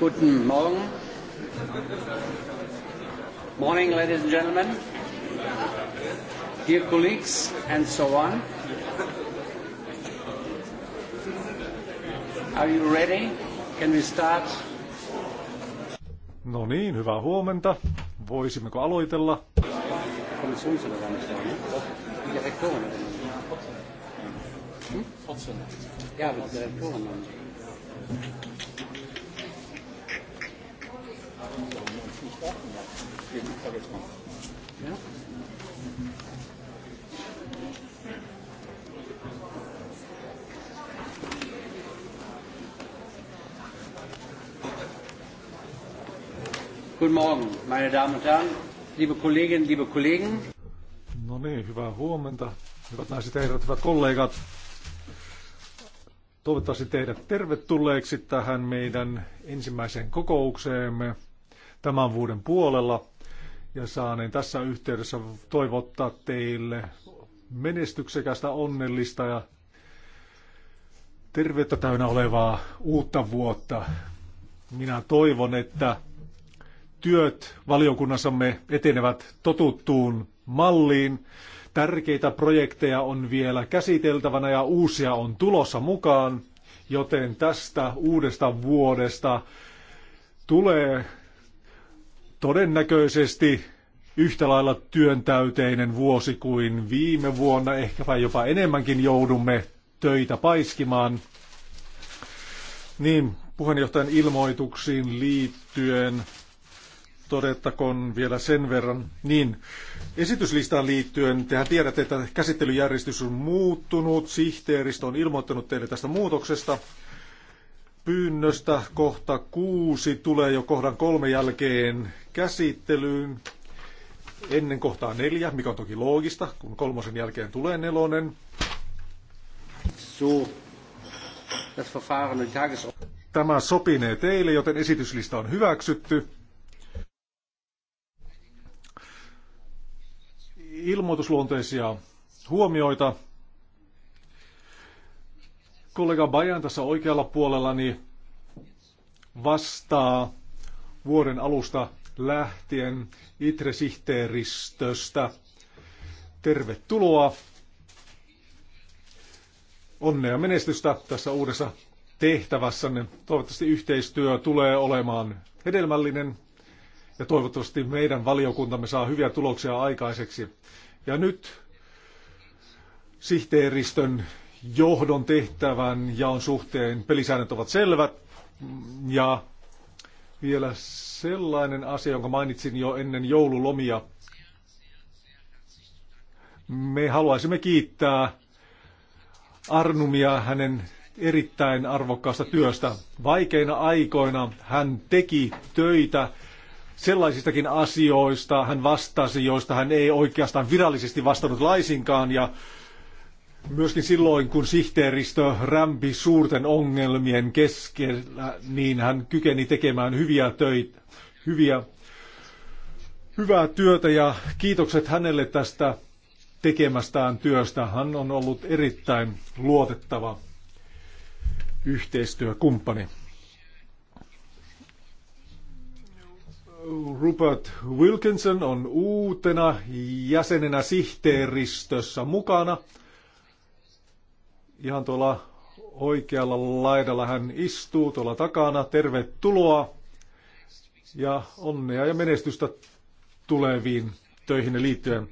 Guten Morgen. Morning, ladies and gentlemen. Dear colleagues, and so on. Are you ready? Can we start? No niin, hyvää huomenta. Voisimmeko aloitella? Hmm? Ja, mutta Guten Morgen, meine Damen und Herren, liebe Kolleginnen, liebe Kollegen. No niin, hyvää huomenta. Hyvät naiset ja herrat, hyvät kollegat. Toivottavasti teidät tervetulleeksi tähän meidän ensimmäiseen kokoukseemme tämän vuoden puolella ja saaneen niin tässä yhteydessä toivottaa teille menestyksekästä, onnellista ja terveyttä täynnä olevaa uutta vuotta. Minä toivon, että työt valiokunnassamme etenevät totuttuun malliin. Tärkeitä projekteja on vielä käsiteltävänä ja uusia on tulossa mukaan, joten tästä uudesta vuodesta tulee todennäköisesti yhtä lailla työntäyteinen vuosi kuin viime vuonna, ehkäpä jopa enemmänkin joudumme töitä paiskimaan. Niin, puheenjohtajan ilmoituksiin liittyen todettakoon vielä sen verran. Niin, esityslistaan liittyen, tehän tiedätte, että käsittelyjärjestys on muuttunut, sihteeristö on ilmoittanut teille tästä muutoksesta pyynnöstä kohta kuusi tulee jo kohdan kolme jälkeen käsittelyyn ennen kohtaa neljä, mikä on toki loogista, kun kolmosen jälkeen tulee nelonen. Tämä sopinee teille, joten esityslista on hyväksytty. Ilmoitusluonteisia huomioita kollega Bajan tässä oikealla puolellani vastaa vuoden alusta lähtien ITRE-sihteeristöstä. Tervetuloa. Onnea menestystä tässä uudessa tehtävässänne. Toivottavasti yhteistyö tulee olemaan hedelmällinen ja toivottavasti meidän valiokuntamme saa hyviä tuloksia aikaiseksi. Ja nyt sihteeristön johdon tehtävän ja on suhteen pelisäännöt ovat selvät. Ja vielä sellainen asia, jonka mainitsin jo ennen joululomia. Me haluaisimme kiittää Arnumia hänen erittäin arvokkaasta työstä. Vaikeina aikoina hän teki töitä sellaisistakin asioista, hän vastasi, joista hän ei oikeastaan virallisesti vastannut laisinkaan ja Myöskin silloin, kun sihteeristö rämpi suurten ongelmien keskellä, niin hän kykeni tekemään hyviä töitä, hyviä, hyvää työtä ja kiitokset hänelle tästä tekemästään työstä. Hän on ollut erittäin luotettava yhteistyökumppani. Rupert Wilkinson on uutena jäsenenä sihteeristössä mukana – Ihan tuolla oikealla laidalla hän istuu tuolla takana. Tervetuloa ja onnea ja menestystä tuleviin töihin liittyen.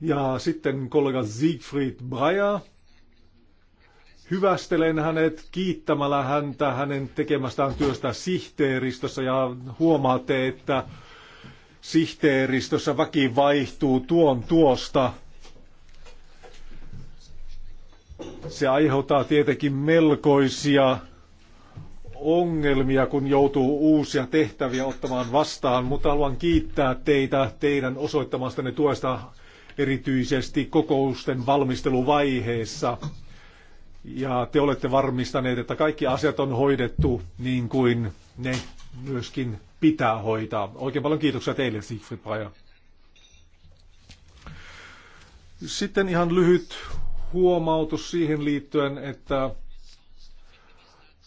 Ja sitten kollega Siegfried Breyer. Hyvästelen hänet kiittämällä häntä hänen tekemästään työstä sihteeristössä ja huomaatte, että sihteeristössä väki vaihtuu tuon tuosta se aiheuttaa tietenkin melkoisia ongelmia, kun joutuu uusia tehtäviä ottamaan vastaan, mutta haluan kiittää teitä teidän osoittamastanne tuesta erityisesti kokousten valmisteluvaiheessa. Ja te olette varmistaneet, että kaikki asiat on hoidettu niin kuin ne myöskin pitää hoitaa. Oikein paljon kiitoksia teille, Siegfried Paja. Sitten ihan lyhyt huomautus siihen liittyen, että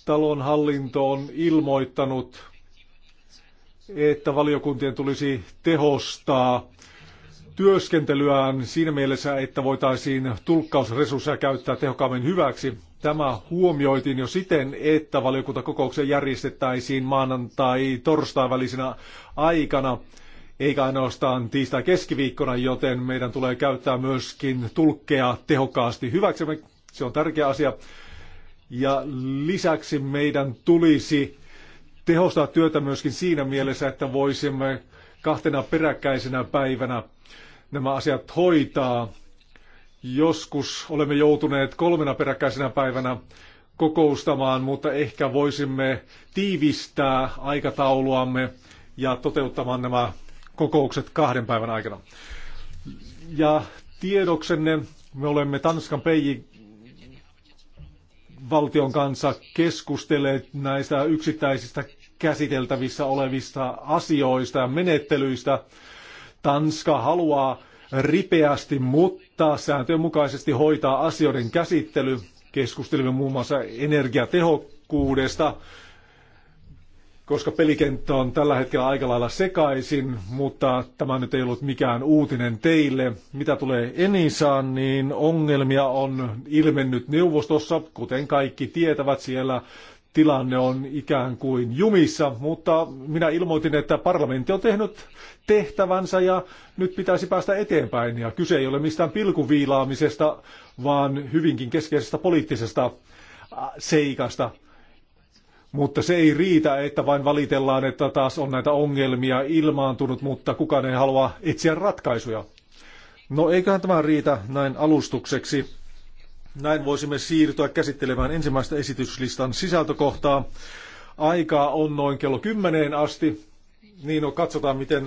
talon hallinto on ilmoittanut, että valiokuntien tulisi tehostaa työskentelyään siinä mielessä, että voitaisiin tulkkausresursseja käyttää tehokkaammin hyväksi. Tämä huomioitiin jo siten, että valiokuntakokouksia järjestettäisiin maanantai-torstai välisenä aikana eikä ainoastaan tiistai-keskiviikkona, joten meidän tulee käyttää myöskin tulkkeja tehokkaasti hyväksemme. Se on tärkeä asia. Ja lisäksi meidän tulisi tehostaa työtä myöskin siinä mielessä, että voisimme kahtena peräkkäisenä päivänä nämä asiat hoitaa. Joskus olemme joutuneet kolmena peräkkäisenä päivänä kokoustamaan, mutta ehkä voisimme tiivistää aikatauluamme ja toteuttamaan nämä kokoukset kahden päivän aikana. Ja tiedoksenne me olemme Tanskan PJ valtion kanssa keskustelleet näistä yksittäisistä käsiteltävissä olevista asioista ja menettelyistä. Tanska haluaa ripeästi, mutta sääntöjen mukaisesti hoitaa asioiden käsittely. Keskustelimme muun muassa energiatehokkuudesta, koska pelikenttä on tällä hetkellä aika lailla sekaisin, mutta tämä nyt ei ollut mikään uutinen teille. Mitä tulee Enisaan, niin ongelmia on ilmennyt neuvostossa, kuten kaikki tietävät siellä. Tilanne on ikään kuin jumissa, mutta minä ilmoitin, että parlamentti on tehnyt tehtävänsä ja nyt pitäisi päästä eteenpäin. Ja kyse ei ole mistään pilkuviilaamisesta, vaan hyvinkin keskeisestä poliittisesta seikasta. Mutta se ei riitä, että vain valitellaan, että taas on näitä ongelmia ilmaantunut, mutta kukaan ei halua etsiä ratkaisuja. No eiköhän tämä riitä näin alustukseksi. Näin voisimme siirtyä käsittelemään ensimmäistä esityslistan sisältökohtaa. Aikaa on noin kello kymmeneen asti. Niin no, katsotaan miten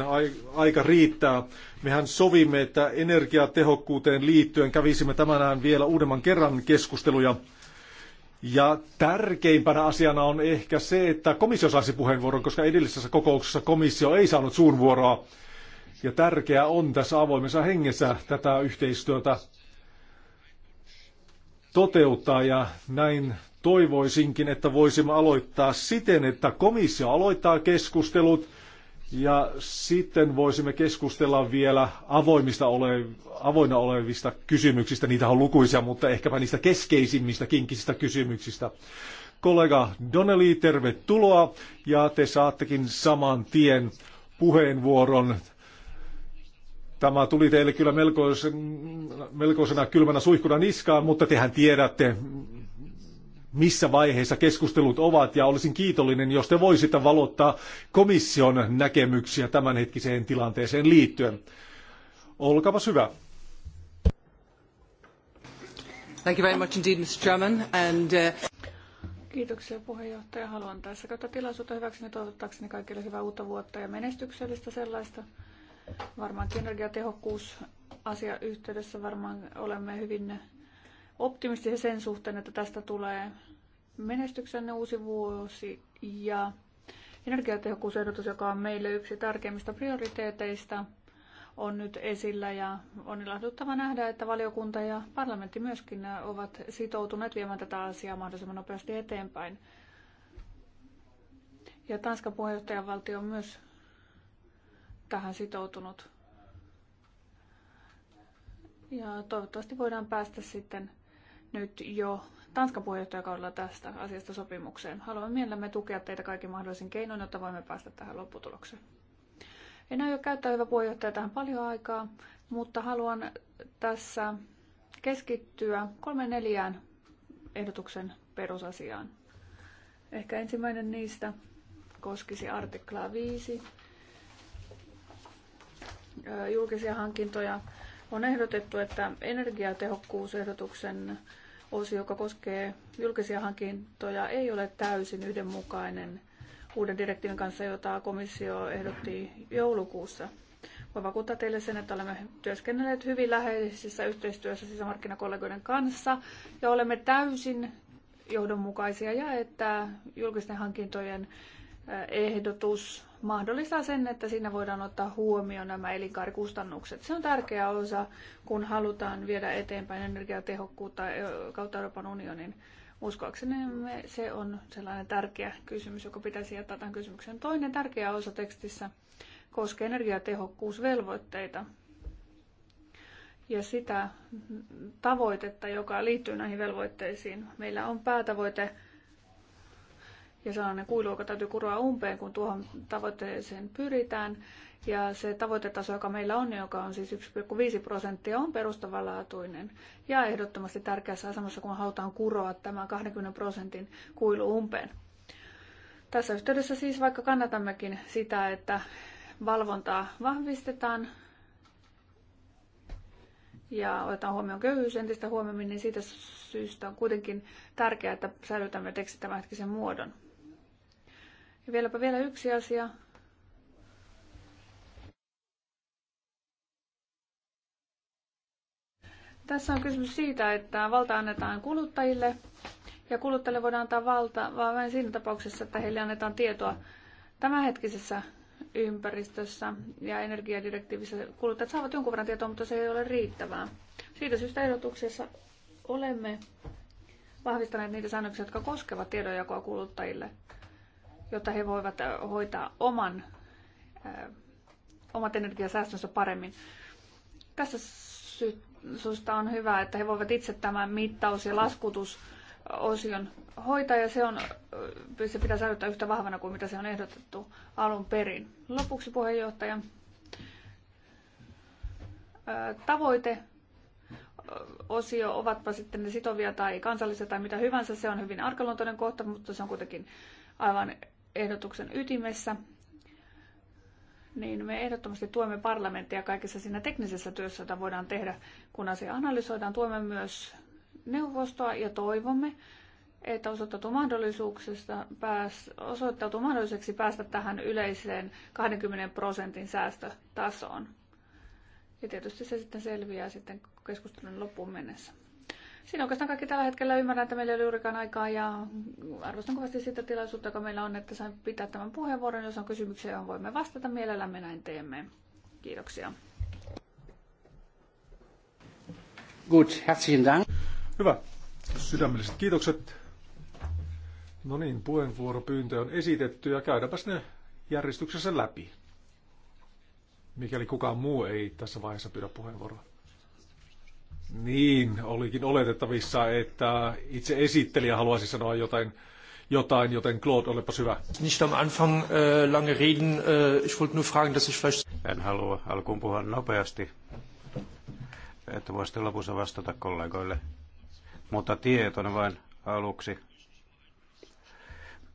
aika riittää. Mehän sovimme, että energiatehokkuuteen liittyen kävisimme tämänään vielä uudemman kerran keskusteluja. Ja tärkeimpänä asiana on ehkä se, että komissio saisi puheenvuoron, koska edellisessä kokouksessa komissio ei saanut suunvuoroa. Ja tärkeää on tässä avoimessa hengessä tätä yhteistyötä toteuttaa ja näin toivoisinkin, että voisimme aloittaa siten, että komissio aloittaa keskustelut ja sitten voisimme keskustella vielä avoimista ole, avoinna olevista kysymyksistä. Niitä on lukuisia, mutta ehkäpä niistä keskeisimmistä kinkisistä kysymyksistä. Kollega Donnelly, tervetuloa. Ja te saattekin saman tien puheenvuoron. Tämä tuli teille kyllä melkoisen, melkoisena kylmänä suihkuna niskaan, mutta tehän tiedätte, missä vaiheessa keskustelut ovat, ja olisin kiitollinen, jos te voisitte valottaa komission näkemyksiä tämänhetkiseen tilanteeseen liittyen. Olkaapa hyvä. Thank you very much indeed, Mr. Chairman. And, uh... Kiitoksia puheenjohtaja. Haluan tässä käyttää tilaisuutta hyväkseni toivottaakseni kaikille hyvää uutta vuotta ja menestyksellistä sellaista. Varmaankin energiatehokkuus asia yhteydessä varmaan olemme hyvin optimistisia sen suhteen, että tästä tulee menestyksenne uusi vuosi ja energiatehokkuusehdotus, joka on meille yksi tärkeimmistä prioriteeteista, on nyt esillä ja on ilahduttava nähdä, että valiokunta ja parlamentti myöskin ovat sitoutuneet viemään tätä asiaa mahdollisimman nopeasti eteenpäin. Ja Tanskan puheenjohtajavaltio on myös tähän sitoutunut. Ja toivottavasti voidaan päästä sitten nyt jo Tanskan puheenjohtajakaudella tästä asiasta sopimukseen. Haluamme mielellämme tukea teitä kaikki mahdollisin keinoin, jotta voimme päästä tähän lopputulokseen. En aio käyttää hyvä puheenjohtaja tähän paljon aikaa, mutta haluan tässä keskittyä kolme neljään ehdotuksen perusasiaan. Ehkä ensimmäinen niistä koskisi artiklaa 5, julkisia hankintoja on ehdotettu, että energiatehokkuusehdotuksen osio, joka koskee julkisia hankintoja, ei ole täysin yhdenmukainen uuden direktiivin kanssa, jota komissio ehdotti joulukuussa. Voin vakuuttaa teille sen, että olemme työskennelleet hyvin läheisessä yhteistyössä sisämarkkinakollegoiden kanssa ja olemme täysin johdonmukaisia ja että julkisten hankintojen eh, ehdotus mahdollistaa sen, että siinä voidaan ottaa huomioon nämä elinkaarikustannukset. Se on tärkeä osa, kun halutaan viedä eteenpäin energiatehokkuutta kautta Euroopan unionin. Uskoakseni se on sellainen tärkeä kysymys, joka pitäisi jättää tämän kysymyksen. Toinen tärkeä osa tekstissä koskee energiatehokkuusvelvoitteita ja sitä tavoitetta, joka liittyy näihin velvoitteisiin. Meillä on päätavoite ja sellainen kuilu, joka täytyy kuroa umpeen, kun tuohon tavoitteeseen pyritään. Ja se tavoitetaso, joka meillä on, niin joka on siis 1,5 prosenttia, on perustavanlaatuinen ja ehdottomasti tärkeässä asemassa, kun halutaan kuroa tämä 20 prosentin kuilu umpeen. Tässä yhteydessä siis vaikka kannatammekin sitä, että valvontaa vahvistetaan ja otetaan huomioon köyhyys entistä huomioon, niin siitä syystä on kuitenkin tärkeää, että säilytämme tekstin tämänhetkisen muodon. Ja vieläpä vielä yksi asia. Tässä on kysymys siitä, että valta annetaan kuluttajille ja kuluttajille voidaan antaa valta vain siinä tapauksessa, että heille annetaan tietoa tämänhetkisessä ympäristössä ja energiadirektiivissä kuluttajat saavat jonkun verran tietoa, mutta se ei ole riittävää. Siitä syystä ehdotuksessa olemme vahvistaneet niitä säännöksiä, jotka koskevat tiedonjakoa kuluttajille jotta he voivat äh, hoitaa oman, äh, omat energiasäästönsä paremmin. Tässä syystä on hyvä, että he voivat itse tämän mittaus- ja laskutusosion hoitaa, ja se, on, äh, se pitää säilyttää yhtä vahvana kuin mitä se on ehdotettu alun perin. Lopuksi puheenjohtaja. Tavoite osio, ovatpa sitten ne sitovia tai kansallisia tai mitä hyvänsä, se on hyvin arkaluontoinen kohta, mutta se on kuitenkin aivan ehdotuksen ytimessä, niin me ehdottomasti tuemme parlamenttia kaikessa siinä teknisessä työssä, jota voidaan tehdä, kun asia analysoidaan. Tuemme myös neuvostoa ja toivomme, että osoittautuu, mahdollisuuksista pääs, osoittautuu mahdolliseksi päästä tähän yleiseen 20 prosentin säästötasoon. Ja tietysti se sitten selviää sitten keskustelun loppuun mennessä. Siinä oikeastaan kaikki tällä hetkellä ymmärrän, että meillä ei ole juurikaan aikaa ja arvostan kovasti sitä tilaisuutta, joka meillä on, että sain pitää tämän puheenvuoron. Jos on kysymyksiä, johon voimme vastata, mielellämme näin teemme. Kiitoksia. Gut, herzlichen Dank. Hyvä. Sydämelliset kiitokset. No niin, puheenvuoropyyntö on esitetty ja käydäpäs ne järjestyksessä läpi. Mikäli kukaan muu ei tässä vaiheessa pyydä puheenvuoroa. Niin, olikin oletettavissa, että itse esittelijä haluaisi sanoa jotain, jotain joten Claude, olepa hyvä. Nicht am Anfang äh, lange reden, äh, ich wollte nur fragen, dass ich vielleicht... En halua alkuun puhua nopeasti, että voisitte lopussa vastata kollegoille. Mutta tietona vain aluksi,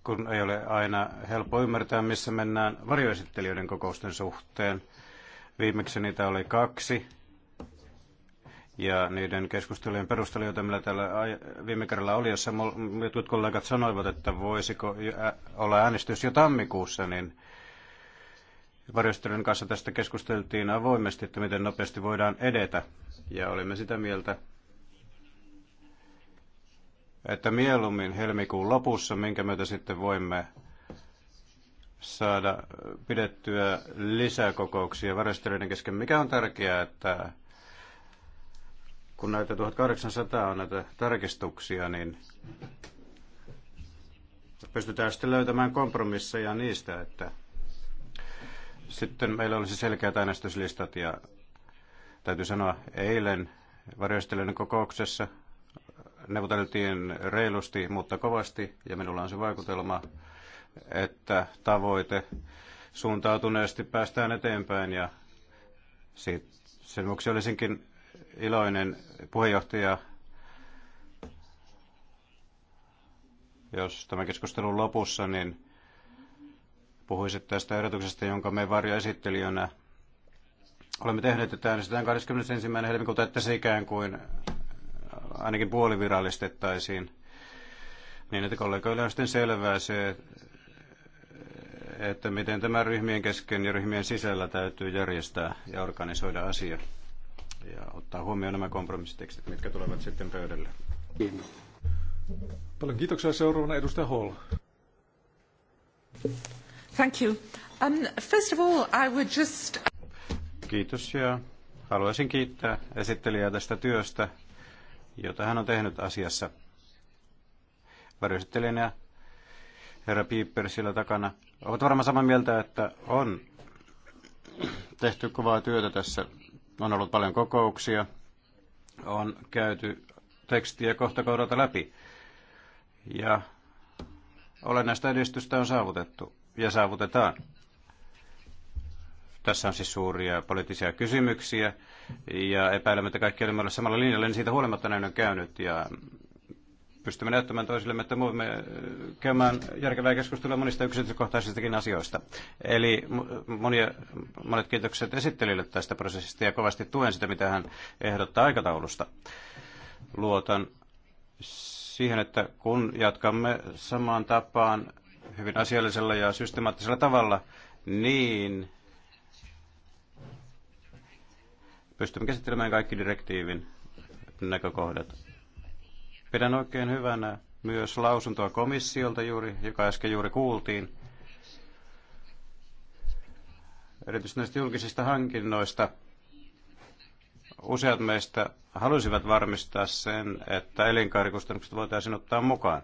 kun ei ole aina helppo ymmärtää, missä mennään varjoesittelijöiden kokousten suhteen. Viimeksi niitä oli kaksi, ja niiden keskustelujen perusteella, joita meillä täällä viime kerralla oli, jossa jotkut kollegat sanoivat, että voisiko olla äänestys jo tammikuussa, niin varjostelun kanssa tästä keskusteltiin avoimesti, että miten nopeasti voidaan edetä. Ja olimme sitä mieltä, että mieluummin helmikuun lopussa, minkä myötä sitten voimme saada pidettyä lisäkokouksia kokouksia varjostelijoiden kesken, mikä on tärkeää, että kun näitä 1800 on näitä tarkistuksia, niin pystytään sitten löytämään kompromisseja niistä, että sitten meillä olisi selkeät äänestyslistat ja täytyy sanoa eilen varjostelijoiden kokouksessa neuvoteltiin reilusti, mutta kovasti ja minulla on se vaikutelma, että tavoite suuntautuneesti päästään eteenpäin ja siitä, sen vuoksi olisinkin iloinen puheenjohtaja, jos tämän keskustelun lopussa, niin puhuisit tästä ehdotuksesta, jonka me varjoesittelijönä olemme tehneet, että äänestetään 21. helmikuuta, että se ikään kuin ainakin puolivirallistettaisiin, niin että kollegoille on sitten selvää se, että miten tämä ryhmien kesken ja ryhmien sisällä täytyy järjestää ja organisoida asiaa ja ottaa huomioon nämä kompromissitekstit, mitkä tulevat sitten pöydälle. Paljon kiitoksia. Seuraavana edustaja Hall. Thank you. Um, first of all, I would just... Kiitos ja haluaisin kiittää esittelijää tästä työstä, jota hän on tehnyt asiassa. ja herra Piipper sillä takana. ovat varmaan samaa mieltä, että on tehty kovaa työtä tässä on ollut paljon kokouksia, on käyty tekstiä kohta kohdalta läpi. Ja olennaista edistystä on saavutettu ja saavutetaan. Tässä on siis suuria poliittisia kysymyksiä ja epäilemättä kaikki olemme samalla linjalla, niin siitä huolimatta näin on käynyt ja pystymme näyttämään toisillemme, että voimme äh, käymään järkevää keskustelua monista yksityiskohtaisistakin asioista. Eli monia, monet kiitokset esittelijälle tästä prosessista ja kovasti tuen sitä, mitä hän ehdottaa aikataulusta. Luotan siihen, että kun jatkamme samaan tapaan hyvin asiallisella ja systemaattisella tavalla, niin pystymme käsittelemään kaikki direktiivin näkökohdat Pidän oikein hyvänä myös lausuntoa komissiolta, juuri, joka äsken juuri kuultiin, erityisesti näistä julkisista hankinnoista. Useat meistä halusivat varmistaa sen, että elinkaarikustannukset voitaisiin ottaa mukaan.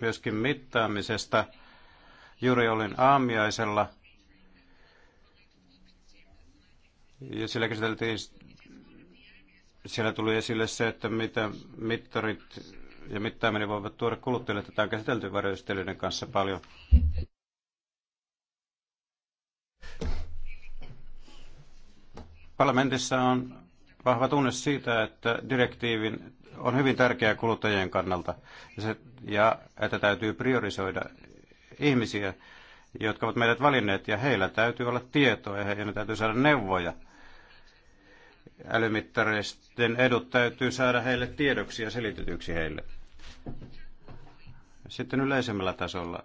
Myöskin mittaamisesta. Juuri olin aamiaisella ja sillä käsiteltiin siellä tuli esille se, että mitä mittarit ja mittaaminen voivat tuoda kuluttajille. Tätä on käsitelty varjoistelijoiden kanssa paljon. Parlamentissa on vahva tunne siitä, että direktiivin on hyvin tärkeää kuluttajien kannalta ja, se, ja että täytyy priorisoida ihmisiä, jotka ovat meidät valinneet ja heillä täytyy olla tietoa ja heidän täytyy saada neuvoja – älymittareisten edut täytyy saada heille tiedoksi ja selitetyksi heille. Sitten yleisemmällä tasolla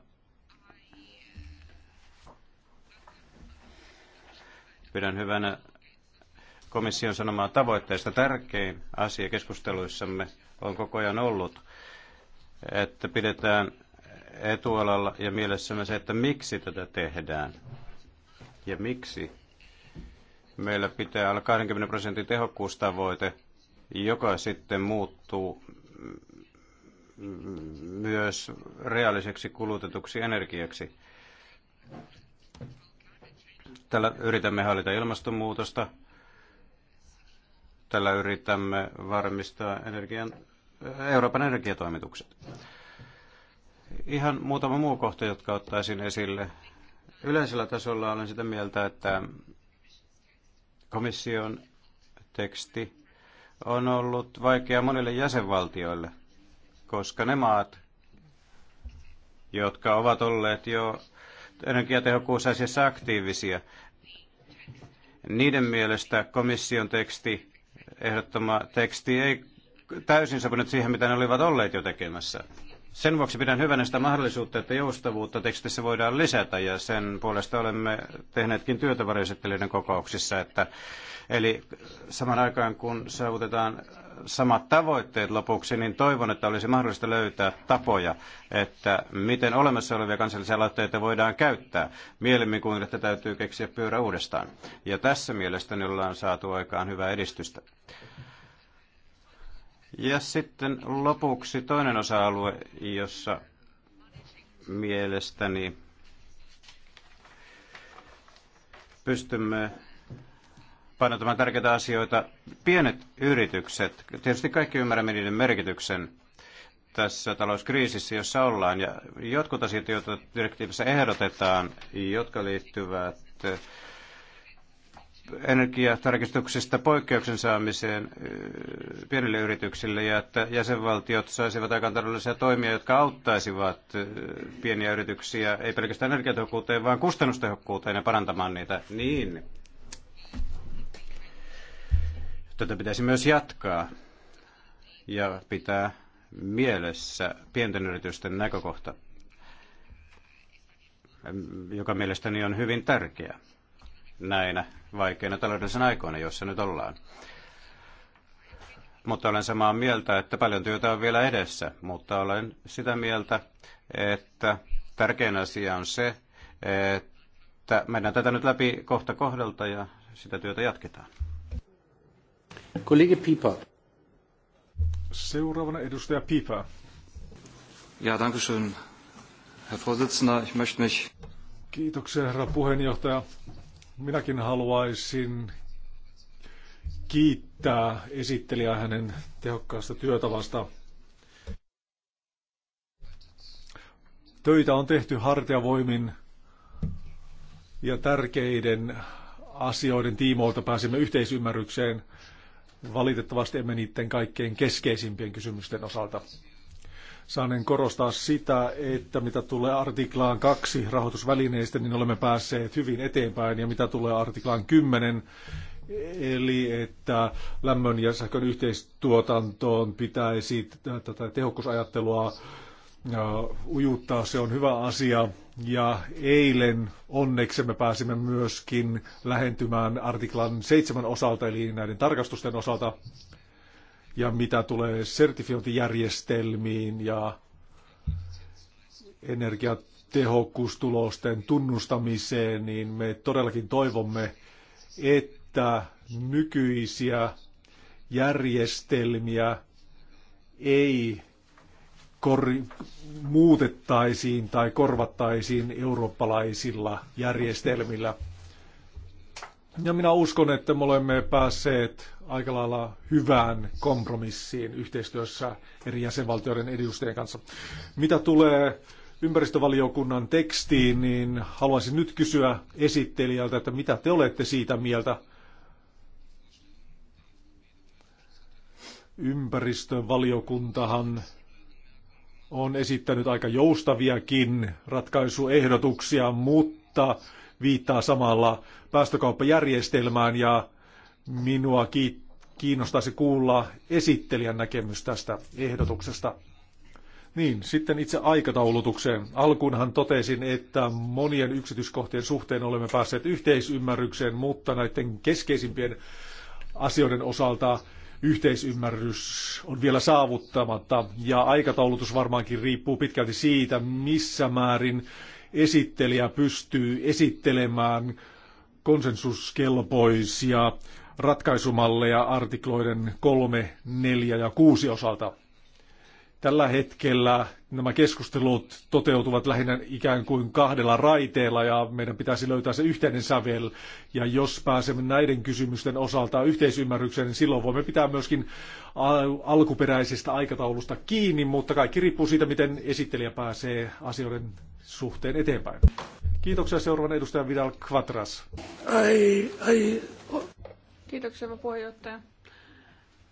pidän hyvänä komission sanomaa tavoitteista Tärkein asia keskusteluissamme on koko ajan ollut, että pidetään etualalla ja mielessämme se, että miksi tätä tehdään ja miksi meillä pitää olla 20 prosentin tehokkuustavoite, joka sitten muuttuu myös reaaliseksi kulutetuksi energiaksi. Tällä yritämme hallita ilmastonmuutosta. Tällä yritämme varmistaa energian, Euroopan energiatoimitukset. Ihan muutama muu kohta, jotka ottaisin esille. Yleisellä tasolla olen sitä mieltä, että Komission teksti on ollut vaikea monille jäsenvaltioille, koska ne maat, jotka ovat olleet jo energiatehokkuusasiassa aktiivisia, niiden mielestä komission teksti, ehdottoma teksti ei täysin sopunut siihen, mitä ne olivat olleet jo tekemässä. Sen vuoksi pidän hyvänä sitä mahdollisuutta, että joustavuutta tekstissä voidaan lisätä ja sen puolesta olemme tehneetkin työtä varjoesittelijöiden kokouksissa, että Eli saman aikaan kun saavutetaan samat tavoitteet lopuksi, niin toivon, että olisi mahdollista löytää tapoja, että miten olemassa olevia kansallisia aloitteita voidaan käyttää, mieluummin kuin että täytyy keksiä pyörä uudestaan. Ja tässä mielestäni ollaan saatu aikaan hyvää edistystä. Ja sitten lopuksi toinen osa-alue, jossa mielestäni pystymme painottamaan tärkeitä asioita. Pienet yritykset, tietysti kaikki ymmärrämme niiden merkityksen tässä talouskriisissä, jossa ollaan. Ja jotkut asiat, joita direktiivissä ehdotetaan, jotka liittyvät energiatarkistuksista poikkeuksen saamiseen pienille yrityksille ja että jäsenvaltiot saisivat aikaan taloudellisia toimia, jotka auttaisivat pieniä yrityksiä ei pelkästään energiatehokkuuteen, vaan kustannustehokkuuteen ja parantamaan niitä niin. Tätä pitäisi myös jatkaa ja pitää mielessä pienten yritysten näkökohta, joka mielestäni on hyvin tärkeä näinä vaikeina taloudellisen aikoina, joissa nyt ollaan. Mutta olen samaa mieltä, että paljon työtä on vielä edessä, mutta olen sitä mieltä, että tärkein asia on se, että mennään tätä nyt läpi kohta kohdalta ja sitä työtä jatketaan. Kollegi Pipa. Seuraavana edustaja Pipa. Ja, danke schön, Herr Vorsitzender. Ich möchte mich... Kiitoksia, herra puheenjohtaja. Minäkin haluaisin kiittää esittelijää hänen tehokkaasta työtavasta. Töitä on tehty hartiavoimin ja tärkeiden asioiden tiimoilta pääsimme yhteisymmärrykseen. Valitettavasti emme niiden kaikkein keskeisimpien kysymysten osalta. Saanen niin korostaa sitä, että mitä tulee artiklaan 2 rahoitusvälineistä, niin olemme päässeet hyvin eteenpäin. Ja mitä tulee artiklaan 10, eli että lämmön ja sähkön yhteistuotantoon pitäisi tätä tehokkuusajattelua ujuttaa, se on hyvä asia. Ja eilen onneksi me pääsimme myöskin lähentymään artiklan 7 osalta, eli näiden tarkastusten osalta ja mitä tulee sertifiointijärjestelmiin ja energiatehokkuustulosten tunnustamiseen, niin me todellakin toivomme, että nykyisiä järjestelmiä ei muutettaisiin tai korvattaisiin eurooppalaisilla järjestelmillä. Ja minä uskon, että me olemme päässeet aika lailla hyvään kompromissiin yhteistyössä eri jäsenvaltioiden edustajien kanssa. Mitä tulee ympäristövaliokunnan tekstiin, niin haluaisin nyt kysyä esittelijältä, että mitä te olette siitä mieltä? Ympäristövaliokuntahan on esittänyt aika joustaviakin ratkaisuehdotuksia, mutta viittaa samalla päästökauppajärjestelmään ja minua kiinnostaisi kuulla esittelijän näkemys tästä ehdotuksesta. Niin, sitten itse aikataulutukseen. Alkuunhan totesin, että monien yksityiskohtien suhteen olemme päässeet yhteisymmärrykseen, mutta näiden keskeisimpien asioiden osalta yhteisymmärrys on vielä saavuttamatta ja aikataulutus varmaankin riippuu pitkälti siitä, missä määrin esittelijä pystyy esittelemään konsensuskelpoisia ratkaisumalleja artikloiden 3, 4 ja 6 osalta. Tällä hetkellä nämä keskustelut toteutuvat lähinnä ikään kuin kahdella raiteella ja meidän pitäisi löytää se yhteinen sävel. Ja jos pääsemme näiden kysymysten osalta yhteisymmärrykseen, niin silloin voimme pitää myöskin alkuperäisestä aikataulusta kiinni, mutta kaikki riippuu siitä, miten esittelijä pääsee asioiden suhteen eteenpäin. Kiitoksia seuraavan edustajan Vidal Quatras. Ai, ai. Kiitoksia puheenjohtaja.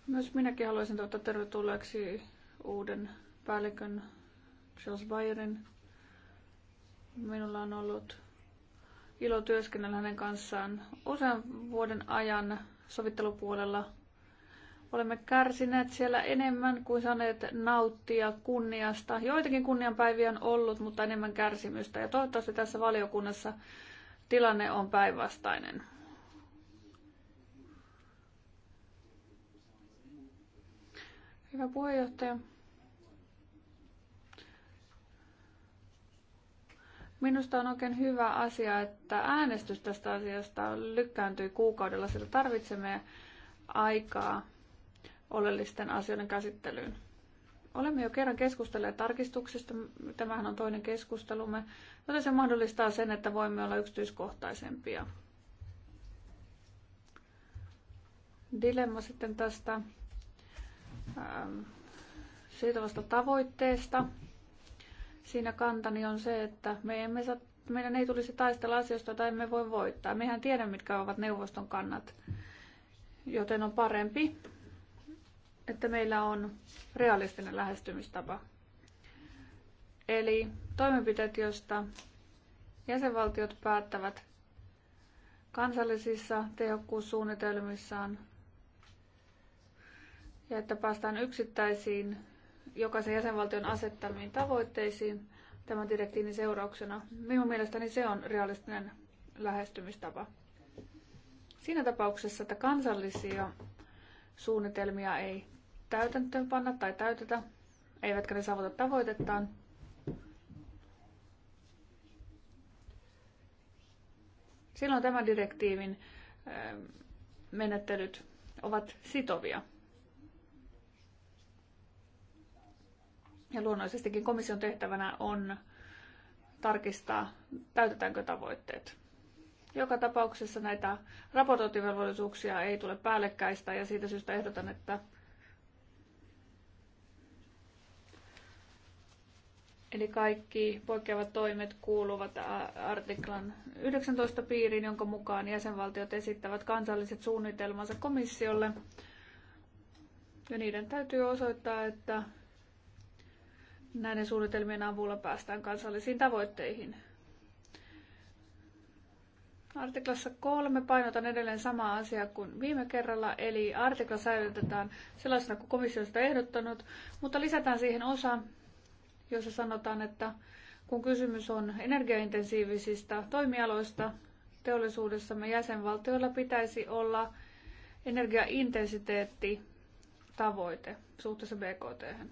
Myös minäkin haluaisin tuottaa tervetulleeksi uuden päällikön Charles Bayerin. Minulla on ollut ilo työskennellä hänen kanssaan usean vuoden ajan sovittelupuolella. Olemme kärsineet siellä enemmän kuin saaneet nauttia kunniasta. Joitakin kunnianpäiviä on ollut, mutta enemmän kärsimystä. Ja toivottavasti tässä valiokunnassa tilanne on päinvastainen. Hyvä puheenjohtaja. Minusta on oikein hyvä asia, että äänestys tästä asiasta lykkääntyi kuukaudella, sillä tarvitsemme aikaa oleellisten asioiden käsittelyyn. Olemme jo kerran keskustelleet tarkistuksista, tämähän on toinen keskustelumme, joten se mahdollistaa sen, että voimme olla yksityiskohtaisempia. Dilemma sitten tästä ähm, vasta tavoitteesta siinä kantani on se, että me emme saa, meidän ei tulisi taistella asioista, joita emme voi voittaa. Mehän tiedämme, mitkä ovat neuvoston kannat, joten on parempi, että meillä on realistinen lähestymistapa. Eli toimenpiteet, joista jäsenvaltiot päättävät kansallisissa tehokkuussuunnitelmissaan ja että päästään yksittäisiin jokaisen jäsenvaltion asettamiin tavoitteisiin tämän direktiivin seurauksena. Minun mielestäni se on realistinen lähestymistapa. Siinä tapauksessa, että kansallisia suunnitelmia ei panna tai täytetä, eivätkä ne saavuta tavoitettaan, silloin tämän direktiivin ähm, menettelyt ovat sitovia. Ja luonnollisestikin komission tehtävänä on tarkistaa, täytetäänkö tavoitteet. Joka tapauksessa näitä raportointivelvollisuuksia ei tule päällekkäistä ja siitä syystä ehdotan, että Eli kaikki poikkeavat toimet kuuluvat artiklan 19 piiriin, jonka mukaan jäsenvaltiot esittävät kansalliset suunnitelmansa komissiolle. Ja niiden täytyy osoittaa, että Näiden suunnitelmien avulla päästään kansallisiin tavoitteihin. Artiklassa kolme painotan edelleen samaa asiaa kuin viime kerralla, eli artikla säilytetään sellaisena kuin komissio sitä ehdottanut, mutta lisätään siihen osa, jossa sanotaan, että kun kysymys on energiaintensiivisistä toimialoista teollisuudessamme jäsenvaltioilla pitäisi olla energiaintensiteetti tavoite suhteessa BKT. -hän.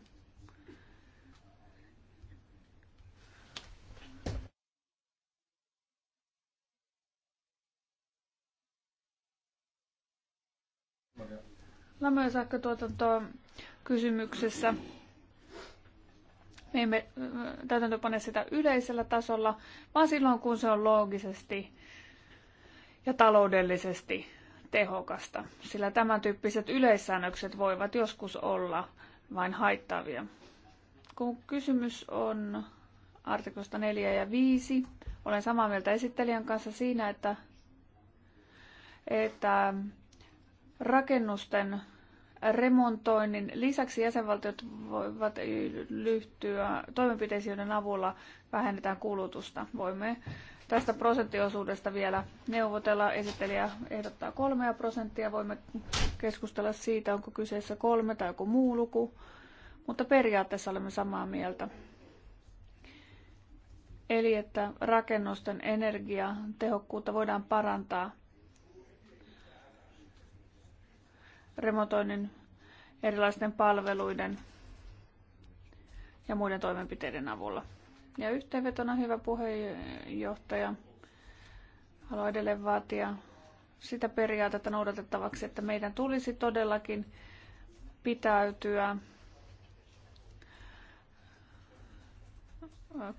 lämmö- ja sähkötuotantoa kysymyksessä. Me emme äh, täytäntöpane sitä yleisellä tasolla, vaan silloin kun se on loogisesti ja taloudellisesti tehokasta, sillä tämän tyyppiset yleissäännökset voivat joskus olla vain haittavia. Kun kysymys on artikosta 4 ja 5, olen samaa mieltä esittelijän kanssa siinä, että, että rakennusten remontoinnin lisäksi jäsenvaltiot voivat lyhtyä toimenpiteisiin, joiden avulla vähennetään kulutusta. Voimme tästä prosenttiosuudesta vielä neuvotella. Esittelijä ehdottaa kolmea prosenttia. Voimme keskustella siitä, onko kyseessä kolme tai joku muu luku, mutta periaatteessa olemme samaa mieltä. Eli että rakennusten energiatehokkuutta voidaan parantaa – remontoinnin, erilaisten palveluiden ja muiden toimenpiteiden avulla. Ja yhteenvetona hyvä puheenjohtaja haluaa edelleen vaatia sitä periaatetta noudatettavaksi, että meidän tulisi todellakin pitäytyä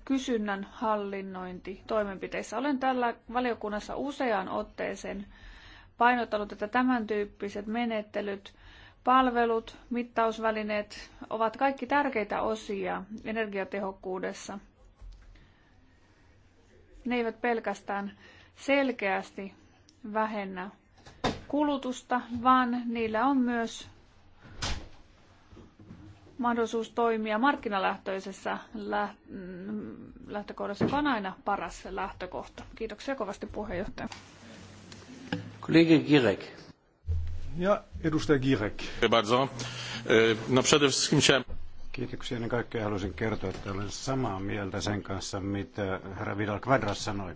kysynnän hallinnointi toimenpiteissä. Olen tällä valiokunnassa useaan otteeseen painottanut, että tämän tyyppiset menettelyt, palvelut, mittausvälineet ovat kaikki tärkeitä osia energiatehokkuudessa. Ne eivät pelkästään selkeästi vähennä kulutusta, vaan niillä on myös mahdollisuus toimia markkinalähtöisessä mm, lähtökohdassa, joka on aina paras lähtökohta. Kiitoksia kovasti puheenjohtaja. Kollega Girek. Girek. E, no, Kiitoksia. Ennen kaikkea haluaisin kertoa, että olen samaa mieltä sen kanssa, mitä herra Vidal Quadras sanoi.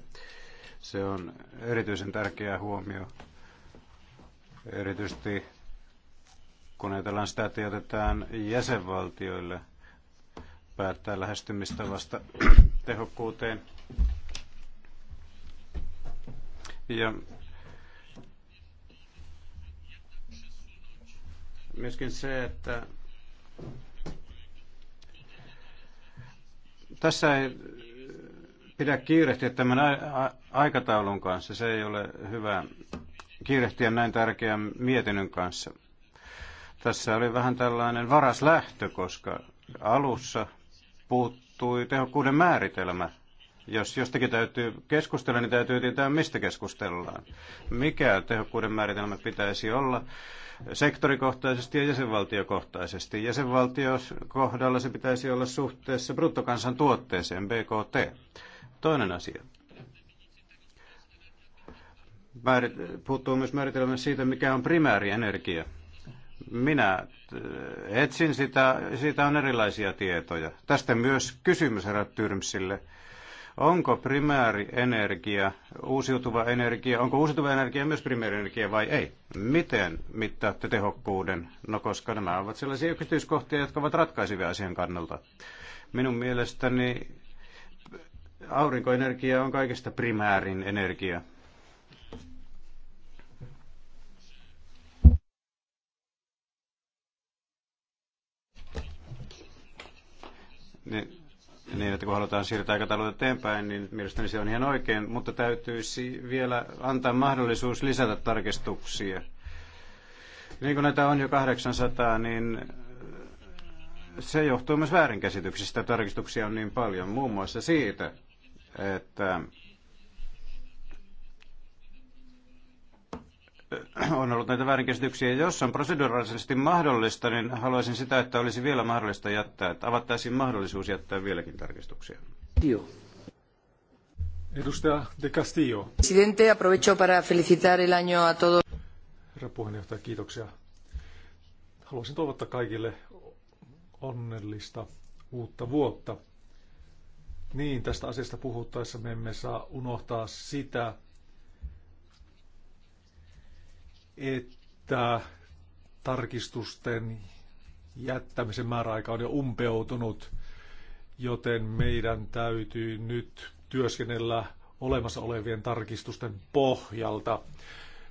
Se on erityisen tärkeä huomio, erityisesti kun ajatellaan sitä, että jätetään jäsenvaltioille päättää lähestymistavasta tehokkuuteen. Ja Myöskin se, että tässä ei pidä kiirehtiä tämän aikataulun kanssa. Se ei ole hyvä kiirehtiä näin tärkeän mietinnön kanssa. Tässä oli vähän tällainen varas lähtö, koska alussa puuttui tehokkuuden määritelmä. Jos jostakin täytyy keskustella, niin täytyy tietää, mistä keskustellaan. Mikä tehokkuuden määritelmä pitäisi olla sektorikohtaisesti ja jäsenvaltiokohtaisesti. Jäsenvaltiokohdalla se pitäisi olla suhteessa bruttokansantuotteeseen, BKT. Toinen asia. Määrit, puuttuu myös määritelmä siitä, mikä on primäärienergia. Minä äh, etsin sitä, siitä on erilaisia tietoja. Tästä myös kysymys herra Tyrmsille onko energia uusiutuva energia, onko uusiutuva energia myös energia vai ei? Miten mittaatte tehokkuuden? No koska nämä ovat sellaisia yksityiskohtia, jotka ovat ratkaisevia asian kannalta. Minun mielestäni aurinkoenergia on kaikista primäärin energia. Niin niin, että kun halutaan siirtää aikataulut eteenpäin, niin mielestäni se on ihan oikein, mutta täytyisi vielä antaa mahdollisuus lisätä tarkistuksia. Niin kuin näitä on jo 800, niin se johtuu myös väärinkäsityksistä. Tarkistuksia on niin paljon, muun muassa siitä, että on ollut näitä väärinkäsityksiä. Jos on proseduraalisesti mahdollista, niin haluaisin sitä, että olisi vielä mahdollista jättää, että avattaisiin mahdollisuus jättää vieläkin tarkistuksia. Joo. Edustaja De Castillo. Presidente, aprovecho para felicitar el año a todos. Herra puheenjohtaja, kiitoksia. Haluaisin toivottaa kaikille onnellista uutta vuotta. Niin, tästä asiasta puhuttaessa me emme saa unohtaa sitä, että tarkistusten jättämisen määräaika on jo umpeutunut, joten meidän täytyy nyt työskennellä olemassa olevien tarkistusten pohjalta.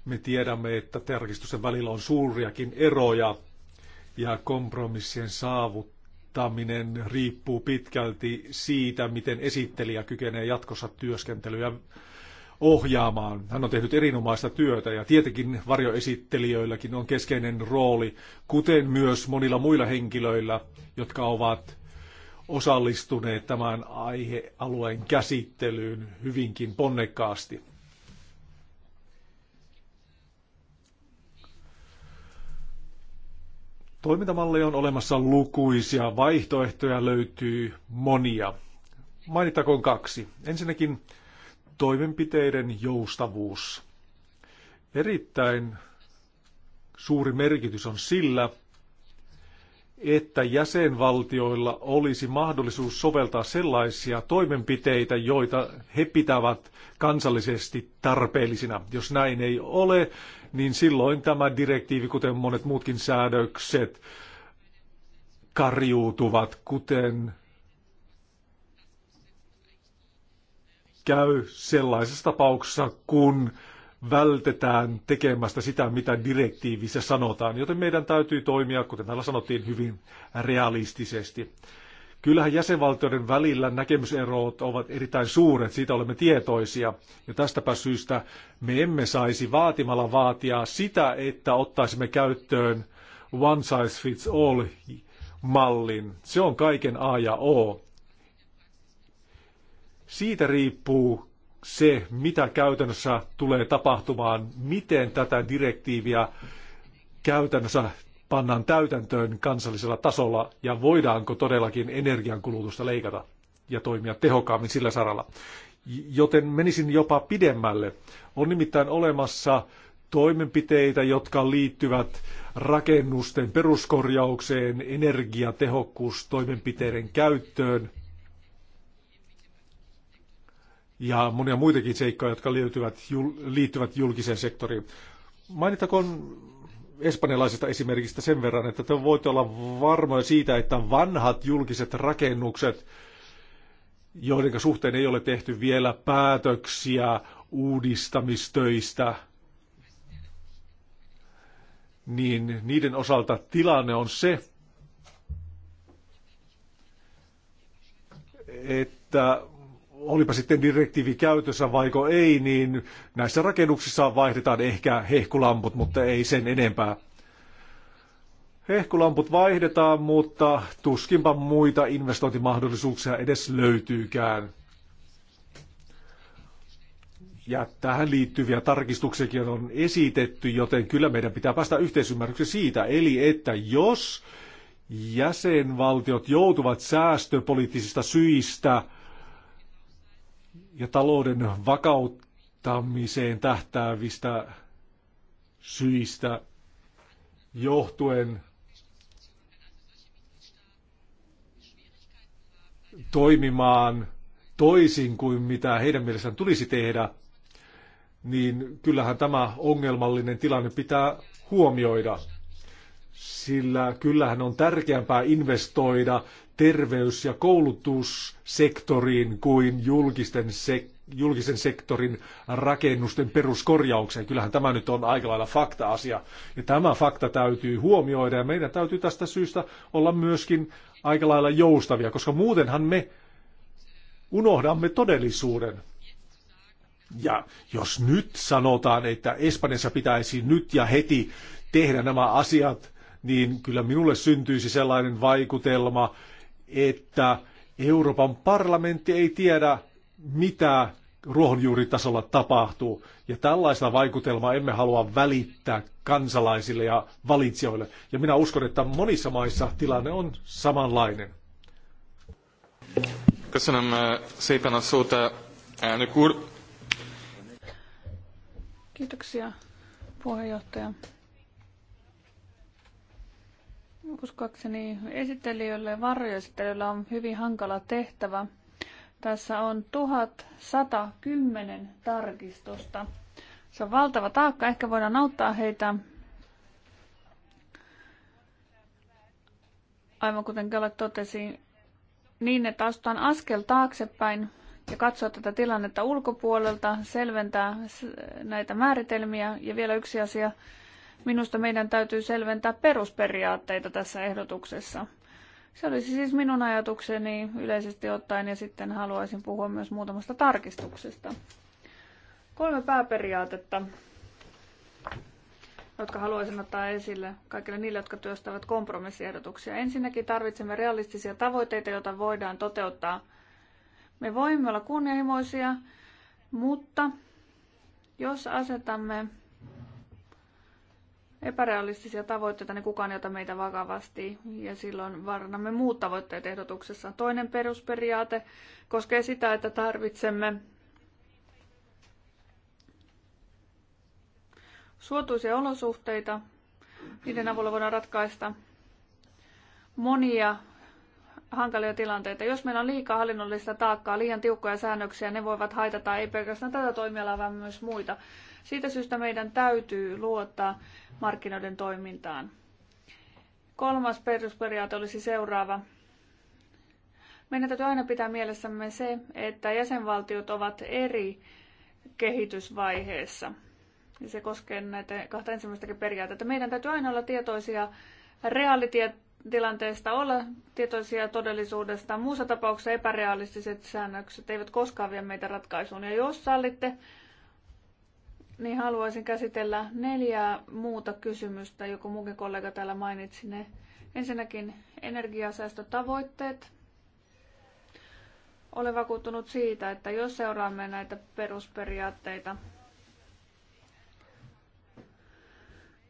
Me tiedämme, että tarkistusten välillä on suuriakin eroja ja kompromissien saavuttaminen riippuu pitkälti siitä, miten esittelijä kykenee jatkossa työskentelyä ohjaamaan. Hän on tehnyt erinomaista työtä ja tietenkin varjoesittelijöilläkin on keskeinen rooli, kuten myös monilla muilla henkilöillä, jotka ovat osallistuneet tämän aihealueen käsittelyyn hyvinkin ponnekkaasti. Toimintamalleja on olemassa lukuisia, vaihtoehtoja löytyy monia. Mainittakoon kaksi. Ensinnäkin toimenpiteiden joustavuus. Erittäin suuri merkitys on sillä, että jäsenvaltioilla olisi mahdollisuus soveltaa sellaisia toimenpiteitä, joita he pitävät kansallisesti tarpeellisina. Jos näin ei ole, niin silloin tämä direktiivi, kuten monet muutkin säädökset, karjuutuvat, kuten käy sellaisessa tapauksessa, kun vältetään tekemästä sitä, mitä direktiivissä sanotaan. Joten meidän täytyy toimia, kuten täällä sanottiin, hyvin realistisesti. Kyllähän jäsenvaltioiden välillä näkemyserot ovat erittäin suuret, siitä olemme tietoisia. Ja tästäpä syystä me emme saisi vaatimalla vaatia sitä, että ottaisimme käyttöön one size fits all mallin. Se on kaiken A ja O. Siitä riippuu se, mitä käytännössä tulee tapahtumaan, miten tätä direktiiviä käytännössä pannaan täytäntöön kansallisella tasolla ja voidaanko todellakin energiankulutusta leikata ja toimia tehokkaammin sillä saralla. Joten menisin jopa pidemmälle. On nimittäin olemassa toimenpiteitä, jotka liittyvät rakennusten peruskorjaukseen, energiatehokkuustoimenpiteiden käyttöön ja monia muitakin seikkoja, jotka liittyvät, liittyvät julkiseen sektoriin. Mainittakoon espanjalaisesta esimerkistä sen verran, että te voitte olla varmoja siitä, että vanhat julkiset rakennukset, joiden suhteen ei ole tehty vielä päätöksiä uudistamistöistä, niin niiden osalta tilanne on se, että olipa sitten direktiivi käytössä vaiko ei, niin näissä rakennuksissa vaihdetaan ehkä hehkulamput, mutta ei sen enempää. Hehkulamput vaihdetaan, mutta tuskinpa muita investointimahdollisuuksia edes löytyykään. Ja tähän liittyviä tarkistuksiakin on esitetty, joten kyllä meidän pitää päästä yhteisymmärrykseen siitä, eli että jos jäsenvaltiot joutuvat säästöpoliittisista syistä ja talouden vakauttamiseen tähtäävistä syistä johtuen toimimaan toisin kuin mitä heidän mielestään tulisi tehdä, niin kyllähän tämä ongelmallinen tilanne pitää huomioida. Sillä kyllähän on tärkeämpää investoida terveys- ja koulutussektoriin kuin julkisten sek- julkisen sektorin rakennusten peruskorjaukseen. Kyllähän tämä nyt on aika lailla fakta-asia. Ja tämä fakta täytyy huomioida ja meidän täytyy tästä syystä olla myöskin aika lailla joustavia, koska muutenhan me unohdamme todellisuuden. Ja jos nyt sanotaan, että Espanjassa pitäisi nyt ja heti tehdä nämä asiat, niin kyllä minulle syntyisi sellainen vaikutelma, että Euroopan parlamentti ei tiedä, mitä ruohonjuuritasolla tapahtuu. Ja tällaista vaikutelmaa emme halua välittää kansalaisille ja valitsijoille. Ja minä uskon, että monissa maissa tilanne on samanlainen. Köszönöm eh, szépen a szót, eh, elnök úr. Kiitoksia, puheenjohtaja uskoakseni esittelijöille varjoesittelijöille on hyvin hankala tehtävä. Tässä on 1110 tarkistusta. Se on valtava taakka. Ehkä voidaan auttaa heitä. Aivan kuten Kellet totesi, niin että astutaan askel taaksepäin ja katsoa tätä tilannetta ulkopuolelta, selventää näitä määritelmiä. Ja vielä yksi asia, Minusta meidän täytyy selventää perusperiaatteita tässä ehdotuksessa. Se olisi siis minun ajatukseni yleisesti ottaen ja sitten haluaisin puhua myös muutamasta tarkistuksesta. Kolme pääperiaatetta, jotka haluaisin ottaa esille kaikille niille, jotka työstävät kompromissiehdotuksia. Ensinnäkin tarvitsemme realistisia tavoitteita, joita voidaan toteuttaa. Me voimme olla kunnianhimoisia, mutta jos asetamme epärealistisia tavoitteita, niin kukaan ei ota meitä vakavasti ja silloin varnamme muut tavoitteet ehdotuksessa. Toinen perusperiaate koskee sitä, että tarvitsemme suotuisia olosuhteita. Niiden avulla voidaan ratkaista monia hankalia tilanteita. Jos meillä on liikaa hallinnollista taakkaa, liian tiukkoja säännöksiä, ne voivat haitata ei pelkästään tätä toimialaa, vaan myös muita. Siitä syystä meidän täytyy luottaa markkinoiden toimintaan. Kolmas perusperiaate olisi seuraava. Meidän täytyy aina pitää mielessämme se, että jäsenvaltiot ovat eri kehitysvaiheessa. Ja se koskee näitä kahta ensimmäistäkin periaatetta. Meidän täytyy aina olla tietoisia reaalitilanteesta, olla tietoisia todellisuudesta. Muussa tapauksessa epärealistiset säännökset eivät koskaan vie meitä ratkaisuun. Ja jos sallitte, niin haluaisin käsitellä neljää muuta kysymystä, joku muukin kollega täällä mainitsi ne. Ensinnäkin energiasäästötavoitteet. Olen vakuuttunut siitä, että jos seuraamme näitä perusperiaatteita,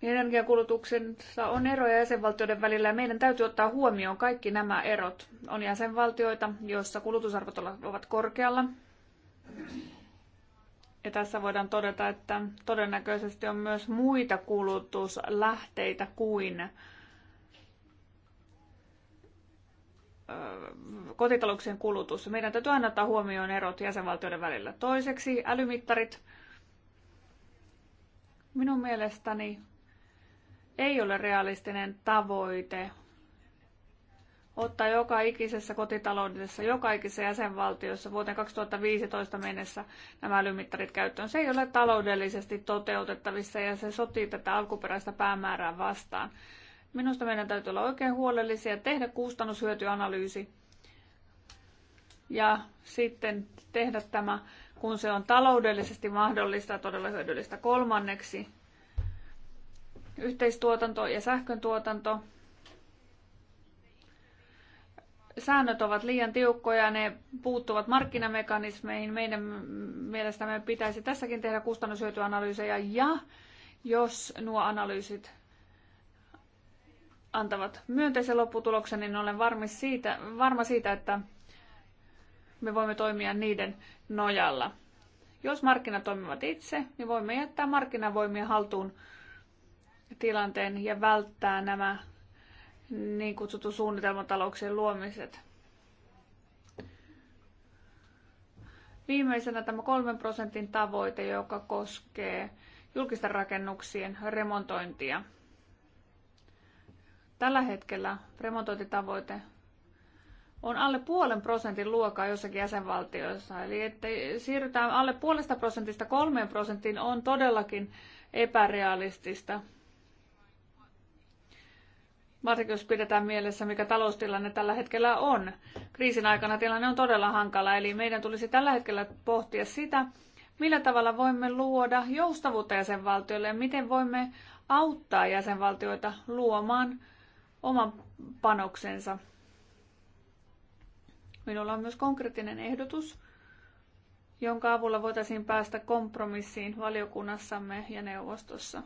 niin energiakulutuksessa on eroja jäsenvaltioiden välillä ja meidän täytyy ottaa huomioon kaikki nämä erot. On jäsenvaltioita, joissa kulutusarvot ovat korkealla, ja tässä voidaan todeta, että todennäköisesti on myös muita kulutuslähteitä kuin kotitalouksien kulutus. Meidän täytyy aina ottaa huomioon erot jäsenvaltioiden välillä. Toiseksi älymittarit. Minun mielestäni ei ole realistinen tavoite ottaa joka ikisessä kotitaloudessa, joka ikisessä jäsenvaltiossa vuoteen 2015 mennessä nämä älymittarit käyttöön. Se ei ole taloudellisesti toteutettavissa ja se sotii tätä alkuperäistä päämäärää vastaan. Minusta meidän täytyy olla oikein huolellisia, tehdä kustannushyötyanalyysi ja sitten tehdä tämä, kun se on taloudellisesti mahdollista ja todella hyödyllistä kolmanneksi. Yhteistuotanto ja sähköntuotanto. tuotanto säännöt ovat liian tiukkoja, ne puuttuvat markkinamekanismeihin. Meidän mielestämme pitäisi tässäkin tehdä kustannushyötyanalyysejä ja jos nuo analyysit antavat myönteisen lopputuloksen, niin olen varma siitä, varma siitä, että me voimme toimia niiden nojalla. Jos markkinat toimivat itse, niin voimme jättää markkinavoimien haltuun tilanteen ja välttää nämä niin kutsuttu suunnitelmatalouksien luomiset. Viimeisenä tämä kolmen prosentin tavoite, joka koskee julkisten rakennuksien remontointia. Tällä hetkellä remontointitavoite on alle puolen prosentin luokkaa jossakin jäsenvaltioissa. Eli että siirrytään alle puolesta prosentista kolmeen prosenttiin on todellakin epärealistista. Varsinkin jos pidetään mielessä, mikä taloustilanne tällä hetkellä on. Kriisin aikana tilanne on todella hankala, eli meidän tulisi tällä hetkellä pohtia sitä, millä tavalla voimme luoda joustavuutta jäsenvaltioille ja miten voimme auttaa jäsenvaltioita luomaan oman panoksensa. Minulla on myös konkreettinen ehdotus, jonka avulla voitaisiin päästä kompromissiin valiokunnassamme ja neuvostossa.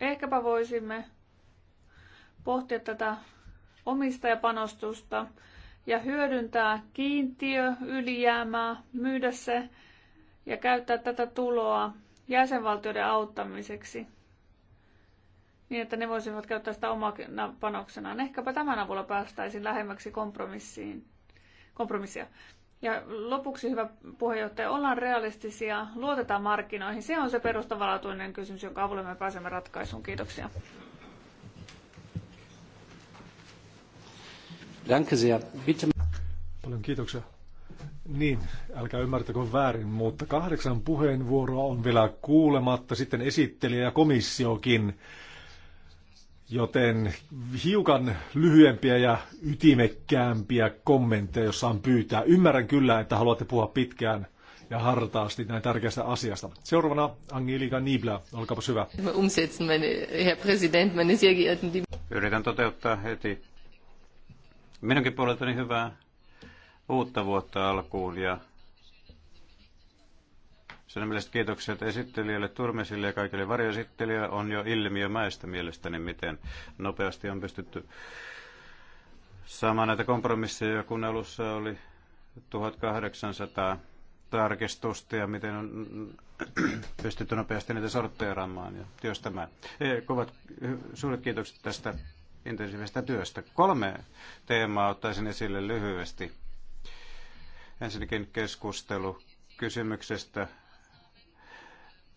Ehkäpä voisimme pohtia tätä omistajapanostusta ja hyödyntää kiintiö ylijäämää, myydä se ja käyttää tätä tuloa jäsenvaltioiden auttamiseksi niin, että ne voisivat käyttää sitä omana panoksenaan. Ehkäpä tämän avulla päästäisiin lähemmäksi kompromissiin, kompromissia. Ja lopuksi, hyvä puheenjohtaja, ollaan realistisia, luotetaan markkinoihin. Se on se perustavanlaatuinen kysymys, jonka avulla me pääsemme ratkaisuun. Kiitoksia. Paljon kiitoksia. Niin, älkää ymmärtäkö väärin, mutta kahdeksan puheenvuoroa on vielä kuulematta, sitten esittelijä ja komissiokin. Joten hiukan lyhyempiä ja ytimekkäämpiä kommentteja, jos saan pyytää. Ymmärrän kyllä, että haluatte puhua pitkään ja hartaasti näin tärkeästä asiasta. Seuraavana Angelika Niebler, olkaapa hyvä. Yritän toteuttaa heti minunkin puoleltani hyvää uutta vuotta alkuun ja Sydämelliset kiitokset esittelijälle Turmesille ja kaikille varjoesittelijöille on jo mäestä mielestäni, miten nopeasti on pystytty saamaan näitä kompromisseja, kun alussa oli 1800 tarkistusta ja miten on pystytty nopeasti niitä sortteeraamaan ja työstämään. Kovat, suuret kiitokset tästä intensiivisestä työstä. Kolme teemaa ottaisin esille lyhyesti. Ensinnäkin keskustelu kysymyksestä,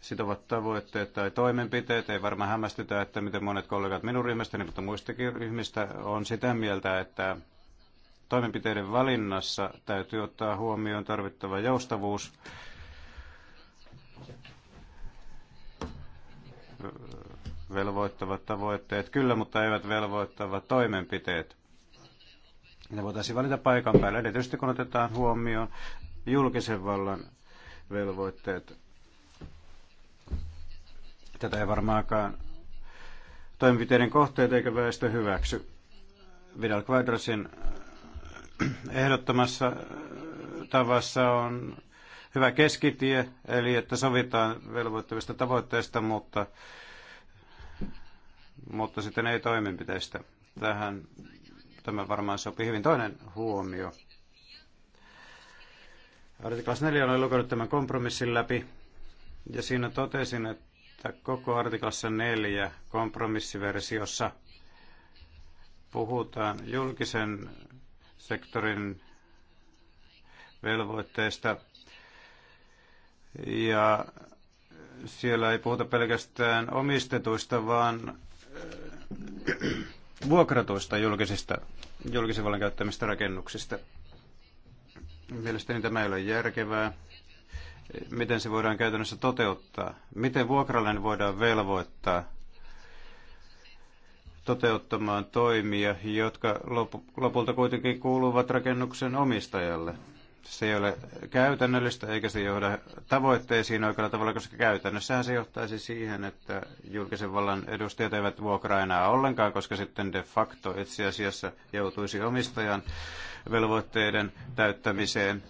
sitovat tavoitteet tai toimenpiteet. Ei varmaan hämmästytä, että miten monet kollegat minun ryhmästäni, mutta muistakin ryhmistä on sitä mieltä, että toimenpiteiden valinnassa täytyy ottaa huomioon tarvittava joustavuus. Velvoittavat tavoitteet kyllä, mutta eivät velvoittavat toimenpiteet. Ne voitaisiin valita paikan päällä, erityisesti kun otetaan huomioon julkisen vallan velvoitteet Tätä ei varmaankaan toimenpiteiden kohteet eikä väestö hyväksy. Vidal Quadrasin äh, ehdottomassa äh, tavassa on hyvä keskitie, eli että sovitaan velvoittavista tavoitteista, mutta, mutta sitten ei toimenpiteistä. Tähän tämä varmaan sopii hyvin. Toinen huomio. Artiklas 4 olen lukenut tämän kompromissin läpi, ja siinä totesin, että että koko artiklassa 4 kompromissiversiossa puhutaan julkisen sektorin velvoitteista ja siellä ei puhuta pelkästään omistetuista, vaan äh, vuokratuista julkisista, julkisen vallan käyttämistä rakennuksista. Mielestäni tämä ei ole järkevää miten se voidaan käytännössä toteuttaa. Miten vuokralainen voidaan velvoittaa toteuttamaan toimia, jotka lopulta kuitenkin kuuluvat rakennuksen omistajalle. Se ei ole käytännöllistä eikä se johda tavoitteisiin oikealla tavalla, koska käytännössähän se johtaisi siihen, että julkisen vallan edustajat eivät vuokraa enää ollenkaan, koska sitten de facto itse asiassa joutuisi omistajan velvoitteiden täyttämiseen –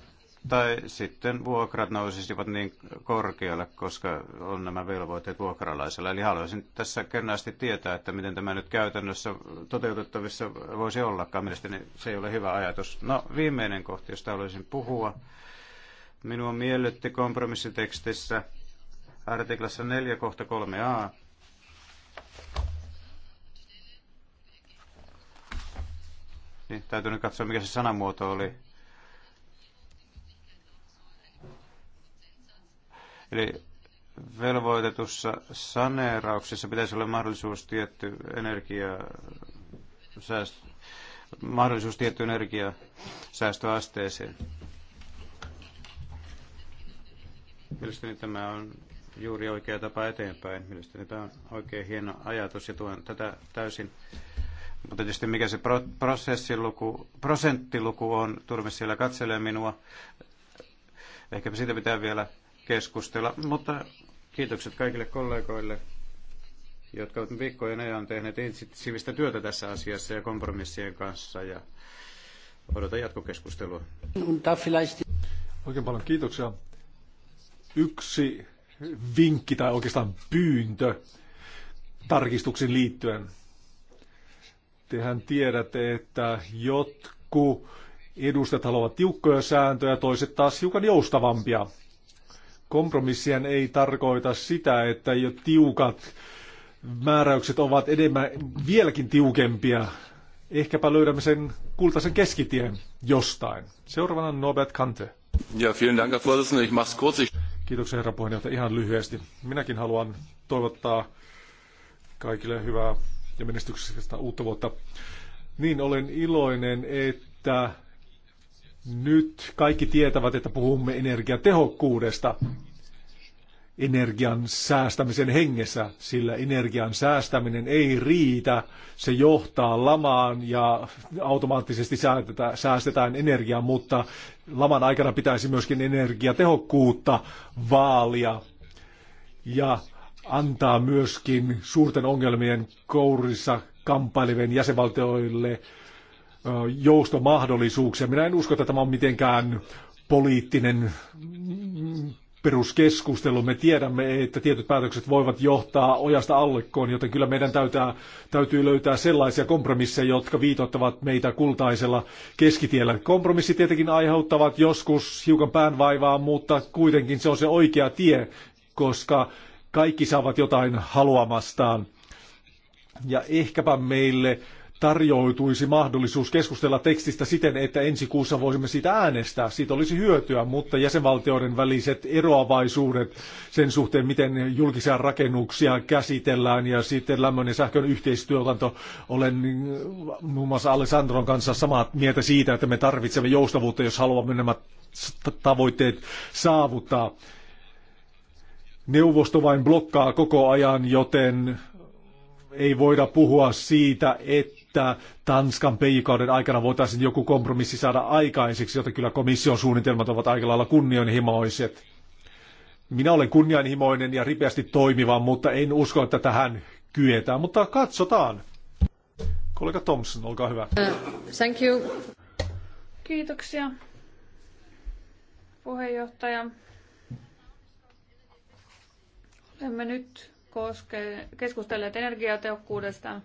tai sitten vuokrat nousisivat niin korkealle, koska on nämä velvoitteet vuokralaisella. Eli haluaisin tässä kernaasti tietää, että miten tämä nyt käytännössä toteutettavissa voisi ollakaan. Mielestäni se ei ole hyvä ajatus. No, viimeinen kohti, josta haluaisin puhua. Minua miellytti kompromissitekstissä artiklassa 4 kohta 3a. Niin, täytyy nyt katsoa, mikä se sanamuoto oli Eli velvoitetussa saneerauksessa pitäisi olla mahdollisuus tietty energia säästö, mahdollisuus tietty säästöasteeseen. Mielestäni tämä on juuri oikea tapa eteenpäin. Mielestäni tämä on oikein hieno ajatus ja tuen tätä täysin. Mutta tietysti mikä se pro, prosessiluku, prosenttiluku on, Turve siellä katselee minua. Ehkä siitä pitää vielä keskustella. Mutta kiitokset kaikille kollegoille, jotka ovat viikkojen ajan tehneet intensiivistä työtä tässä asiassa ja kompromissien kanssa. Ja odotan jatkokeskustelua. Oikein paljon kiitoksia. Yksi vinkki tai oikeastaan pyyntö tarkistuksiin liittyen. Tehän tiedätte, että jotkut edustajat haluavat tiukkoja sääntöjä, toiset taas hiukan joustavampia kompromissien ei tarkoita sitä, että jo tiukat määräykset ovat enemmän, vieläkin tiukempia. Ehkäpä löydämme sen kultaisen keskitien jostain. Seuraavana Norbert Kante. Ja, vielen Dank, Herr Ich mach's kurz. Kiitoksia, herra puheenjohtaja. Ihan lyhyesti. Minäkin haluan toivottaa kaikille hyvää ja menestyksestä uutta vuotta. Niin, olen iloinen, että nyt kaikki tietävät, että puhumme energiatehokkuudesta energian säästämisen hengessä, sillä energian säästäminen ei riitä. Se johtaa lamaan ja automaattisesti säästetään energiaa, mutta laman aikana pitäisi myöskin energiatehokkuutta vaalia ja antaa myöskin suurten ongelmien kourissa kamppailevien jäsenvaltioille joustomahdollisuuksia. Minä en usko, että tämä on mitenkään poliittinen peruskeskustelu. Me tiedämme, että tietyt päätökset voivat johtaa ojasta allekkoon, joten kyllä meidän täytää, täytyy löytää sellaisia kompromisseja, jotka viitoittavat meitä kultaisella keskitiellä. Kompromissi tietenkin aiheuttavat joskus hiukan päänvaivaa, mutta kuitenkin se on se oikea tie, koska kaikki saavat jotain haluamastaan. Ja ehkäpä meille tarjoutuisi mahdollisuus keskustella tekstistä siten, että ensi kuussa voisimme siitä äänestää. Siitä olisi hyötyä, mutta jäsenvaltioiden väliset eroavaisuudet sen suhteen, miten julkisia rakennuksia käsitellään ja sitten lämmön ja sähkön yhteistyötanto. Olen mm, muun muassa Alessandron kanssa samaa mieltä siitä, että me tarvitsemme joustavuutta, jos haluamme nämä tavoitteet saavuttaa. Neuvosto vain blokkaa koko ajan, joten ei voida puhua siitä, että että Tanskan peikauden aikana voitaisiin joku kompromissi saada aikaiseksi, joten kyllä komission suunnitelmat ovat aika lailla kunnianhimoiset. Minä olen kunnianhimoinen ja ripeästi toimiva, mutta en usko, että tähän kyetään, mutta katsotaan. Kollega Thompson, olkaa hyvä. Uh, thank you. Kiitoksia, puheenjohtaja. Olemme nyt koske- keskustelleet energiatehokkuudesta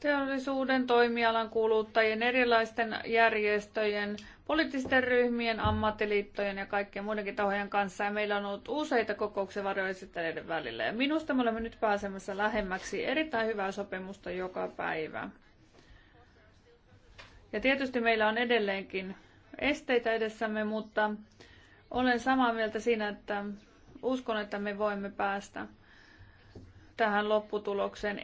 teollisuuden, toimialan kuluttajien, erilaisten järjestöjen, poliittisten ryhmien, ammattiliittojen ja kaikkien muidenkin tahojen kanssa. Ja meillä on ollut useita kokouksia varjoesittelijöiden välillä. Ja minusta me olemme nyt pääsemässä lähemmäksi erittäin hyvää sopimusta joka päivä. Ja tietysti meillä on edelleenkin esteitä edessämme, mutta olen samaa mieltä siinä, että uskon, että me voimme päästä tähän lopputulokseen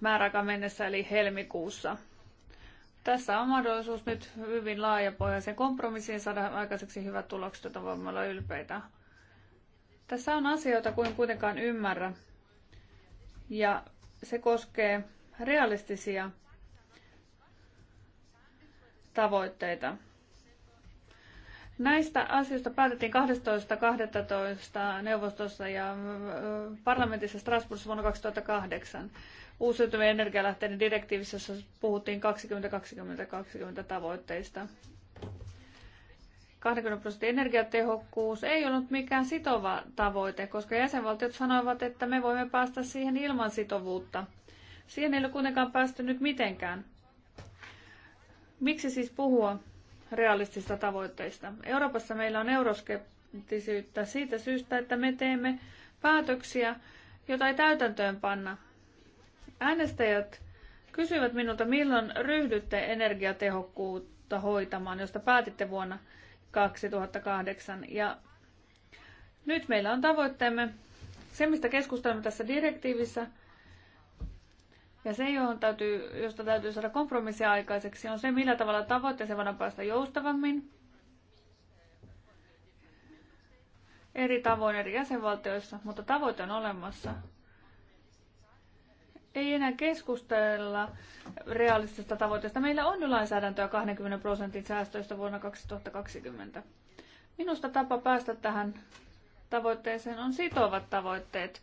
määräaikaan mennessä eli helmikuussa. Tässä on mahdollisuus nyt hyvin laajapohjaisen kompromissiin saada aikaiseksi hyvät tulokset, joita voimme olla ylpeitä. Tässä on asioita kuin kuitenkaan ymmärrä. Ja se koskee realistisia tavoitteita. Näistä asioista päätettiin 12.12. neuvostossa ja parlamentissa Strasbourgissa vuonna 2008 uusiutuvien energialähteiden direktiivissä, jossa puhuttiin 2020-2020 tavoitteista. 20 prosentin energiatehokkuus ei ollut mikään sitova tavoite, koska jäsenvaltiot sanoivat, että me voimme päästä siihen ilman sitovuutta. Siihen ei ole kuitenkaan päästy nyt mitenkään. Miksi siis puhua realistisista tavoitteista? Euroopassa meillä on euroskeptisyyttä siitä syystä, että me teemme päätöksiä, joita ei täytäntöön panna Äänestäjät kysyivät minulta, milloin ryhdytte energiatehokkuutta hoitamaan, josta päätitte vuonna 2008. Ja nyt meillä on tavoitteemme se, mistä keskustelemme tässä direktiivissä, ja se, johon täytyy, josta täytyy saada kompromissia aikaiseksi, on se, millä tavalla tavoitteeseen voidaan päästä joustavammin eri tavoin eri jäsenvaltioissa, mutta tavoite on olemassa ei enää keskustella realistisesta tavoitteesta. Meillä on jo lainsäädäntöä 20 prosentin säästöistä vuonna 2020. Minusta tapa päästä tähän tavoitteeseen on sitovat tavoitteet,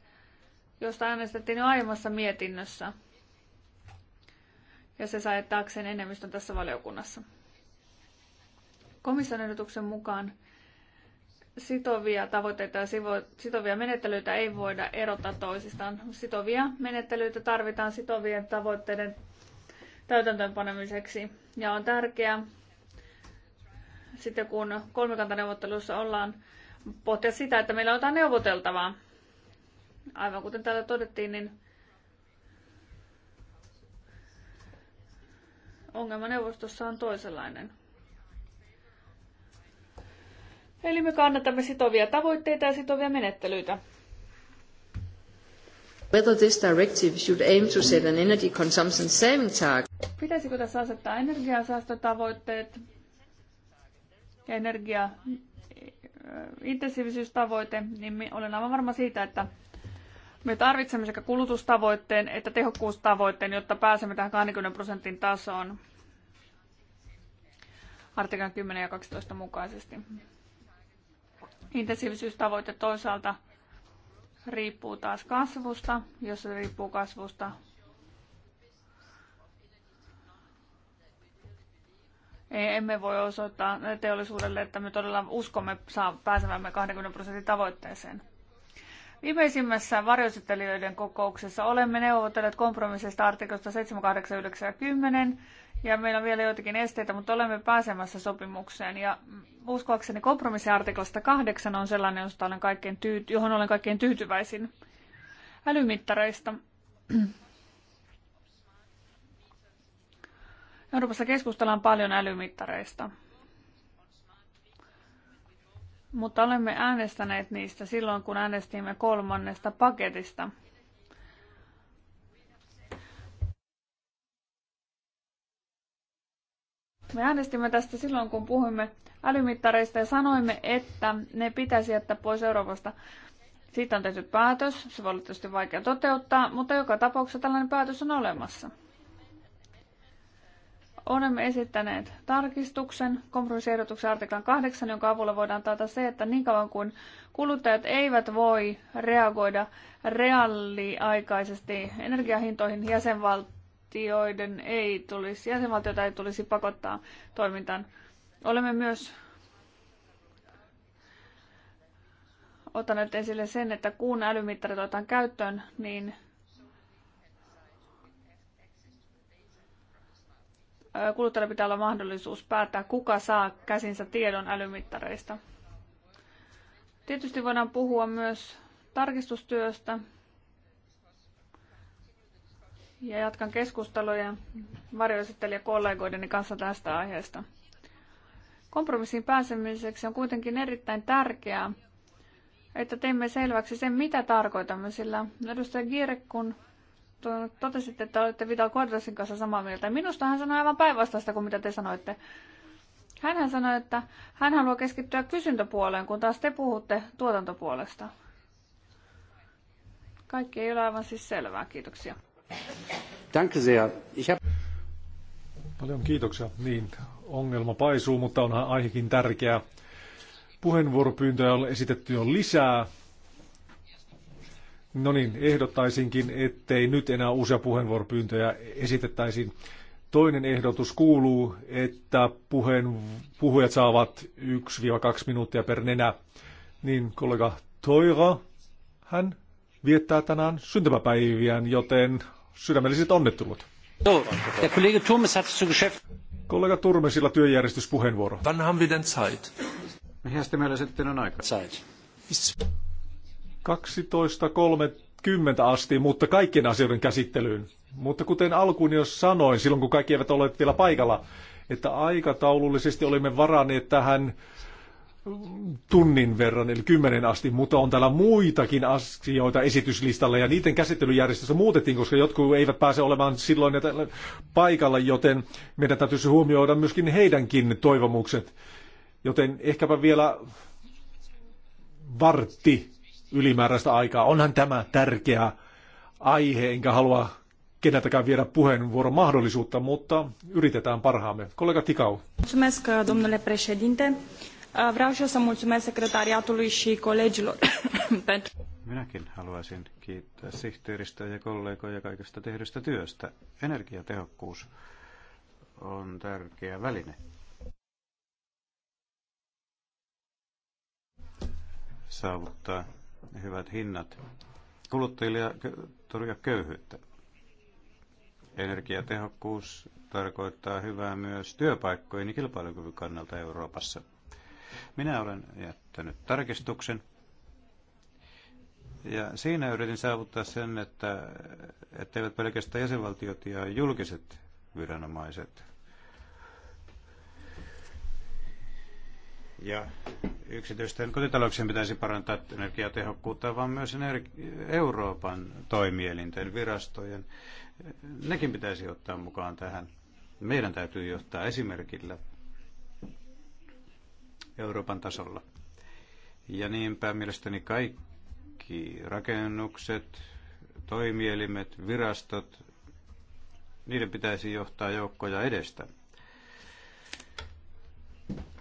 josta äänestettiin jo aiemmassa mietinnössä. Ja se sai taakseen enemmistön tässä valiokunnassa. Komission ehdotuksen mukaan sitovia tavoitteita ja sitovia menettelyitä ei voida erottaa toisistaan. Sitovia menettelyitä tarvitaan sitovien tavoitteiden täytäntöönpanemiseksi. Ja on tärkeää, sitten kun kolmikantaneuvottelussa ollaan, pohtia sitä, että meillä on jotain neuvoteltavaa. Aivan kuten täällä todettiin, niin ongelma neuvostossa on toisenlainen. Eli me kannatamme sitovia tavoitteita ja sitovia menettelyitä. Whether this directive should aim to set an energy consumption saving target. Pitäisikö tässä asettaa energiasäästötavoitteet ja energia eh, niin olen aivan varma siitä, että me tarvitsemme sekä kulutustavoitteen että tehokkuustavoitteen, jotta pääsemme tähän 20 prosentin tasoon artiklan 10 ja 12 mukaisesti. Intensiivisyystavoite toisaalta riippuu taas kasvusta. Jos se riippuu kasvusta, emme voi osoittaa teollisuudelle, että me todella uskomme pääsevämme 20 prosentin tavoitteeseen. Viimeisimmässä varjoesittelijöiden kokouksessa olemme neuvotelleet kompromisseista artikosta 7, 8, 9 ja 10, ja meillä on vielä joitakin esteitä, mutta olemme pääsemässä sopimukseen. Ja uskoakseni kompromissiartikosta 8 on sellainen, josta olen kaikkein johon olen kaikkein tyytyväisin älymittareista. Euroopassa keskustellaan paljon älymittareista mutta olemme äänestäneet niistä silloin, kun äänestimme kolmannesta paketista. Me äänestimme tästä silloin, kun puhuimme älymittareista ja sanoimme, että ne pitäisi jättää pois Euroopasta. Siitä on tehty päätös, se on valitettavasti vaikea toteuttaa, mutta joka tapauksessa tällainen päätös on olemassa. Olemme esittäneet tarkistuksen kompromissiehdotuksen artiklan 8, jonka avulla voidaan taata se, että niin kauan kuin kuluttajat eivät voi reagoida reaaliaikaisesti energiahintoihin, jäsenvaltioiden ei tulisi, jäsenvaltioita ei tulisi pakottaa toimintaan. Olemme myös ottaneet esille sen, että kun älymittarit otetaan käyttöön, niin kuluttajalla pitää olla mahdollisuus päättää, kuka saa käsinsä tiedon älymittareista. Tietysti voidaan puhua myös tarkistustyöstä ja jatkan keskusteluja kollegoiden kanssa tästä aiheesta. Kompromissiin pääsemiseksi on kuitenkin erittäin tärkeää, että teemme selväksi sen, mitä tarkoitamme, sillä edustaja Girek, kun totesitte, että olette Vidal Quadrasin kanssa samaa mieltä. Minusta hän sanoi aivan päinvastaista kuin mitä te sanoitte. Hänhän sanoi, että hän haluaa keskittyä kysyntäpuoleen, kun taas te puhutte tuotantopuolesta. Kaikki ei ole aivan siis selvää. Kiitoksia. Danke sehr. Ich hab... Paljon kiitoksia. Niin, ongelma paisuu, mutta onhan aihekin tärkeä. Puheenvuoropyyntöjä on esitetty jo lisää. No niin, ehdottaisinkin, ettei nyt enää uusia puheenvuoropyyntöjä esitettäisiin. Toinen ehdotus kuuluu, että puheen, puhujat saavat 1-2 minuuttia per nenä. Niin kollega Toira, hän viettää tänään syntymäpäiviään, joten sydämelliset onnettelut. Turmes Kollega Turmesilla työjärjestyspuheenvuoro. Wann haben wir denn Zeit? Mihin meillä sitten on aika? Zeit. 12.30 asti, mutta kaikkien asioiden käsittelyyn. Mutta kuten alkuun jo sanoin, silloin kun kaikki eivät ole vielä paikalla, että aikataulullisesti olimme varanneet tähän tunnin verran, eli kymmenen asti, mutta on täällä muitakin asioita esityslistalla, ja niiden käsittelyjärjestystä muutettiin, koska jotkut eivät pääse olemaan silloin paikalla, joten meidän täytyisi huomioida myöskin heidänkin toivomukset. Joten ehkäpä vielä vartti ylimääräistä aikaa. Onhan tämä tärkeä aihe, enkä halua keneltäkään viedä puheenvuoron mahdollisuutta, mutta yritetään parhaamme. Kollega Tikau. Mulțumesc, domnule președinte. Uh, vreau și eu să mulțumesc secretariatului și colegilor pentru... Minäkin haluaisin kiittää sihteeristä ja kollegoja kaikesta tehdystä työstä. Energiatehokkuus on tärkeä väline. saavuttaa hyvät hinnat kuluttajille ja torjua köyhyyttä. Energiatehokkuus tarkoittaa hyvää myös työpaikkojen ja kilpailukyvyn kannalta Euroopassa. Minä olen jättänyt tarkistuksen. Ja siinä yritin saavuttaa sen, että etteivät pelkästään jäsenvaltiot ja julkiset viranomaiset ja yksityisten kotitalouksien pitäisi parantaa energiatehokkuutta, vaan myös Euroopan toimielinten, virastojen. Nekin pitäisi ottaa mukaan tähän. Meidän täytyy johtaa esimerkillä Euroopan tasolla. Ja niinpä mielestäni kaikki rakennukset, toimielimet, virastot, niiden pitäisi johtaa joukkoja edestä.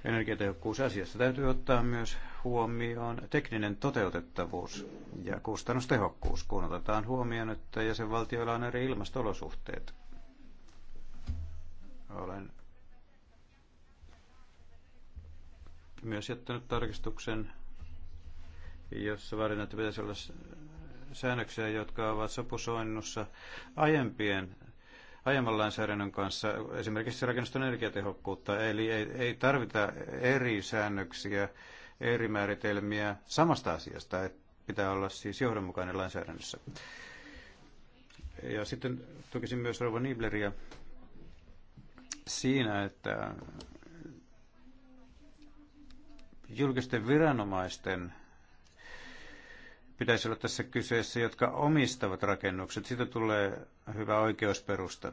Energiatehokkuusasiassa täytyy ottaa myös huomioon tekninen toteutettavuus ja kustannustehokkuus, kun otetaan huomioon, että jäsenvaltioilla on eri ilmastolosuhteet. Olen myös jättänyt tarkistuksen, jossa väärin että pitäisi olla säännöksiä, jotka ovat sopusoinnussa aiempien aiemman lainsäädännön kanssa, esimerkiksi rakennusten energiatehokkuutta, eli ei, ei tarvita eri säännöksiä, eri määritelmiä samasta asiasta, että pitää olla siis johdonmukainen lainsäädännössä. Ja sitten tukisin myös Rova Nibleria siinä, että julkisten viranomaisten pitäisi olla tässä kyseessä, jotka omistavat rakennukset. Siitä tulee hyvä oikeusperusta.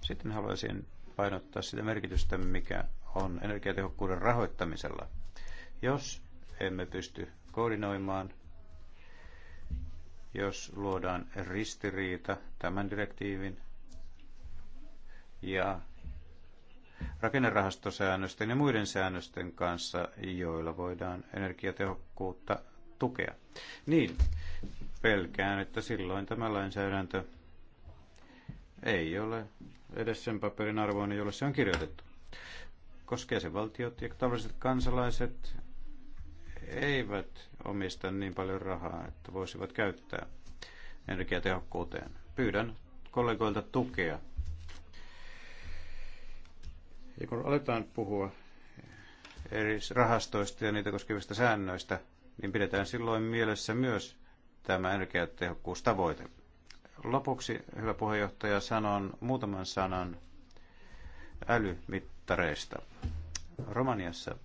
Sitten haluaisin painottaa sitä merkitystä, mikä on energiatehokkuuden rahoittamisella. Jos emme pysty koordinoimaan, jos luodaan ristiriita tämän direktiivin ja rakennerahastosäännösten ja muiden säännösten kanssa, joilla voidaan energiatehokkuutta tukea. Niin, pelkään, että silloin tämä lainsäädäntö ei ole edes sen paperin arvoinen, jolle se on kirjoitettu. Koska valtiot ja tavalliset kansalaiset eivät omista niin paljon rahaa, että voisivat käyttää energiatehokkuuteen. Pyydän kollegoilta tukea ja kun aletaan puhua eri rahastoista ja niitä koskevista säännöistä, niin pidetään silloin mielessä myös tämä energiatehokkuustavoite. Lopuksi, hyvä puheenjohtaja, sanon muutaman sanan älymittareista. Romaniassa.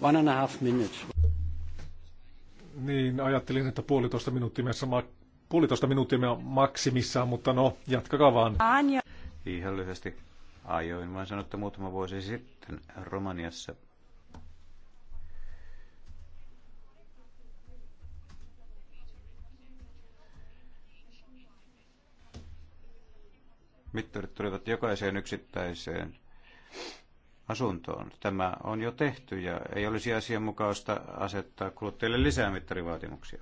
One and a half minutes. Niin, ajattelin, että puolitoista minuuttia, puolitoista minuuttia maksimissaan, mutta no, jatkakaa vaan. Ihan lyhyesti Ajoin vain sanoa, että muutama vuosi sitten Romaniassa mittarit tulivat jokaiseen yksittäiseen asuntoon. Tämä on jo tehty ja ei olisi asianmukaista asettaa kuluttajille lisää mittarivaatimuksia.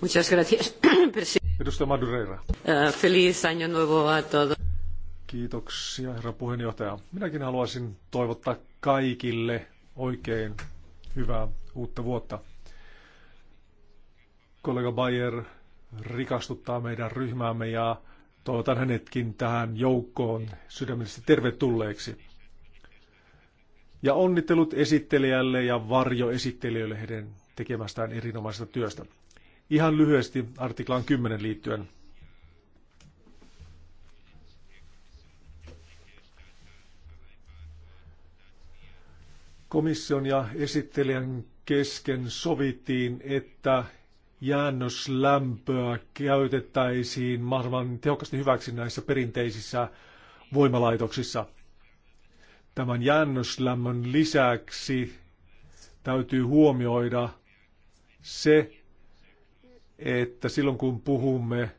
Muchas gracias. Edustaja Madureira. Eh, feliz año nuevo a todos. Kiitoksia, herra puheenjohtaja. Minäkin haluaisin toivottaa kaikille oikein hyvää uutta vuotta. Kollega Bayer rikastuttaa meidän ryhmäämme ja toivotan hänetkin tähän joukkoon sydämellisesti tervetulleeksi. Ja onnittelut esittelijälle ja varjoesittelijöille heidän tekemästään erinomaisesta työstä. Ihan lyhyesti artiklaan 10 liittyen. Komission ja esittelijän kesken sovittiin, että jäännöslämpöä käytettäisiin mahdollisimman tehokkaasti hyväksi näissä perinteisissä voimalaitoksissa. Tämän jäännöslämmön lisäksi täytyy huomioida se, että silloin kun puhumme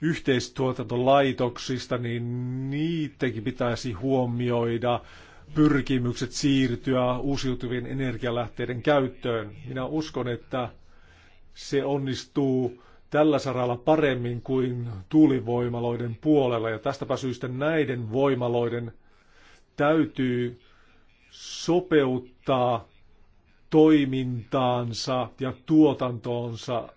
yhteistuotantolaitoksista, niin niitäkin pitäisi huomioida pyrkimykset siirtyä uusiutuvien energialähteiden käyttöön. Minä uskon, että se onnistuu tällä saralla paremmin kuin tuulivoimaloiden puolella. Ja tästäpä syystä näiden voimaloiden täytyy sopeuttaa toimintaansa ja tuotantoonsa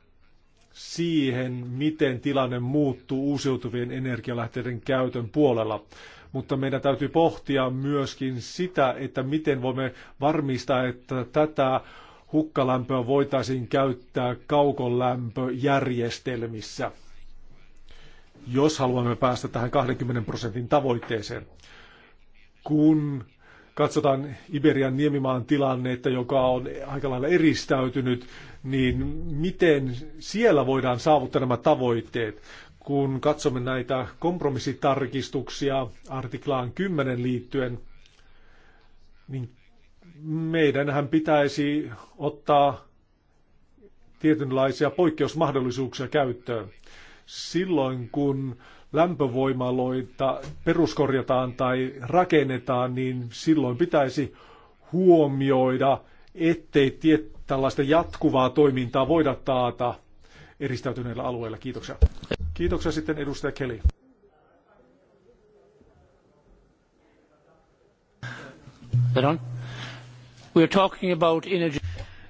siihen, miten tilanne muuttuu uusiutuvien energialähteiden käytön puolella mutta meidän täytyy pohtia myöskin sitä, että miten voimme varmistaa, että tätä hukkalämpöä voitaisiin käyttää kaukolämpöjärjestelmissä, jos haluamme päästä tähän 20 prosentin tavoitteeseen. Kun katsotaan Iberian niemimaan tilannetta, joka on aika lailla eristäytynyt, niin miten siellä voidaan saavuttaa nämä tavoitteet? kun katsomme näitä kompromissitarkistuksia artiklaan 10 liittyen, niin meidänhän pitäisi ottaa tietynlaisia poikkeusmahdollisuuksia käyttöön. Silloin kun lämpövoimaloita peruskorjataan tai rakennetaan, niin silloin pitäisi huomioida, ettei tiet, tällaista jatkuvaa toimintaa voida taata eristäytyneillä alueilla. Kiitoksia. Kiitoksia sitten edustaja Kelly. We are talking about energy.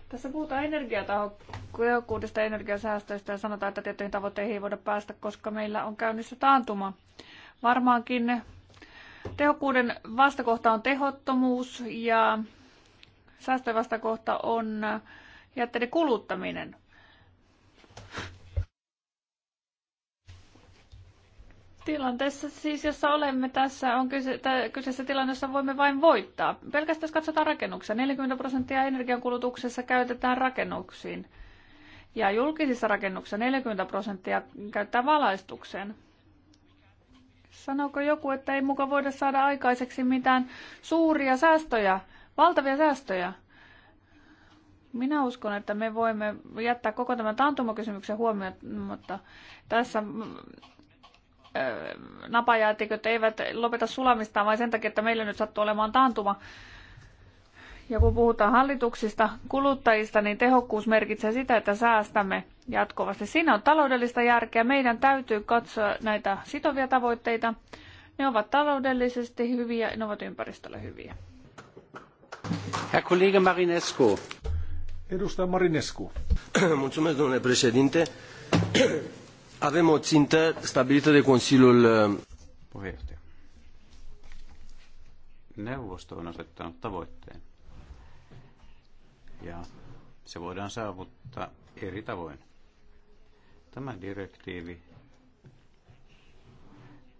Tässä puhutaan energiatahokkuudesta, energiasäästöistä ja sanotaan, että tiettyihin tavoitteihin ei voida päästä, koska meillä on käynnissä taantuma. Varmaankin tehokkuuden vastakohta on tehottomuus ja vastakohta on jätteiden kuluttaminen. Tilanteessa siis, jossa olemme tässä, on kyse, tai kyseessä tilanne, jossa voimme vain voittaa. Pelkästään jos katsotaan rakennuksia, 40 prosenttia energiankulutuksessa käytetään rakennuksiin. Ja julkisissa rakennuksissa 40 prosenttia käyttää valaistukseen. Sanooko joku, että ei muka voida saada aikaiseksi mitään suuria säästöjä, valtavia säästöjä? Minä uskon, että me voimme jättää koko tämän taantumakysymyksen huomioon, mutta tässä Äh, napajäätiköt eivät lopeta sulamista vain sen takia, että meillä nyt sattuu olemaan taantuma. Ja kun puhutaan hallituksista, kuluttajista, niin tehokkuus merkitsee sitä, että säästämme jatkuvasti. Siinä on taloudellista järkeä. Meidän täytyy katsoa näitä sitovia tavoitteita. Ne ovat taloudellisesti hyviä, ne ovat ympäristölle hyviä. Herr Kollege Marinescu. Edustaja Marinescu. Mulțumesc, domnule președinte. Avem o țintă stabilită de Consiliul... Uh, Puheenjohtaja. Neuvosto on asettanut tavoitteen. Ja se voidaan saavuttaa eri tavoin. Tämä direktiivi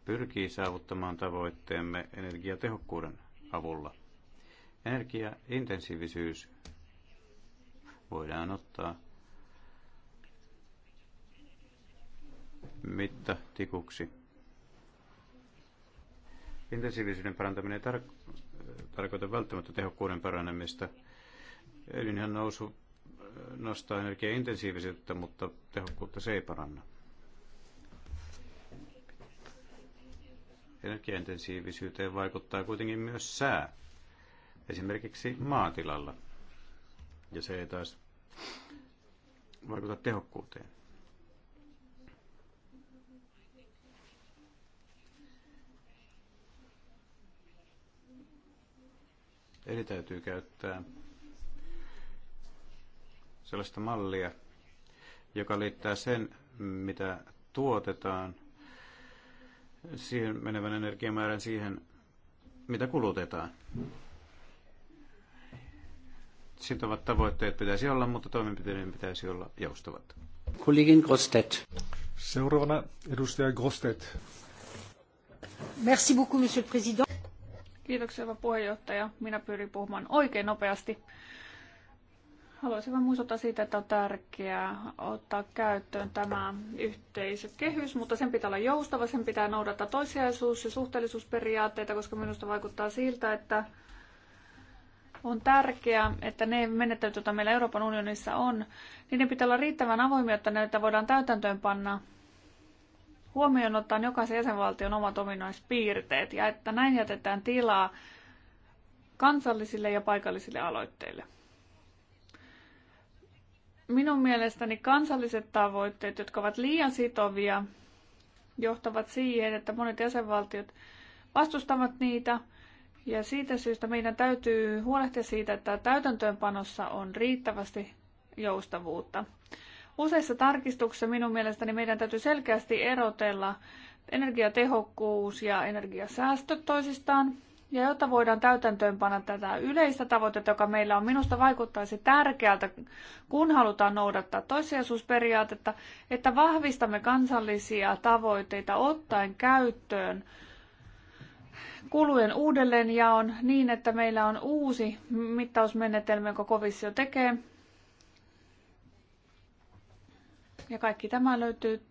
pyrkii saavuttamaan tavoitteemme energiatehokkuuden avulla. Energiaintensiivisyys voidaan ottaa mittatikuksi. Intensiivisyyden parantaminen ei tar- tarkoita välttämättä tehokkuuden parannemista. Elinhän nousu äh, nostaa energian intensiivisyyttä, mutta tehokkuutta se ei paranna. Energiaintensiivisyyteen vaikuttaa kuitenkin myös sää, esimerkiksi maatilalla. Ja se ei taas vaikuta tehokkuuteen. Eli täytyy käyttää sellaista mallia, joka liittää sen, mitä tuotetaan, siihen menevän energiamäärän siihen, mitä kulutetaan. Sitovat tavoitteet pitäisi olla, mutta toimenpiteiden pitäisi olla joustavat. Kollegin Grostet. Seuraavana edustaja Grostet. Merci beaucoup, monsieur le président. Kiitoksia, hyvä puheenjohtaja. Minä pyrin puhumaan oikein nopeasti. Haluaisin vain muistuttaa siitä, että on tärkeää ottaa käyttöön tämä yhteisökehys, mutta sen pitää olla joustava, sen pitää noudattaa toissijaisuus- ja suhteellisuusperiaatteita, koska minusta vaikuttaa siltä, että on tärkeää, että ne menettelyt, joita meillä Euroopan unionissa on, niiden pitää olla riittävän avoimia, että näitä voidaan täytäntöön panna huomioon ottaen jokaisen jäsenvaltion omat ominaispiirteet ja että näin jätetään tilaa kansallisille ja paikallisille aloitteille. Minun mielestäni kansalliset tavoitteet, jotka ovat liian sitovia, johtavat siihen, että monet jäsenvaltiot vastustavat niitä. Ja siitä syystä meidän täytyy huolehtia siitä, että täytäntöönpanossa on riittävästi joustavuutta. Useissa tarkistuksissa minun mielestäni meidän täytyy selkeästi erotella energiatehokkuus ja energiasäästö toisistaan. Ja jotta voidaan täytäntöönpana tätä yleistä tavoitetta, joka meillä on, minusta vaikuttaisi tärkeältä, kun halutaan noudattaa toissijaisuusperiaatetta, että vahvistamme kansallisia tavoitteita ottaen käyttöön kulujen uudelleenjaon niin, että meillä on uusi mittausmenetelmä, jonka komissio tekee, Ja kaikki tämä löytyy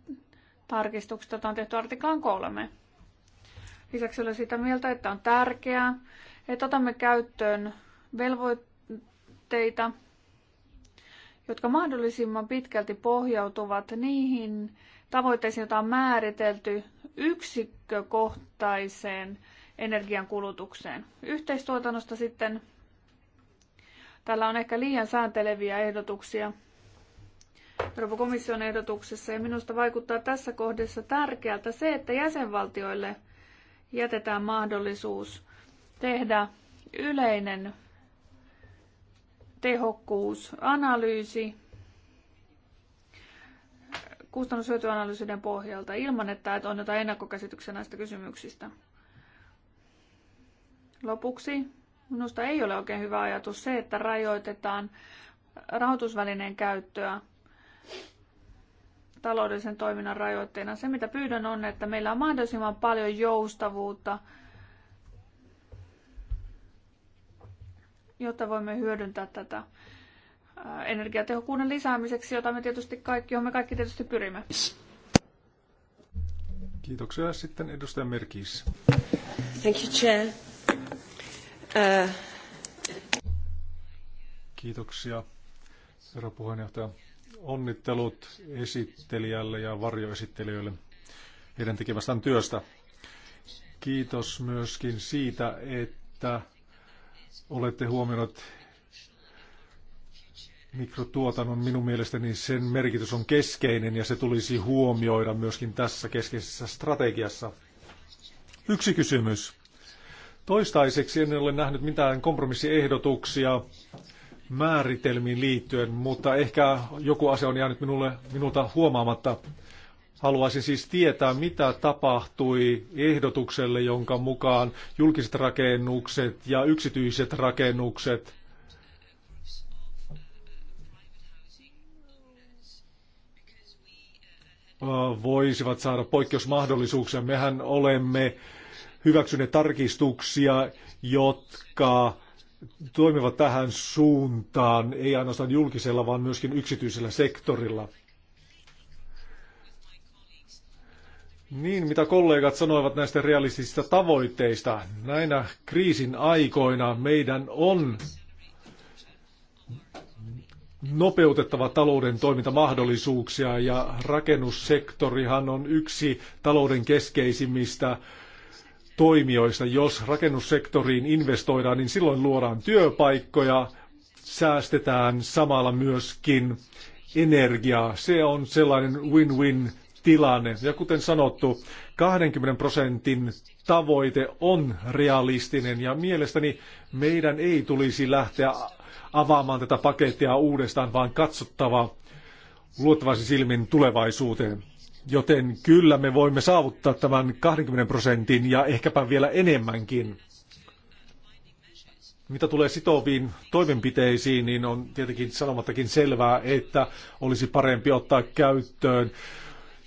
tarkistuksesta, jota on tehty artiklaan kolme. Lisäksi olen sitä mieltä, että on tärkeää, että otamme käyttöön velvoitteita, jotka mahdollisimman pitkälti pohjautuvat niihin tavoitteisiin, joita on määritelty yksikkökohtaiseen energiankulutukseen. Yhteistuotannosta sitten täällä on ehkä liian säänteleviä ehdotuksia, Euroopan komission ehdotuksessa. Ja minusta vaikuttaa tässä kohdassa tärkeältä se, että jäsenvaltioille jätetään mahdollisuus tehdä yleinen tehokkuusanalyysi kustannushyötyanalyysien pohjalta ilman, että on jotain ennakkokäsityksiä näistä kysymyksistä. Lopuksi minusta ei ole oikein hyvä ajatus se, että rajoitetaan rahoitusvälineen käyttöä taloudellisen toiminnan rajoitteena. Se, mitä pyydän, on, että meillä on mahdollisimman paljon joustavuutta, jotta voimme hyödyntää tätä energiatehokkuuden lisäämiseksi, jota me tietysti kaikki, johon me kaikki tietysti pyrimme. Kiitoksia. Sitten edustaja Merkis. Thank you, Chair. Uh... Kiitoksia, herra puheenjohtaja onnittelut esittelijälle ja varjoesittelijöille heidän tekemästään työstä. Kiitos myöskin siitä, että olette huomioineet mikrotuotannon. Minun mielestäni sen merkitys on keskeinen ja se tulisi huomioida myöskin tässä keskeisessä strategiassa. Yksi kysymys. Toistaiseksi en ole nähnyt mitään kompromissiehdotuksia määritelmiin liittyen, mutta ehkä joku asia on jäänyt minulle, minulta huomaamatta. Haluaisin siis tietää, mitä tapahtui ehdotukselle, jonka mukaan julkiset rakennukset ja yksityiset rakennukset voisivat saada poikkeusmahdollisuuksia. Mehän olemme hyväksyneet tarkistuksia, jotka toimivat tähän suuntaan, ei ainoastaan julkisella, vaan myöskin yksityisellä sektorilla. Niin, mitä kollegat sanoivat näistä realistisista tavoitteista. Näinä kriisin aikoina meidän on nopeutettava talouden toimintamahdollisuuksia ja rakennussektorihan on yksi talouden keskeisimmistä toimijoista. Jos rakennussektoriin investoidaan, niin silloin luodaan työpaikkoja, säästetään samalla myöskin energiaa. Se on sellainen win-win tilanne. Ja kuten sanottu, 20 prosentin tavoite on realistinen ja mielestäni meidän ei tulisi lähteä avaamaan tätä pakettia uudestaan, vaan katsottava luottavaisin silmin tulevaisuuteen. Joten kyllä me voimme saavuttaa tämän 20 prosentin ja ehkäpä vielä enemmänkin. Mitä tulee sitoviin toimenpiteisiin, niin on tietenkin sanomattakin selvää, että olisi parempi ottaa käyttöön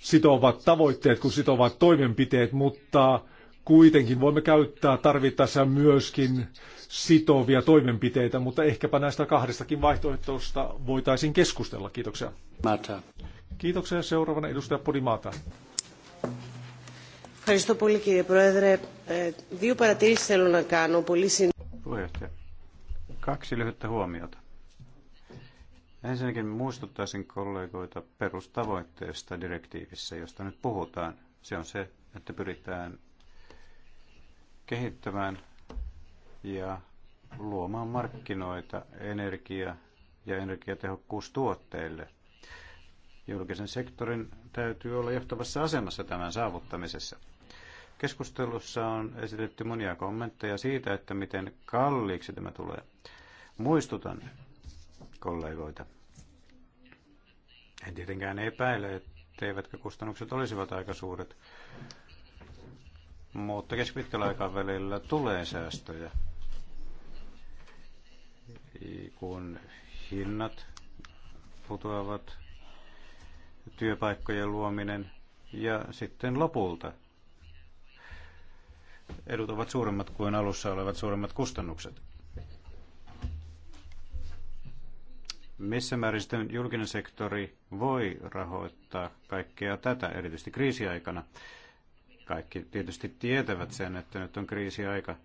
sitovat tavoitteet kuin sitovat toimenpiteet, mutta kuitenkin voimme käyttää tarvittaessa myöskin sitovia toimenpiteitä, mutta ehkäpä näistä kahdestakin vaihtoehtoista voitaisiin keskustella. Kiitoksia. Mata. Kiitoksia. Seuraavana edustaja Podimata. Ευχαριστώ πολύ κύριε Πρόεδρε. Δύο παρατηρήσεις θέλω να κάνω πολύ Puheenjohtaja. Kaksi lyhyttä huomiota. Ensinnäkin muistuttaisin kollegoita perustavoitteesta direktiivissä, josta nyt puhutaan. Se on se, että pyritään kehittämään ja luomaan markkinoita energia- ja energiatehokkuustuotteille – Julkisen sektorin täytyy olla johtavassa asemassa tämän saavuttamisessa. Keskustelussa on esitetty monia kommentteja siitä, että miten kalliiksi tämä tulee. Muistutan kollegoita. En tietenkään epäile, etteivätkö kustannukset olisivat aika suuret, mutta keskipitkällä aikavälillä tulee säästöjä, kun hinnat putoavat työpaikkojen luominen ja sitten lopulta edut ovat suuremmat kuin alussa olevat suuremmat kustannukset. Missä määrin sitten julkinen sektori voi rahoittaa kaikkea tätä, erityisesti kriisiaikana? Kaikki tietysti tietävät sen, että nyt on kriisiaika.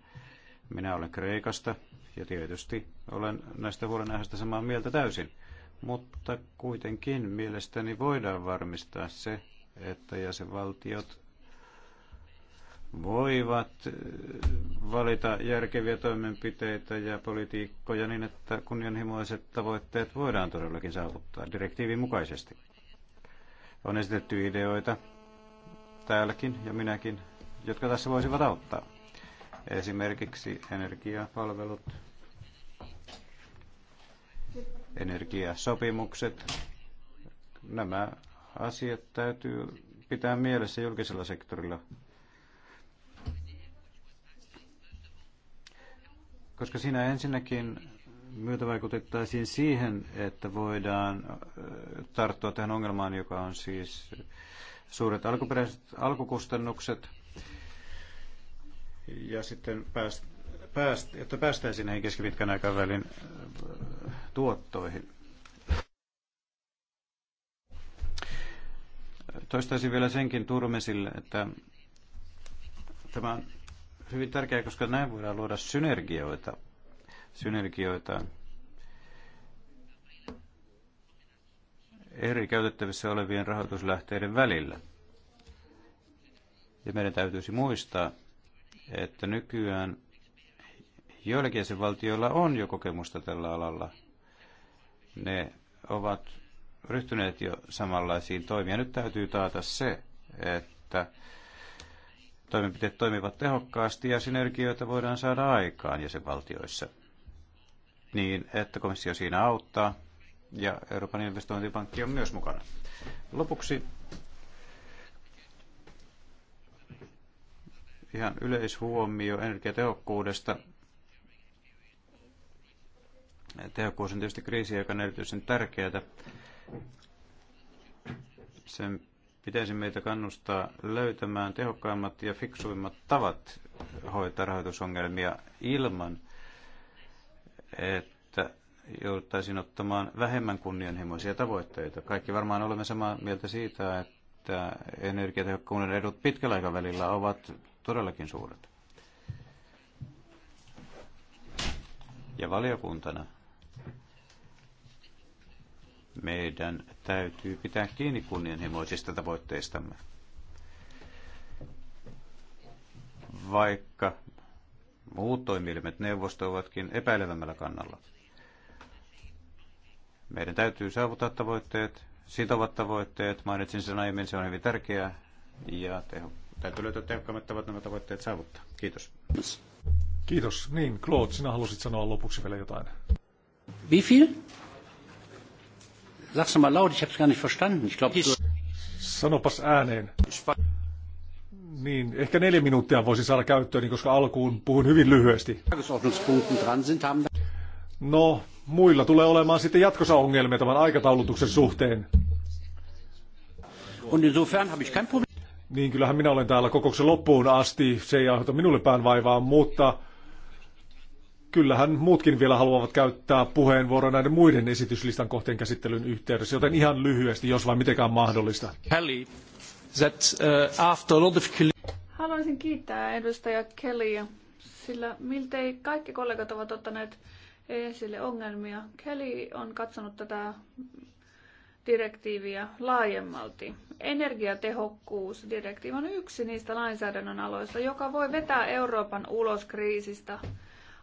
Minä olen Kreikasta ja tietysti olen näistä huolenaiheista samaa mieltä täysin mutta kuitenkin mielestäni voidaan varmistaa se, että jäsenvaltiot voivat eh, valita järkeviä toimenpiteitä ja politiikkoja niin, että kunnianhimoiset tavoitteet voidaan todellakin saavuttaa direktiivin mukaisesti. On esitetty ideoita täälläkin ja minäkin, jotka tässä voisivat auttaa. Esimerkiksi energiapalvelut, energiasopimukset. Nämä asiat täytyy pitää mielessä julkisella sektorilla, koska siinä ensinnäkin myötävaikutettaisiin siihen, että voidaan tarttua tähän ongelmaan, joka on siis suuret alkuperäiset alkukustannukset, ja sitten pääst, pääst, että päästäisiin näihin keskipitkän aikavälin tuottoihin. Toistaisin vielä senkin Turmesille, että tämä on hyvin tärkeää, koska näin voidaan luoda synergioita, synergioita eri käytettävissä olevien rahoituslähteiden välillä. Ja meidän täytyisi muistaa, että nykyään joillakin valtioilla on jo kokemusta tällä alalla, ne ovat ryhtyneet jo samanlaisiin toimiin. Nyt täytyy taata se, että toimenpiteet toimivat tehokkaasti ja synergioita voidaan saada aikaan jäsenvaltioissa niin, että komissio siinä auttaa ja Euroopan investointipankki on myös mukana. Lopuksi ihan yleishuomio energiatehokkuudesta. Tehokkuus on tietysti kriisi, joka on erityisen tärkeää. Sen pitäisi meitä kannustaa löytämään tehokkaimmat ja fiksuimmat tavat hoitaa rahoitusongelmia ilman, että jouduttaisiin ottamaan vähemmän kunnianhimoisia tavoitteita. Kaikki varmaan olemme samaa mieltä siitä, että energiatehokkuuden edut pitkällä aikavälillä ovat todellakin suuret. Ja valiokuntana meidän täytyy pitää kiinni kunnianhimoisista tavoitteistamme. Vaikka muut toimielimet neuvosto ovatkin epäilevämmällä kannalla. Meidän täytyy saavuttaa tavoitteet, sitovat tavoitteet, mainitsin sen aiemmin, se on hyvin tärkeää ja teho. täytyy löytää tehokkaammat tavat nämä tavoitteet saavuttaa. Kiitos. Kiitos. Niin, Claude, sinä halusit sanoa lopuksi vielä jotain. Wie viel? Sag's nochmal laut, ich hab's gar nicht verstanden. Ich Sanopas ääneen. Niin, ehkä neljä minuuttia voisi saada käyttöön, niin koska alkuun puhun hyvin lyhyesti. No, muilla tulee olemaan sitten jatkossa ongelmia tämän aikataulutuksen suhteen. Niin, kyllähän minä olen täällä kokouksen loppuun asti. Se ei aiheuta minulle päänvaivaa, mutta kyllähän muutkin vielä haluavat käyttää puheenvuoron näiden muiden esityslistan kohteen käsittelyn yhteydessä, joten ihan lyhyesti, jos vain mitenkään mahdollista. Kelly, that, uh, after a lot of... Haluaisin kiittää edustaja Kellyä, sillä miltei kaikki kollegat ovat ottaneet esille ongelmia. Kelly on katsonut tätä direktiiviä laajemmalti. Energiatehokkuusdirektiivi on yksi niistä lainsäädännön aloista, joka voi vetää Euroopan ulos kriisistä –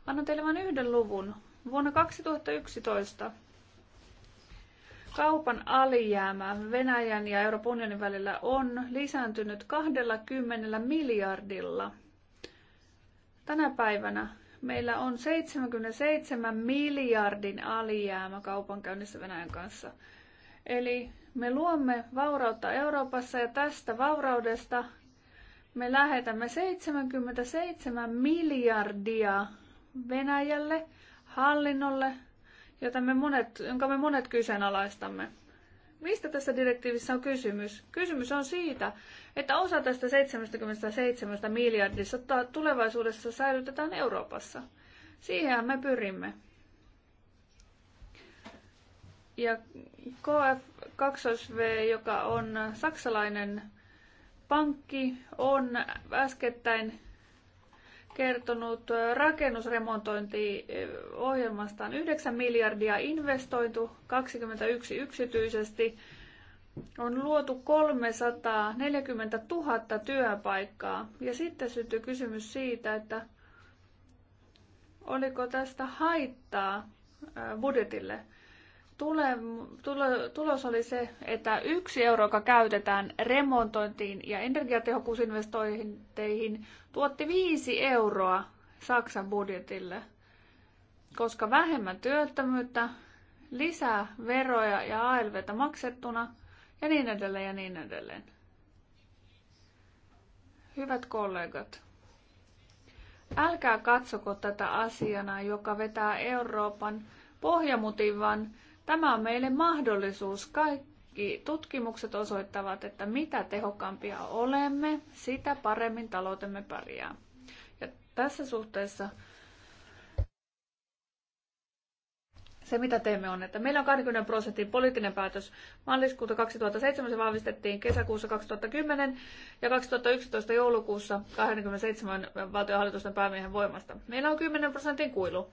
Annan teille vain yhden luvun. Vuonna 2011 kaupan alijäämä Venäjän ja Euroopan unionin välillä on lisääntynyt 20 miljardilla. Tänä päivänä meillä on 77 miljardin alijäämä kaupankäynnissä Venäjän kanssa. Eli me luomme vaurautta Euroopassa ja tästä vauraudesta me lähetämme 77 miljardia Venäjälle, hallinnolle, jota me monet, jonka me monet kyseenalaistamme. Mistä tässä direktiivissä on kysymys? Kysymys on siitä, että osa tästä 77 miljardista tulevaisuudessa säilytetään Euroopassa. Siihen me pyrimme. Ja KF2V, joka on saksalainen pankki, on äskettäin kertonut rakennusremontointiohjelmastaan 9 miljardia investointu, 21 yksityisesti. On luotu 340 000 työpaikkaa. Ja sitten syntyi kysymys siitä, että oliko tästä haittaa budjetille – tule, tule, tulos oli se, että yksi euro, joka käytetään remontointiin ja energiatehokkuusinvestointeihin, tuotti viisi euroa Saksan budjetille, koska vähemmän työttömyyttä, lisää veroja ja ALVtä maksettuna ja niin edelleen ja niin edelleen. Hyvät kollegat, älkää katsoko tätä asiana, joka vetää Euroopan pohjamutivan vaan Tämä on meille mahdollisuus. Kaikki tutkimukset osoittavat, että mitä tehokkaampia olemme, sitä paremmin taloutemme pärjää. Ja tässä suhteessa se, mitä teemme, on, että meillä on 20 prosentin poliittinen päätös. Maaliskuuta 2007 se vahvistettiin kesäkuussa 2010 ja 2011 joulukuussa 27 valtionhallitusten päämiehen voimasta. Meillä on 10 prosentin kuilu.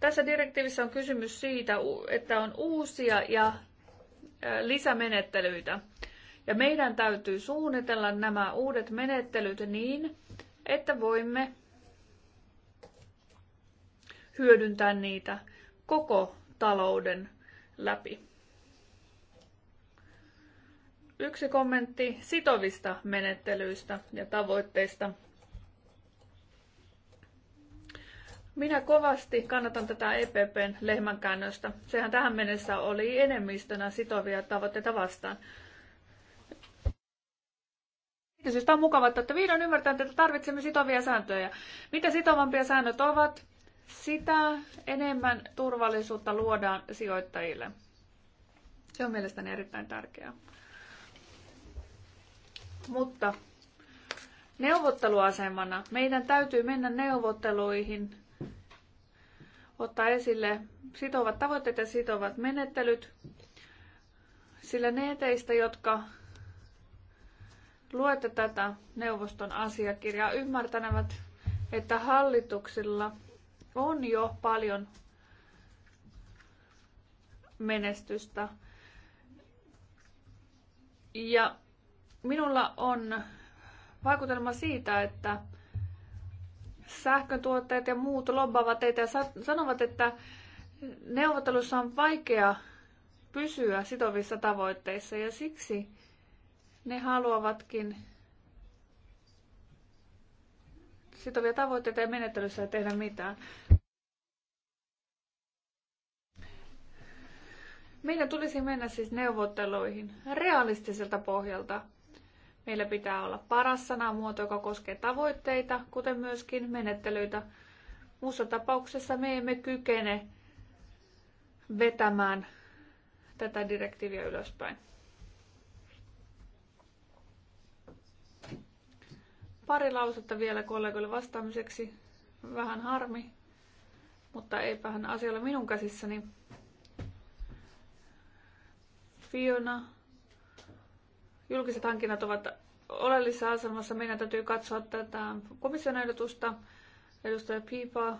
Tässä direktiivissä on kysymys siitä, että on uusia ja lisämenettelyitä. Ja meidän täytyy suunnitella nämä uudet menettelyt niin, että voimme hyödyntää niitä koko talouden läpi. Yksi kommentti sitovista menettelyistä ja tavoitteista – Minä kovasti kannatan tätä EPPn lehmänkäännöstä. Sehän tähän mennessä oli enemmistönä sitovia tavoitteita vastaan. Siitä on mukava, että vihdoin ymmärtää, että tarvitsemme sitovia sääntöjä. Mitä sitovampia säännöt ovat, sitä enemmän turvallisuutta luodaan sijoittajille. Se on mielestäni erittäin tärkeää. Mutta neuvotteluasemana meidän täytyy mennä neuvotteluihin ottaa esille sitovat tavoitteet ja sitovat menettelyt, sillä ne teistä, jotka luette tätä neuvoston asiakirjaa, ymmärtänevät, että hallituksilla on jo paljon menestystä. Ja minulla on vaikutelma siitä, että sähkötuottajat ja muut lobbaavat teitä ja sanovat, että neuvottelussa on vaikea pysyä sitovissa tavoitteissa ja siksi ne haluavatkin sitovia tavoitteita ja menettelyssä ei tehdä mitään. Meidän tulisi mennä siis neuvotteluihin realistiselta pohjalta Meillä pitää olla paras sanamuoto, joka koskee tavoitteita, kuten myöskin menettelyitä. Muussa tapauksessa me emme kykene vetämään tätä direktiiviä ylöspäin. Pari lausetta vielä kollegoille vastaamiseksi. Vähän harmi, mutta hän asia ole minun käsissäni. Fiona julkiset hankinnat ovat oleellisessa asemassa. Meidän täytyy katsoa tätä komission ehdotusta. Edustaja Piipa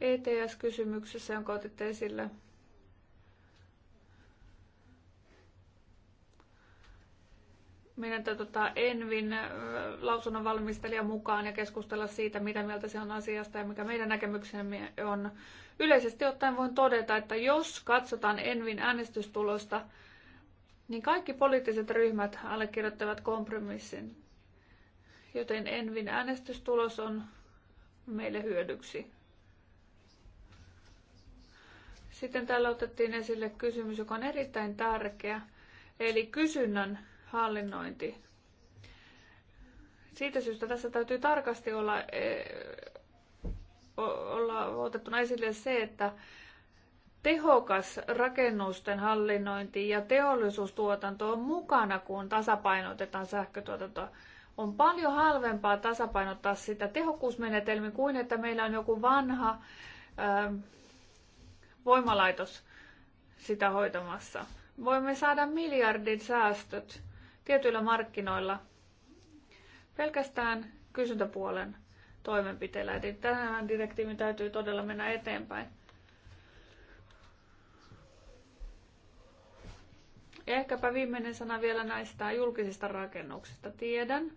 ETS-kysymyksessä, jonka otitte esille. Meidän täytyy Envin äh, lausunnon valmistelija mukaan ja keskustella siitä, mitä mieltä se on asiasta ja mikä meidän näkemyksemme on. Yleisesti ottaen voin todeta, että jos katsotaan Envin äänestystulosta, niin kaikki poliittiset ryhmät allekirjoittavat kompromissin, joten Envin äänestystulos on meille hyödyksi. Sitten täällä otettiin esille kysymys, joka on erittäin tärkeä, eli kysynnän hallinnointi. Siitä syystä tässä täytyy tarkasti olla, eh, olla otettuna esille se, että tehokas rakennusten hallinnointi ja teollisuustuotanto on mukana, kun tasapainotetaan sähkötuotantoa. On paljon halvempaa tasapainottaa sitä tehokkuusmenetelmiä kuin että meillä on joku vanha ää, ähm, voimalaitos sitä hoitamassa. Voimme saada miljardin säästöt tietyillä markkinoilla pelkästään kysyntäpuolen toimenpiteillä. Eli tämän direktiivin täytyy todella mennä eteenpäin. Ja ehkäpä viimeinen sana vielä näistä julkisista rakennuksista. Tiedän,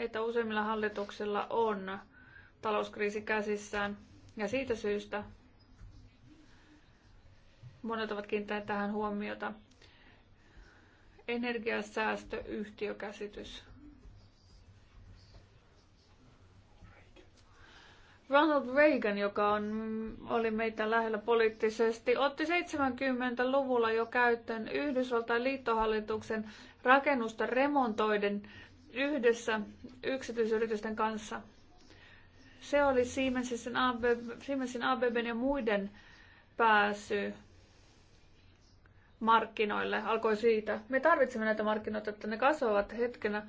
että useimmilla hallituksilla on talouskriisi käsissään ja siitä syystä monet ovat kiinnittäneet tähän huomiota energiasäästöyhtiökäsitys Ronald Reagan, joka on, oli meitä lähellä poliittisesti, otti 70-luvulla jo käyttöön Yhdysvaltain liittohallituksen rakennusta remontoiden yhdessä yksityisyritysten kanssa. Se oli Siemensin, AB, Siemensin ABBn ja muiden pääsy markkinoille. Alkoi siitä. Me tarvitsemme näitä markkinoita, että ne kasvavat hetkenä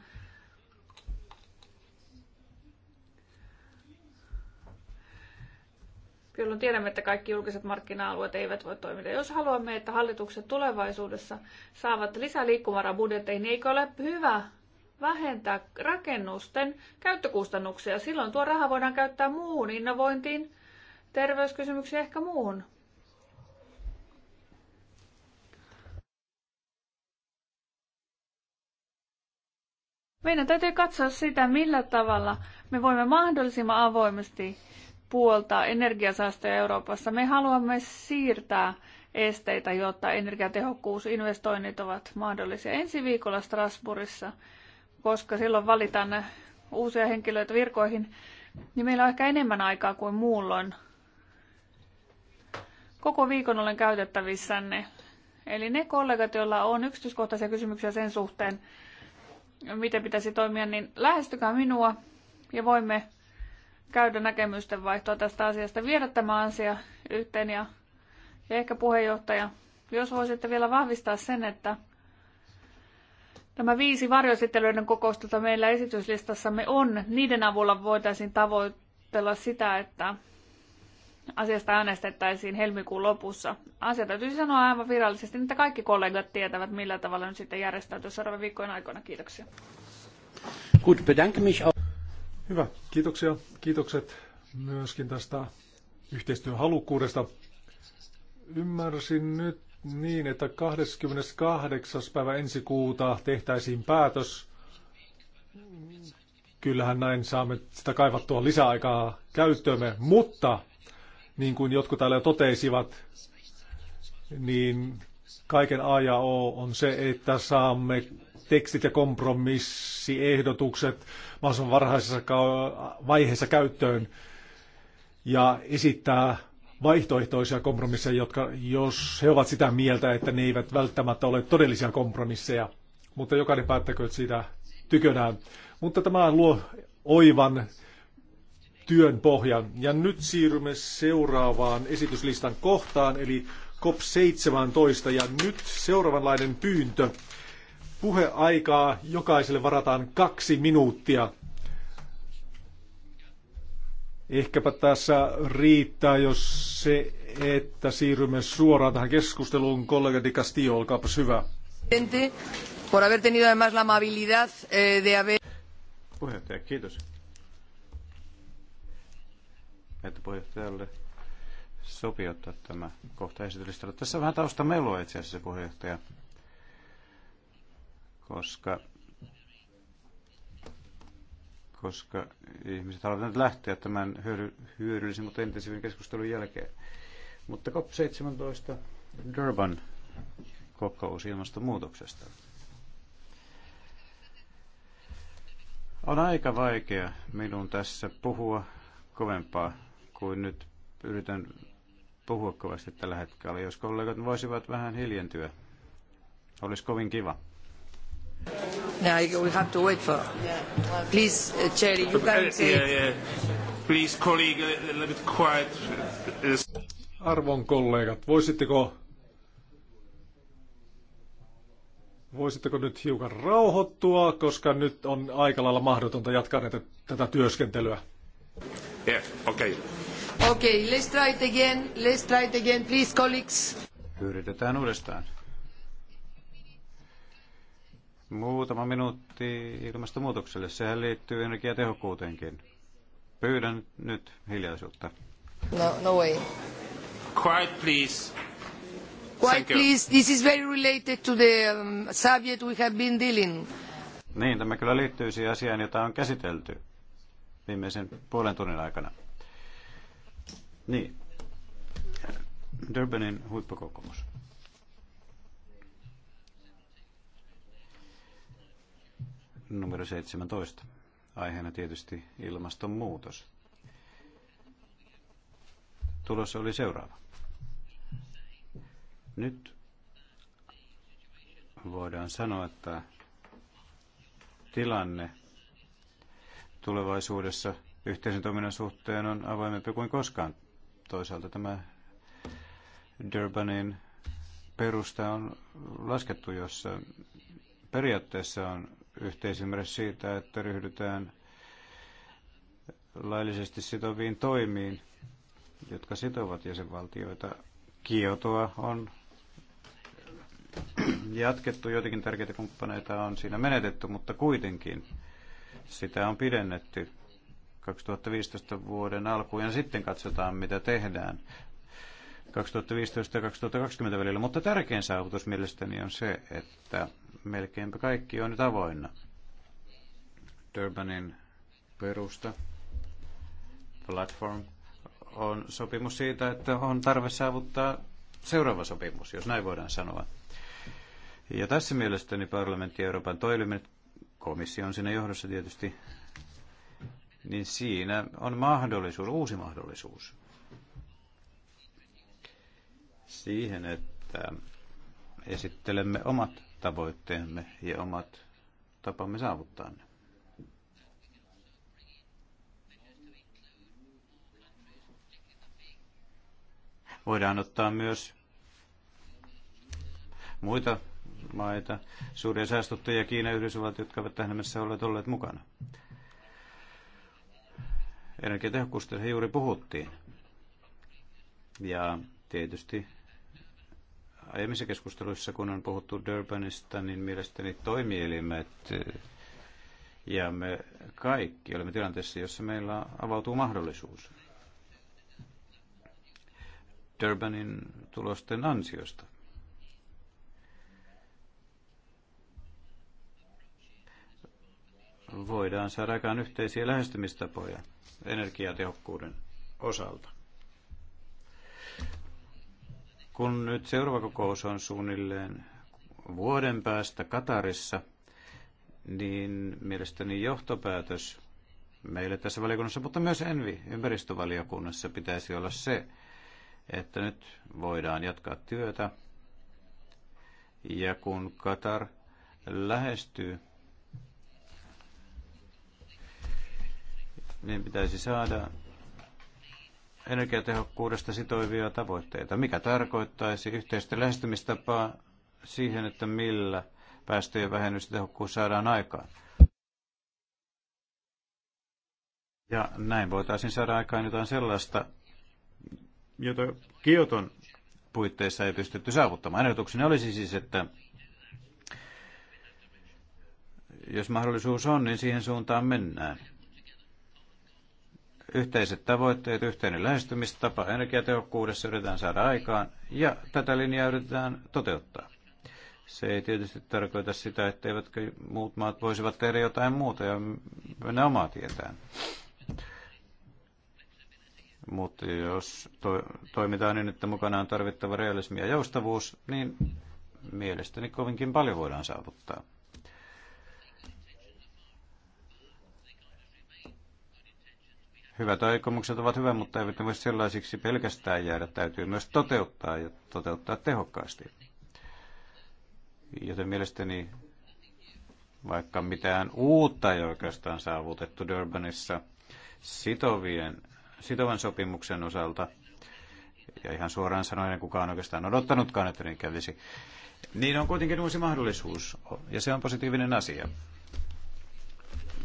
jolloin tiedämme, että kaikki julkiset markkina-alueet eivät voi toimia. Jos haluamme, että hallitukset tulevaisuudessa saavat lisää liikkumavaraa budjetteihin, niin eikö ole hyvä vähentää rakennusten käyttökustannuksia? Silloin tuo raha voidaan käyttää muuhun innovointiin, terveyskysymyksiin ehkä muuhun. Meidän täytyy katsoa sitä, millä tavalla me voimme mahdollisimman avoimesti puolta energiasäästöjä Euroopassa. Me haluamme siirtää esteitä, jotta energiatehokkuusinvestoinnit ovat mahdollisia ensi viikolla Strasbourgissa, koska silloin valitaan uusia henkilöitä virkoihin, niin meillä on ehkä enemmän aikaa kuin muulloin. Koko viikon olen käytettävissänne. Eli ne kollegat, joilla on yksityiskohtaisia kysymyksiä sen suhteen, miten pitäisi toimia, niin lähestykää minua ja voimme käydä näkemysten vaihtoa tästä asiasta, viedä tämä asia yhteen ja, ja ehkä puheenjohtaja, jos voisitte vielä vahvistaa sen, että Nämä viisi varjoesittelyiden kokousta, joita meillä esityslistassamme on, niiden avulla voitaisiin tavoitella sitä, että asiasta äänestettäisiin helmikuun lopussa. Asia täytyy sanoa aivan virallisesti, että kaikki kollegat tietävät, millä tavalla nyt sitten järjestäytyy seuraavan viikkojen aikana. Kiitoksia. Gut, bedanke mich auch. Hyvä, kiitoksia. Kiitokset myöskin tästä yhteistyöhalukkuudesta. Ymmärsin nyt niin, että 28. päivä ensi kuuta tehtäisiin päätös. Kyllähän näin saamme sitä kaivattua lisäaikaa käyttöömme, mutta niin kuin jotkut täällä jo totesivat, niin kaiken A ja O on se, että saamme tekstit ja kompromissiehdotukset mahdollisimman varhaisessa vaiheessa käyttöön ja esittää vaihtoehtoisia kompromisseja, jotka, jos he ovat sitä mieltä, että ne eivät välttämättä ole todellisia kompromisseja, mutta jokainen että siitä tykönään. Mutta tämä luo oivan työn pohjan. Ja nyt siirrymme seuraavaan esityslistan kohtaan, eli COP17. Ja nyt seuraavanlainen pyyntö Puheaikaa jokaiselle varataan kaksi minuuttia. Ehkäpä tässä riittää, jos se, että siirrymme suoraan tähän keskusteluun. Kollega Di Castillo, olkaapas hyvä. Por haber tenido además la amabilidad eh, de haber... Puheenjohtaja, kiitos. Että puheenjohtajalle sopii ottaa tämä kohta esitylistalla. Tässä on vähän taustamelua itse asiassa puheenjohtaja koska, koska ihmiset haluavat nyt lähteä tämän hyödy, hyödyllisen, mutta intensiivisen keskustelun jälkeen. Mutta COP17 Durban kokous ilmastonmuutoksesta. On aika vaikea minun tässä puhua kovempaa kuin nyt yritän puhua kovasti tällä hetkellä. Jos kollegat voisivat vähän hiljentyä, olisi kovin kiva. Now we have to wait for. Please, uh, Cherry, you can say. Uh, yeah, yeah. Please, colleague, a little bit quiet. Arvon kollegat, voisitteko Voisitteko nyt hiukan rauhoittua, koska nyt on aika lailla mahdotonta jatkaa näitä, tätä työskentelyä. Yeah, okay. Okay, let's try it again. Let's try it again, please, colleagues. Yritetään uudestaan. Muutama minuutti ilmastonmuutokselle. Sehän liittyy energiatehokkuuteenkin. Pyydän nyt hiljaisuutta. No, no way. Quiet please. Quiet please. This is very related to the um, subject we have been dealing. Niin, tämä kyllä liittyy siihen asiaan, jota on käsitelty viimeisen puolen tunnin aikana. Niin, Durbanin huippukokous. numero 17. Aiheena tietysti ilmastonmuutos. Tulos oli seuraava. Nyt voidaan sanoa, että tilanne tulevaisuudessa yhteisen toiminnan suhteen on avoimempi kuin koskaan. Toisaalta tämä Durbanin perusta on laskettu, jossa periaatteessa on yhteisymmärrys siitä, että ryhdytään laillisesti sitoviin toimiin, jotka sitovat jäsenvaltioita. Kiotoa on jatkettu, joitakin tärkeitä kumppaneita on siinä menetetty, mutta kuitenkin sitä on pidennetty 2015 vuoden alkuun ja sitten katsotaan, mitä tehdään. 2015 ja 2020 välillä, mutta tärkein saavutus mielestäni on se, että melkeinpä kaikki on nyt avoinna. Durbanin perusta, platform, on sopimus siitä, että on tarve saavuttaa seuraava sopimus, jos näin voidaan sanoa. Ja tässä mielestäni parlamentti ja Euroopan toimimet, komissio on siinä johdossa tietysti, niin siinä on mahdollisuus, uusi mahdollisuus siihen, että esittelemme omat tavoitteemme ja omat tapamme saavuttaa ne. Voidaan ottaa myös muita maita, suuria säästöttäjiä Kiina ja Yhdysvallat, jotka ovat tähän mennessä olleet olleet mukana. Energiatehokkuudesta juuri puhuttiin. Ja tietysti aiemmissa keskusteluissa, kun on puhuttu Durbanista, niin mielestäni toimielimet ja me kaikki olemme tilanteessa, jossa meillä avautuu mahdollisuus Durbanin tulosten ansiosta. Voidaan saada aikaan yhteisiä lähestymistapoja energiatehokkuuden osalta. Kun nyt seuraava kokous on suunnilleen vuoden päästä Katarissa, niin mielestäni johtopäätös meille tässä valiokunnassa, mutta myös Envi ympäristövaliokunnassa pitäisi olla se, että nyt voidaan jatkaa työtä. Ja kun Katar lähestyy, niin pitäisi saada energiatehokkuudesta sitoivia tavoitteita, mikä tarkoittaisi yhteistä lähestymistapaa siihen, että millä päästöjen vähennystehokkuus saadaan aikaan. Ja näin voitaisiin saada aikaan jotain sellaista, jota Kioton puitteissa ei pystytty saavuttamaan. Ehdotukseni olisi siis, että jos mahdollisuus on, niin siihen suuntaan mennään. Yhteiset tavoitteet, yhteinen lähestymistapa energiatehokkuudessa yritetään saada aikaan ja tätä linjaa yritetään toteuttaa. Se ei tietysti tarkoita sitä, etteivätkö muut maat voisivat tehdä jotain muuta ja mennä omaa tietään. Mutta jos to- toimitaan niin, että mukana on tarvittava realismi ja joustavuus, niin mielestäni kovinkin paljon voidaan saavuttaa. Hyvät aikomukset ovat hyvä, mutta eivät voi sellaisiksi pelkästään jäädä. Täytyy myös toteuttaa ja toteuttaa tehokkaasti. Joten mielestäni vaikka mitään uutta ei oikeastaan saavutettu Durbanissa sitovien, sitovan sopimuksen osalta, ja ihan suoraan sanoen kukaan oikeastaan odottanutkaan, että niin kävisi, niin on kuitenkin uusi mahdollisuus, ja se on positiivinen asia.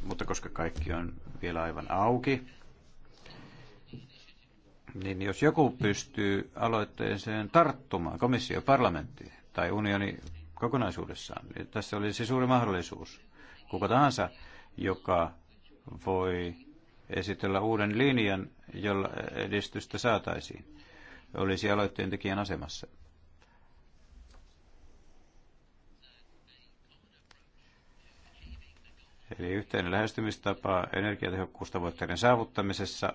Mutta koska kaikki on vielä aivan auki, niin jos joku pystyy aloitteeseen tarttumaan, komissio, parlamentti tai unioni kokonaisuudessaan, niin tässä olisi suuri mahdollisuus. Kuka tahansa, joka voi esitellä uuden linjan, jolla edistystä saataisiin, olisi aloitteen tekijän asemassa. Eli yhteinen lähestymistapa energiatehokkuustavoitteiden saavuttamisessa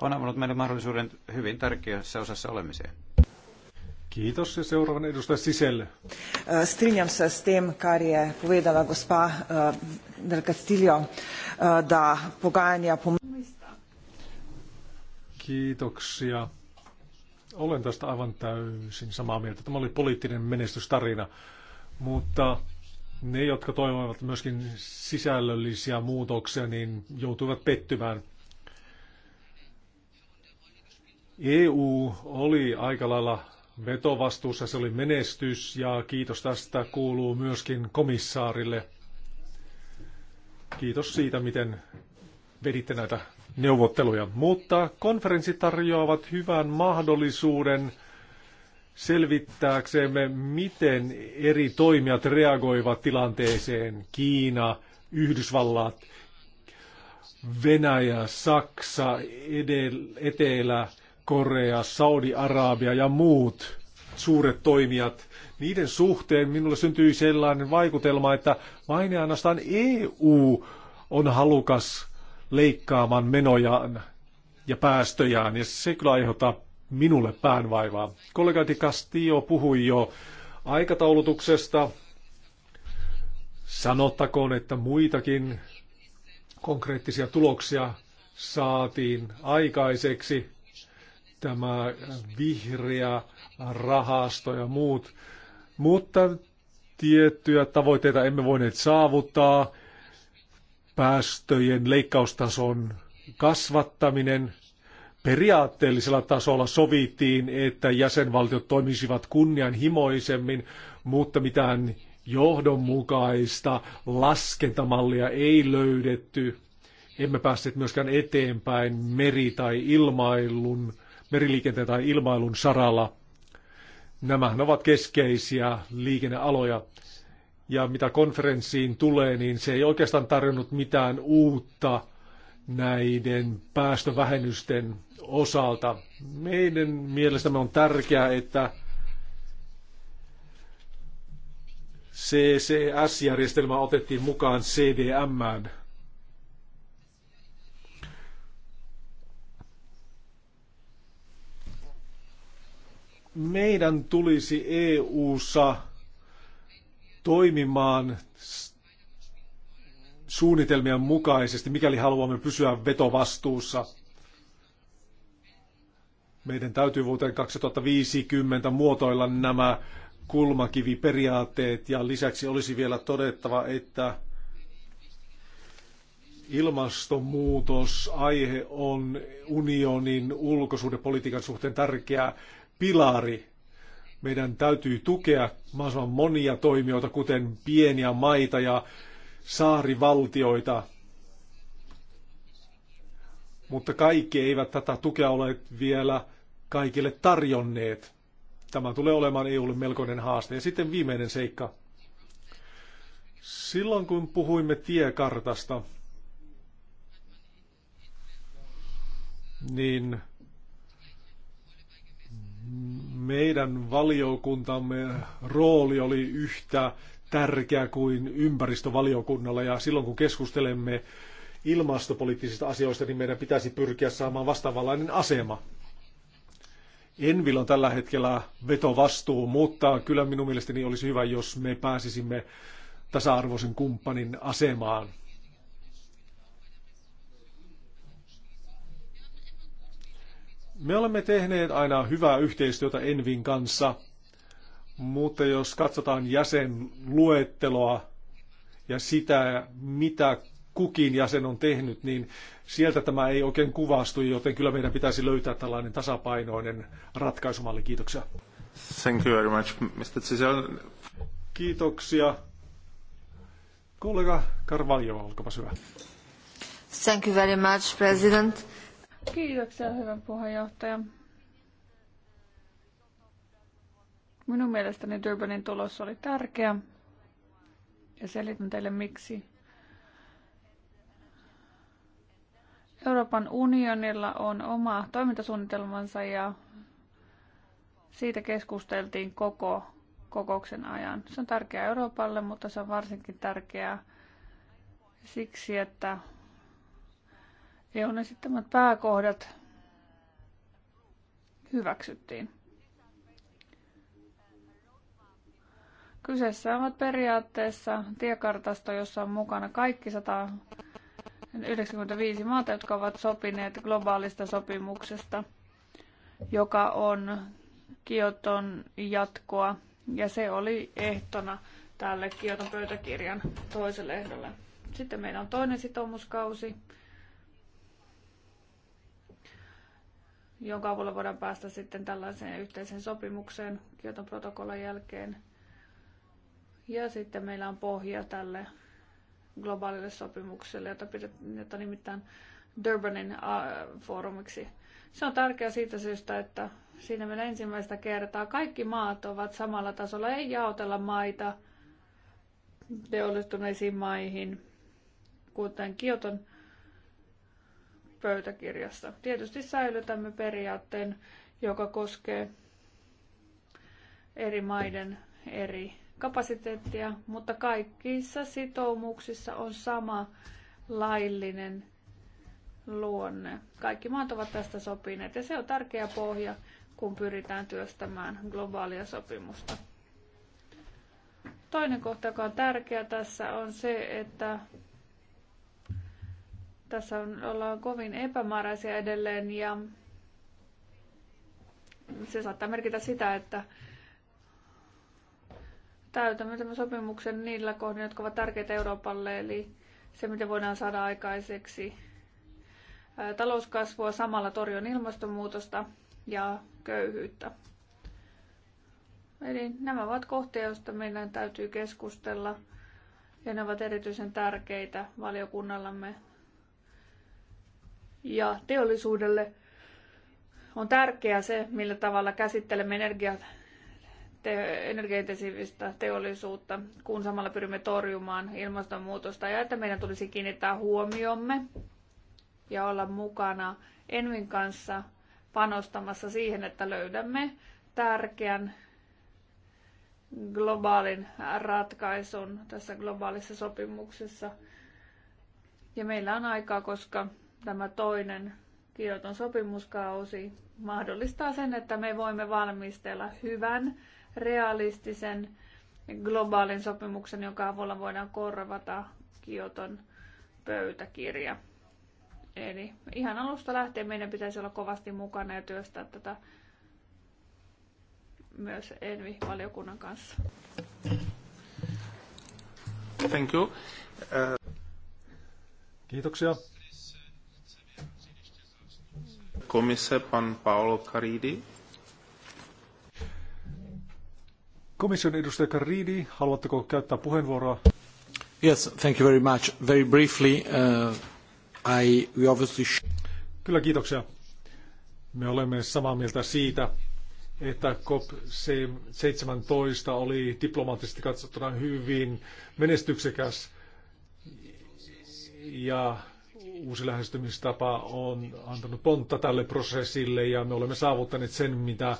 on avannut meille mahdollisuuden hyvin tärkeässä osassa olemiseen. Kiitos ja seuraavan edustaja Siselle. Strinjam se s tem, kar je povedala gospa Del Castillo, da pogajanja... Kiitoksia. Olen tästä aivan täysin samaa mieltä. Tämä oli poliittinen menestystarina, mutta ne, jotka toivoivat myöskin sisällöllisiä muutoksia, niin joutuivat pettymään – EU oli aika lailla vetovastuussa, se oli menestys ja kiitos tästä kuuluu myöskin komissaarille. Kiitos siitä, miten veditte näitä neuvotteluja. Mutta konferenssit tarjoavat hyvän mahdollisuuden selvittääksemme, miten eri toimijat reagoivat tilanteeseen. Kiina, Yhdysvallat, Venäjä, Saksa, Etelä, Etelä, Korea, Saudi-Arabia ja muut suuret toimijat, niiden suhteen minulle syntyi sellainen vaikutelma, että vain ja ainoastaan EU on halukas leikkaamaan menojaan ja päästöjään, ja se kyllä aiheuttaa minulle päänvaivaa. Kollegati Castillo puhui jo aikataulutuksesta. Sanottakoon, että muitakin konkreettisia tuloksia saatiin aikaiseksi tämä vihreä rahasto ja muut. Mutta tiettyjä tavoitteita emme voineet saavuttaa. Päästöjen leikkaustason kasvattaminen. Periaatteellisella tasolla sovittiin, että jäsenvaltiot toimisivat kunnianhimoisemmin, mutta mitään johdonmukaista laskentamallia ei löydetty. Emme päässeet myöskään eteenpäin meri- tai ilmailun meriliikenteen tai ilmailun saralla. Nämä ovat keskeisiä liikennealoja. Ja mitä konferenssiin tulee, niin se ei oikeastaan tarjonnut mitään uutta näiden päästövähennysten osalta. Meidän mielestämme on tärkeää, että CCS-järjestelmä otettiin mukaan CDM, meidän tulisi EU-ssa toimimaan suunnitelmien mukaisesti, mikäli haluamme pysyä vetovastuussa. Meidän täytyy vuoteen 2050 muotoilla nämä kulmakiviperiaatteet ja lisäksi olisi vielä todettava, että ilmastonmuutos aihe on unionin ulkosuhdepolitiikan suhteen tärkeä pilari. Meidän täytyy tukea mahdollisimman monia toimijoita, kuten pieniä maita ja saarivaltioita. Mutta kaikki eivät tätä tukea ole vielä kaikille tarjonneet. Tämä tulee olemaan EUlle melkoinen haaste. Ja sitten viimeinen seikka. Silloin kun puhuimme tiekartasta, niin meidän valiokuntamme rooli oli yhtä tärkeä kuin ympäristövaliokunnalla ja silloin kun keskustelemme ilmastopoliittisista asioista, niin meidän pitäisi pyrkiä saamaan vastaavanlainen asema. Envil on tällä hetkellä vetovastuu, mutta kyllä minun mielestäni olisi hyvä, jos me pääsisimme tasa-arvoisen kumppanin asemaan. Me olemme tehneet aina hyvää yhteistyötä Envin kanssa, mutta jos katsotaan jäsenluetteloa ja sitä, mitä kukin jäsen on tehnyt, niin sieltä tämä ei oikein kuvastu, joten kyllä meidän pitäisi löytää tällainen tasapainoinen ratkaisumalli. Kiitoksia. Thank you very much, Mr. Kiitoksia. Kollega Carvalho, olkapas hyvä. Thank you very much, President. Kiitoksia, hyvä puheenjohtaja. Minun mielestäni Durbanin tulos oli tärkeä ja selitän teille miksi. Euroopan unionilla on oma toimintasuunnitelmansa ja siitä keskusteltiin koko kokouksen ajan. Se on tärkeää Euroopalle, mutta se on varsinkin tärkeää siksi, että on esittämät pääkohdat hyväksyttiin. Kyseessä ovat periaatteessa tiekartasto, jossa on mukana kaikki 195 maata, jotka ovat sopineet globaalista sopimuksesta, joka on Kioton jatkoa, ja se oli ehtona tälle Kioton pöytäkirjan toiselle ehdolle. Sitten meillä on toinen sitoumuskausi, jonka avulla voidaan päästä sitten tällaiseen yhteiseen sopimukseen Kioton protokollan jälkeen. Ja sitten meillä on pohja tälle globaalille sopimukselle, jota, pidet, jota nimittäin Durbanin foorumiksi. Se on tärkeää siitä syystä, että siinä meillä ensimmäistä kertaa kaikki maat ovat samalla tasolla, ei jaotella maita teollistuneisiin maihin, kuten Kioton pöytäkirjassa. Tietysti säilytämme periaatteen, joka koskee eri maiden eri kapasiteettia, mutta kaikissa sitoumuksissa on sama laillinen luonne. Kaikki maat ovat tästä sopineet ja se on tärkeä pohja, kun pyritään työstämään globaalia sopimusta. Toinen kohta, joka on tärkeä tässä, on se, että tässä on, ollaan kovin epämääräisiä edelleen ja se saattaa merkitä sitä, että täytämme tämän sopimuksen niillä kohdin, jotka ovat tärkeitä Euroopalle, eli se, mitä voidaan saada aikaiseksi talouskasvua, samalla torjon ilmastonmuutosta ja köyhyyttä. Eli nämä ovat kohtia, joista meidän täytyy keskustella ja ne ovat erityisen tärkeitä valiokunnallamme ja teollisuudelle on tärkeää se, millä tavalla käsittelemme energiat energiaintensiivistä teollisuutta, kun samalla pyrimme torjumaan ilmastonmuutosta ja että meidän tulisi kiinnittää huomiomme ja olla mukana Envin kanssa panostamassa siihen, että löydämme tärkeän globaalin ratkaisun tässä globaalissa sopimuksessa. Ja meillä on aikaa, koska tämä toinen Kioton sopimuskausi mahdollistaa sen, että me voimme valmistella hyvän, realistisen globaalin sopimuksen, jonka avulla voidaan korvata Kioton pöytäkirja. Eli ihan alusta lähtien meidän pitäisi olla kovasti mukana ja työstää tätä myös Envi-valiokunnan kanssa. Thank you. Uh... Kiitoksia komise pan Paolo Caridi. Komission edustaja Caridi, haluatteko käyttää puheenvuoroa? Yes, thank you very much. Very briefly, uh, I, we obviously... Kyllä, kiitoksia. Me olemme samaa mieltä siitä, että COP17 oli diplomaattisesti katsottuna hyvin menestyksekäs ja uusi lähestymistapa on antanut pontta tälle prosessille ja me olemme saavuttaneet sen, mitä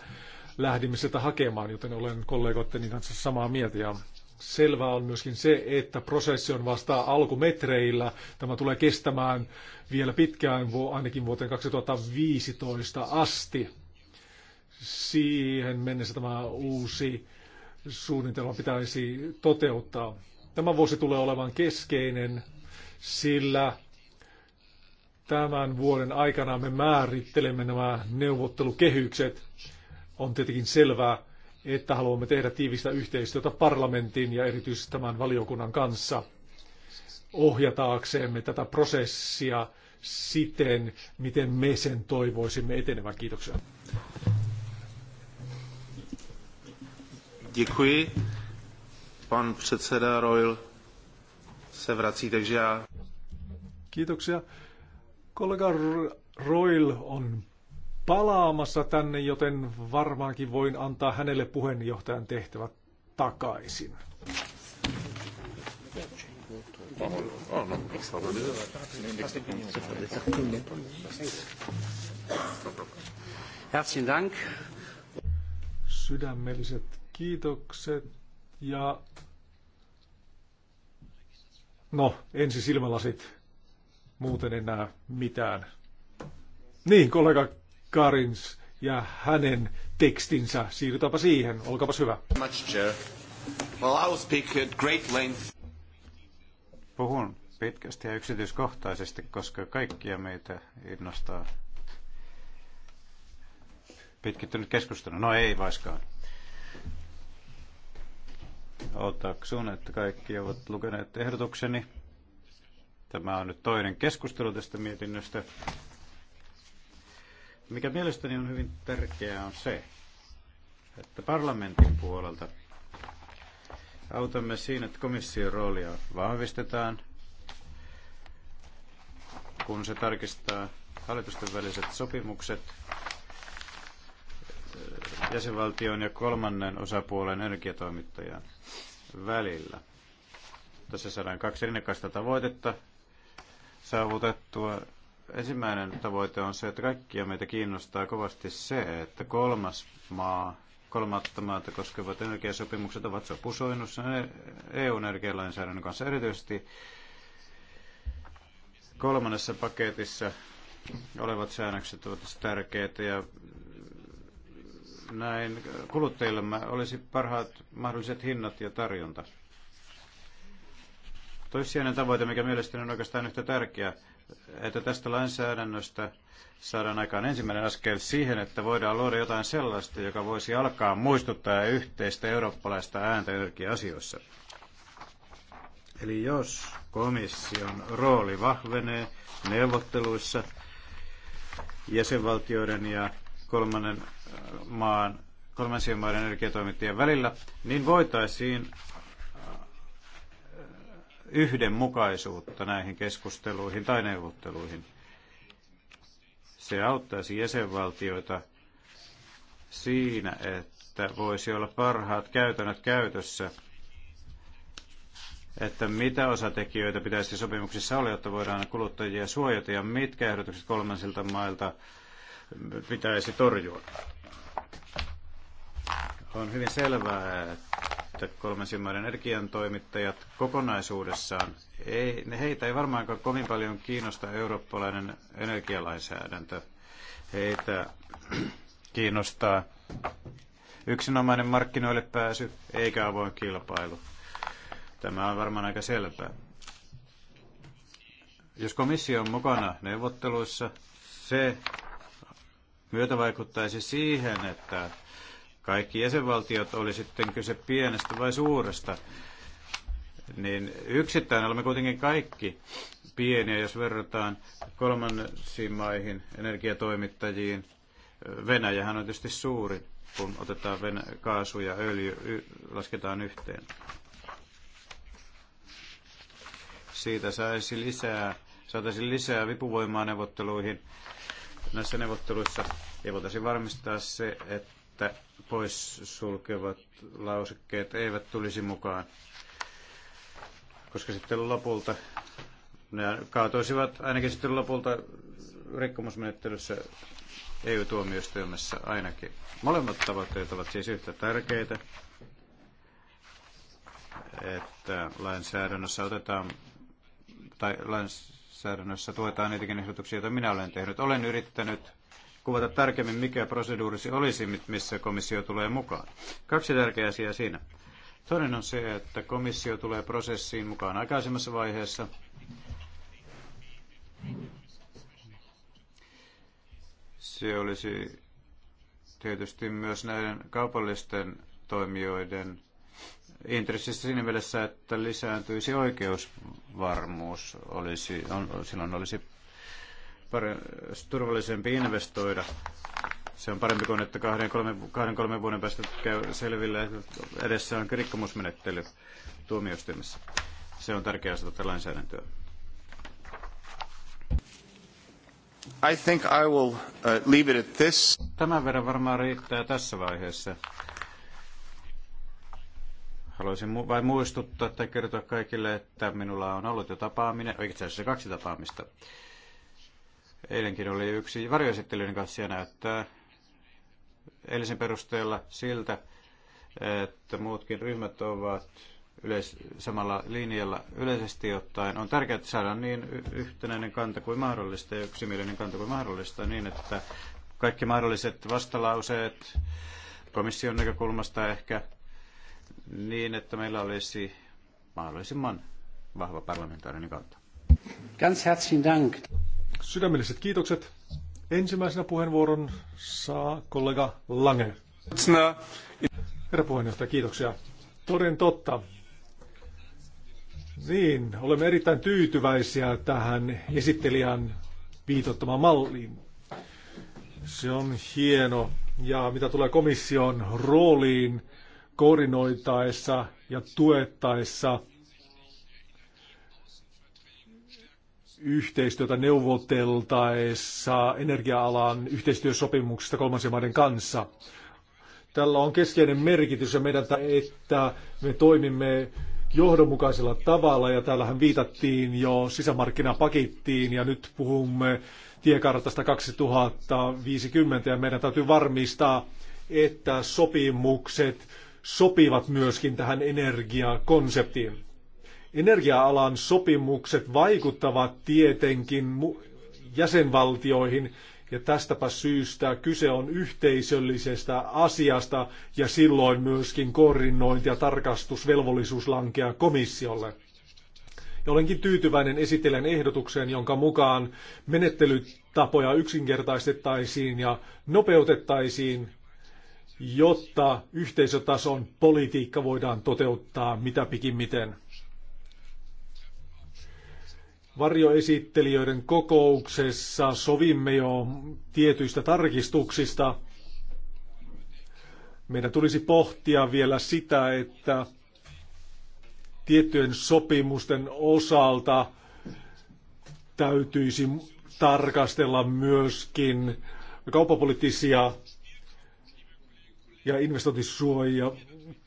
lähdimme sitä hakemaan, joten olen kollegoitteni kanssa samaa mieltä ja selvää on myöskin se, että prosessi on vasta alkumetreillä. Tämä tulee kestämään vielä pitkään, ainakin vuoteen 2015 asti. Siihen mennessä tämä uusi suunnitelma pitäisi toteuttaa. Tämä vuosi tulee olemaan keskeinen, sillä tämän vuoden aikana me määrittelemme nämä neuvottelukehykset. On tietenkin selvää, että haluamme tehdä tiivistä yhteistyötä parlamentin ja erityisesti tämän valiokunnan kanssa ohjataakseemme tätä prosessia siten, miten me sen toivoisimme etenevän. Kiitoksia. Děkuji. Pan předseda Royal se vrací, takže já... Kiitoksia. Kollega Roil on palaamassa tänne, joten varmaankin voin antaa hänelle puheenjohtajan tehtävät takaisin. Herzlichen Dank. Sydämelliset kiitokset ja no, ensi silmälasit Muuten en näe mitään. Niin, kollega Karins ja hänen tekstinsä. Siirrytäänpä siihen. Olkaapa hyvä. Puhun pitkästi ja yksityiskohtaisesti, koska kaikkia meitä innostaa pitkittynyt keskustelu. No ei vaiskaan. Otaksun, että kaikki ovat lukeneet ehdotukseni. Tämä on nyt toinen keskustelu tästä mietinnöstä. Mikä mielestäni on hyvin tärkeää on se, että parlamentin puolelta autamme siinä, että komission roolia vahvistetaan, kun se tarkistaa hallitusten väliset sopimukset eh, jäsenvaltion ja kolmannen osapuolen energiatoimittajan välillä. Tässä saadaan kaksi rinnakkaista tavoitetta, saavutettua. Ensimmäinen tavoite on se, että kaikkia meitä kiinnostaa kovasti se, että kolmas maa, kolmatta maata koskevat energiasopimukset ovat sopusoinnussa EU-energialainsäädännön kanssa erityisesti kolmannessa paketissa olevat säännökset ovat tärkeitä ja näin kuluttajille olisi parhaat mahdolliset hinnat ja tarjonta. Toissijainen tavoite, mikä mielestäni on oikeastaan yhtä tärkeä, että tästä lainsäädännöstä saadaan aikaan ensimmäinen askel siihen, että voidaan luoda jotain sellaista, joka voisi alkaa muistuttaa yhteistä eurooppalaista ääntä energiaasioissa. Eli jos komission rooli vahvenee neuvotteluissa jäsenvaltioiden ja kolmannen maan, kolmansien maiden energiatoimittajien välillä, niin voitaisiin yhdenmukaisuutta näihin keskusteluihin tai neuvotteluihin. Se auttaisi jäsenvaltioita siinä, että voisi olla parhaat käytännöt käytössä, että mitä osatekijöitä pitäisi sopimuksissa olla, jotta voidaan kuluttajia suojata ja mitkä ehdotukset kolmansilta mailta pitäisi torjua. On hyvin selvää, että että kolmen maiden energiantoimittajat kokonaisuudessaan, ei, ne heitä ei varmaankaan kovin paljon kiinnosta eurooppalainen energialainsäädäntö. Heitä kiinnostaa yksinomainen markkinoille pääsy eikä avoin kilpailu. Tämä on varmaan aika selvää. Jos komissio on mukana neuvotteluissa, se myötä vaikuttaisi siihen, että kaikki jäsenvaltiot, oli sitten kyse pienestä vai suuresta, niin yksittäin olemme kuitenkin kaikki pieniä, jos verrataan kolmansiin maihin, energiatoimittajiin. Venäjähän on tietysti suuri, kun otetaan Venä- kaasu ja öljy, y- lasketaan yhteen. Siitä saisi lisää, saataisi lisää vipuvoimaa neuvotteluihin näissä neuvotteluissa ja voitaisiin varmistaa se, että että poissulkevat lausekkeet eivät tulisi mukaan, koska sitten lopulta ne kaatoisivat ainakin sitten lopulta rikkomusmenettelyssä EU-tuomioistuimessa ainakin. Molemmat tavoitteet ovat siis yhtä tärkeitä, että lainsäädännössä otetaan tai lainsäädännössä tuetaan niitäkin ehdotuksia, joita minä olen tehnyt. Olen yrittänyt kuvata tarkemmin, mikä proseduurisi olisi, missä komissio tulee mukaan. Kaksi tärkeää asiaa siinä. Toinen on se, että komissio tulee prosessiin mukaan aikaisemmassa vaiheessa. Se olisi tietysti myös näiden kaupallisten toimijoiden intressissä siinä mielessä, että lisääntyisi oikeusvarmuus, olisi, on, silloin olisi turvallisempi investoida. Se on parempi kuin, että kahden, kolmen, kahden, kolmen vuoden päästä käy selville, että edessä on rikkomusmenettely tuomioistuimessa. Se on tärkeää osa tätä lainsäädäntöä. I think I will uh, leave it at this. Tämän verran varmaan riittää tässä vaiheessa. Haluaisin mu- vain muistuttaa tai kertoa kaikille, että minulla on ollut jo tapaaminen, oikeastaan kaksi tapaamista Eilenkin oli yksi varjoesittelyyn kanssa ja näyttää eilisen perusteella siltä, että muutkin ryhmät ovat yleis- samalla linjalla yleisesti ottaen. On tärkeää, että saadaan niin yhtenäinen kanta kuin mahdollista ja yksimielinen kanta kuin mahdollista niin, että kaikki mahdolliset vastalauseet komission näkökulmasta ehkä niin, että meillä olisi mahdollisimman vahva parlamentaarinen kanta. Ganz herzlichen Dank. Sydämelliset kiitokset. Ensimmäisenä puheenvuoron saa kollega Lange. Herra puheenjohtaja, kiitoksia. Toden totta. Niin, olemme erittäin tyytyväisiä tähän esittelijän viitottamaan malliin. Se on hieno. Ja mitä tulee komission rooliin koordinoitaessa ja tuettaessa – yhteistyötä neuvoteltaessa energia-alan yhteistyösopimuksista kolmansien maiden kanssa. Tällä on keskeinen merkitys ja meidän, että me toimimme johdonmukaisella tavalla ja täällähän viitattiin jo sisämarkkinapakettiin ja nyt puhumme tiekartasta 2050 ja meidän täytyy varmistaa, että sopimukset sopivat myöskin tähän energiakonseptiin. Energia-alan sopimukset vaikuttavat tietenkin jäsenvaltioihin, ja tästäpä syystä kyse on yhteisöllisestä asiasta ja silloin myöskin koordinointi- ja tarkastusvelvollisuus lankeaa komissiolle. Ja olenkin tyytyväinen esittelen ehdotukseen, jonka mukaan menettelytapoja yksinkertaistettaisiin ja nopeutettaisiin, jotta yhteisötason politiikka voidaan toteuttaa mitä pikimmiten. Varjoesittelijöiden kokouksessa sovimme jo tietyistä tarkistuksista. Meidän tulisi pohtia vielä sitä, että tiettyjen sopimusten osalta täytyisi tarkastella myöskin kauppapoliittisia ja investointisuoja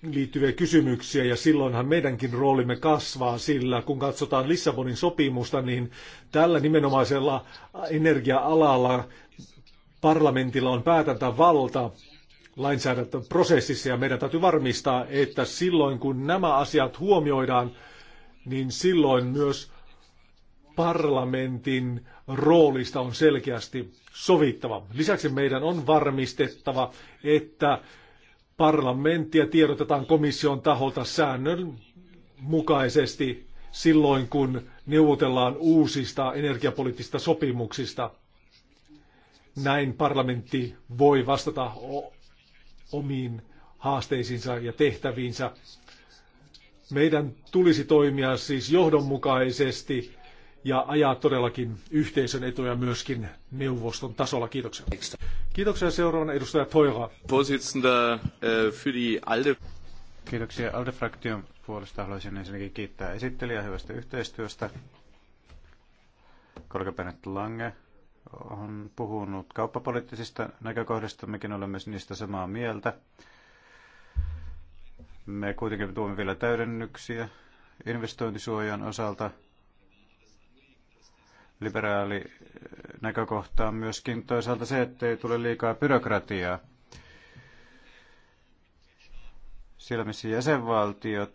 liittyviä kysymyksiä ja silloinhan meidänkin roolimme kasvaa sillä, kun katsotaan Lissabonin sopimusta, niin tällä nimenomaisella energia-alalla parlamentilla on päätäntävalta lainsäädäntöprosessissa ja meidän täytyy varmistaa, että silloin kun nämä asiat huomioidaan, niin silloin myös parlamentin roolista on selkeästi sovittava. Lisäksi meidän on varmistettava, että parlamenttia tiedotetaan komission taholta säännön mukaisesti silloin, kun neuvotellaan uusista energiapoliittisista sopimuksista. Näin parlamentti voi vastata omiin haasteisiinsa ja tehtäviinsä. Meidän tulisi toimia siis johdonmukaisesti ja ajaa todellakin yhteisön etuja myöskin neuvoston tasolla. Kiitoksia. Kiitoksia seuraavana edustaja Toivola. Vorsitzender äh, für die ALDE. Kiitoksia ALDE-fraktion puolesta. Haluaisin ensinnäkin kiittää esittelijää hyvästä yhteistyöstä. Kollega Bennett Lange on puhunut kauppapoliittisista näkökohdista. Mekin olemme niistä samaa mieltä. Me kuitenkin tuomme vielä täydennyksiä investointisuojan osalta – liberaali eh, näkökohta on myöskin toisaalta se, ettei tule liikaa byrokratiaa. Siellä missä jäsenvaltiot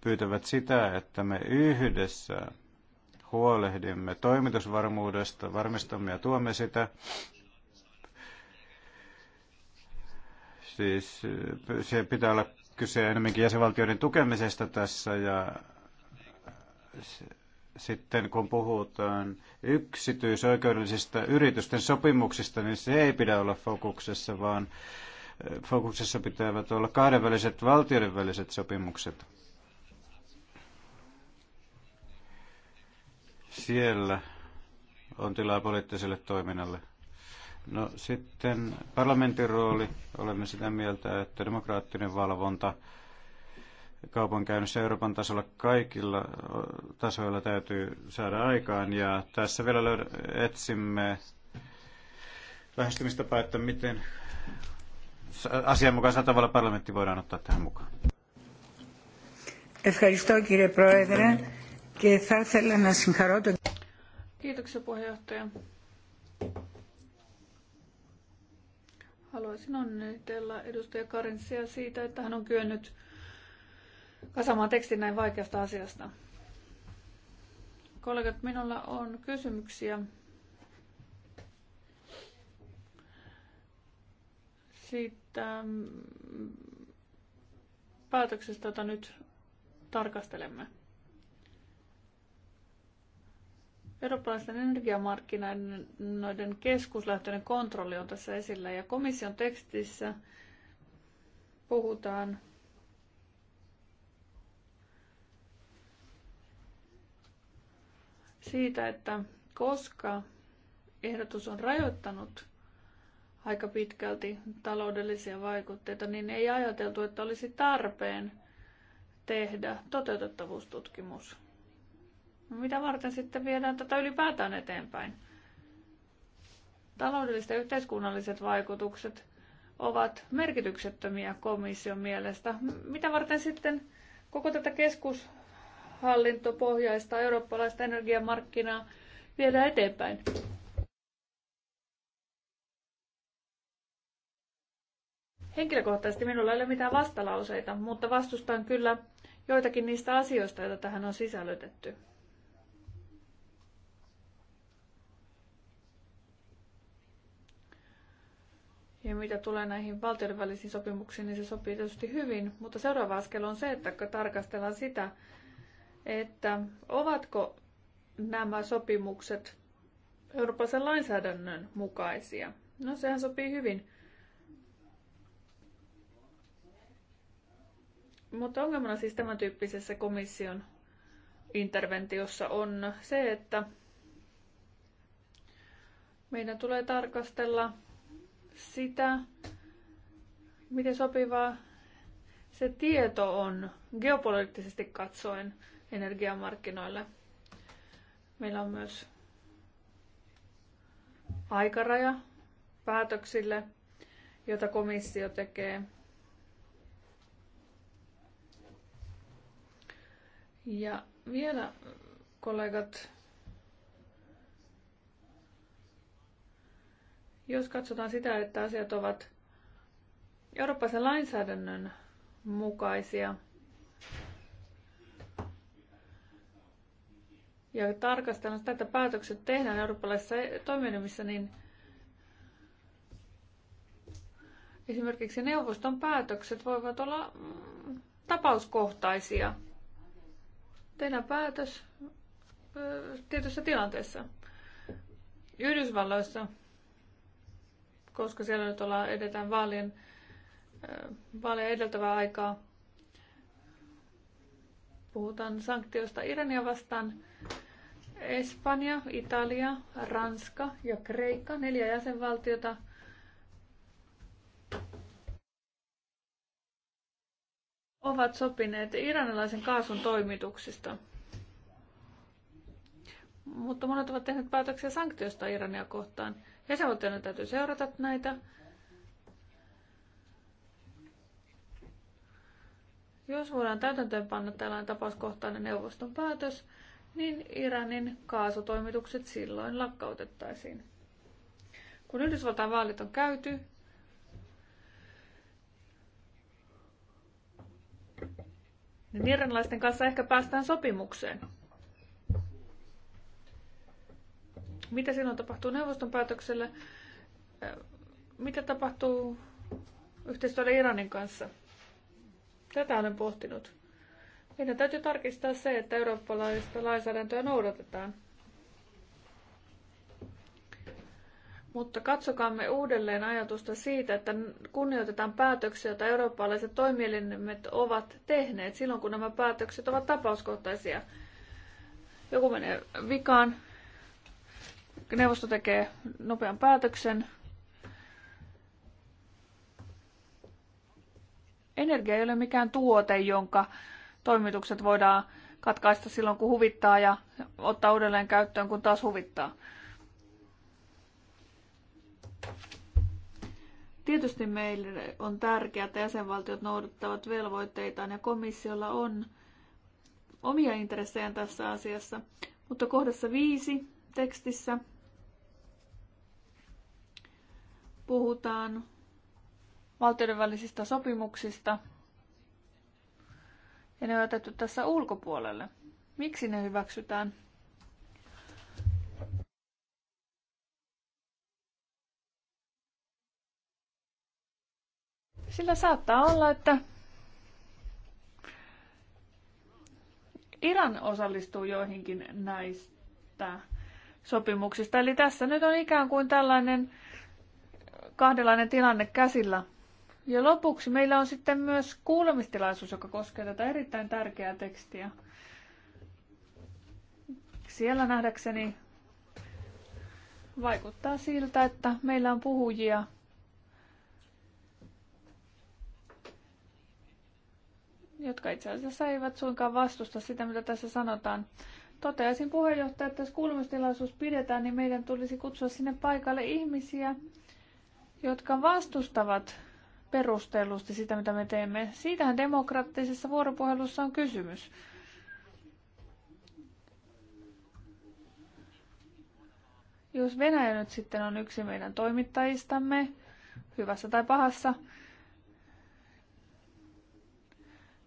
pyytävät sitä, että me yhdessä huolehdimme toimitusvarmuudesta, varmistamme ja tuomme sitä. Siis eh, se pitää olla kyse enemmänkin jäsenvaltioiden tukemisesta tässä ja sitten kun puhutaan yksityisoikeudellisista yritysten sopimuksista, niin se ei pidä olla fokuksessa, vaan fokuksessa pitävät olla kahdenväliset valtioiden väliset sopimukset. Siellä on tilaa poliittiselle toiminnalle. No sitten parlamentin rooli, olemme sitä mieltä, että demokraattinen valvonta – kaupankäynnissä Euroopan tasolla kaikilla tasoilla täytyy saada aikaan. Ja tässä vielä löydä, etsimme lähestymistapaa, että miten asianmukaisella tavalla parlamentti voidaan ottaa tähän mukaan. Kiitoksia puheenjohtaja. Haluaisin onnitella edustaja Karensia siitä, että hän on kyennyt kasaamaan tekstin näin vaikeasta asiasta. Kollegat, minulla on kysymyksiä siitä mm, päätöksestä, jota nyt tarkastelemme. Eurooppalaisten energiamarkkinoiden keskuslähtöinen kontrolli on tässä esillä ja komission tekstissä puhutaan siitä, että koska ehdotus on rajoittanut aika pitkälti taloudellisia vaikutteita, niin ei ajateltu, että olisi tarpeen tehdä toteutettavuustutkimus. No mitä varten sitten viedään tätä ylipäätään eteenpäin? Taloudelliset ja yhteiskunnalliset vaikutukset ovat merkityksettömiä komission mielestä. Mitä varten sitten koko tätä keskus, hallintopohjaista eurooppalaista energiamarkkinaa viedä eteenpäin. Henkilökohtaisesti minulla ei ole mitään vastalauseita, mutta vastustan kyllä joitakin niistä asioista, joita tähän on sisällytetty. Ja mitä tulee näihin valtioiden välisiin sopimuksiin, niin se sopii tietysti hyvin, mutta seuraava askel on se, että tarkastellaan sitä, että ovatko nämä sopimukset Euroopan lainsäädännön mukaisia. No sehän sopii hyvin. Mutta ongelmana siis tämän tyyppisessä komission interventiossa on se, että meidän tulee tarkastella sitä, miten sopivaa se tieto on geopoliittisesti katsoen energiamarkkinoille. Meillä on myös aikaraja päätöksille, jota komissio tekee. Ja vielä kollegat, jos katsotaan sitä, että asiat ovat eurooppalaisen lainsäädännön mukaisia – ja tarkastellaan sitä, että päätökset tehdään eurooppalaisissa toimielimissä, niin esimerkiksi neuvoston päätökset voivat olla mm, tapauskohtaisia. Tehdään päätös tietyssä tilanteessa. Yhdysvalloissa, koska siellä nyt ollaan, edetään vaalien, vaalien edeltävää aikaa, puhutaan sanktioista Irania vastaan, Espanja, Italia, Ranska ja Kreikka, neljä jäsenvaltiota. ovat sopineet iranilaisen kaasun toimituksista. Mutta monet ovat tehneet päätöksiä sanktioista Irania kohtaan. Jäsenvaltioiden täytyy seurata näitä. Jos voidaan täytäntöönpanna tällainen tapauskohtainen neuvoston päätös, niin Iranin kaasutoimitukset silloin lakkautettaisiin. Kun Yhdysvaltain vaalit on käyty, niin iranilaisten kanssa ehkä päästään sopimukseen. Mitä silloin tapahtuu neuvoston päätökselle? Mitä tapahtuu yhteistyölle Iranin kanssa? Tätä olen pohtinut. Meidän täytyy tarkistaa se, että eurooppalaista lainsäädäntöä noudatetaan. Mutta katsokaamme uudelleen ajatusta siitä, että kunnioitetaan päätöksiä, joita eurooppalaiset toimielimet ovat tehneet silloin, kun nämä päätökset ovat tapauskohtaisia. Joku menee vikaan, neuvosto tekee nopean päätöksen. Energia ei ole mikään tuote, jonka toimitukset voidaan katkaista silloin, kun huvittaa ja ottaa uudelleen käyttöön, kun taas huvittaa. Tietysti meille on tärkeää, että jäsenvaltiot noudattavat velvoitteitaan ja komissiolla on omia intressejä tässä asiassa. Mutta kohdassa viisi tekstissä puhutaan valtioiden välisistä sopimuksista – ja ne on otettu tässä ulkopuolelle. Miksi ne hyväksytään? Sillä saattaa olla, että Iran osallistuu joihinkin näistä sopimuksista. Eli tässä nyt on ikään kuin tällainen kahdenlainen tilanne käsillä – ja lopuksi meillä on sitten myös kuulemistilaisuus, joka koskee tätä erittäin tärkeää tekstiä. Siellä nähdäkseni vaikuttaa siltä, että meillä on puhujia jotka itse asiassa eivät suinkaan vastusta sitä, mitä tässä sanotaan. Toteaisin puheenjohtaja, että jos kuulemistilaisuus pidetään, niin meidän tulisi kutsua sinne paikalle ihmisiä, jotka vastustavat perustellusti sitä, mitä me teemme. Siitähän demokraattisessa vuoropuhelussa on kysymys. Jos Venäjä nyt sitten on yksi meidän toimittajistamme, hyvässä tai pahassa,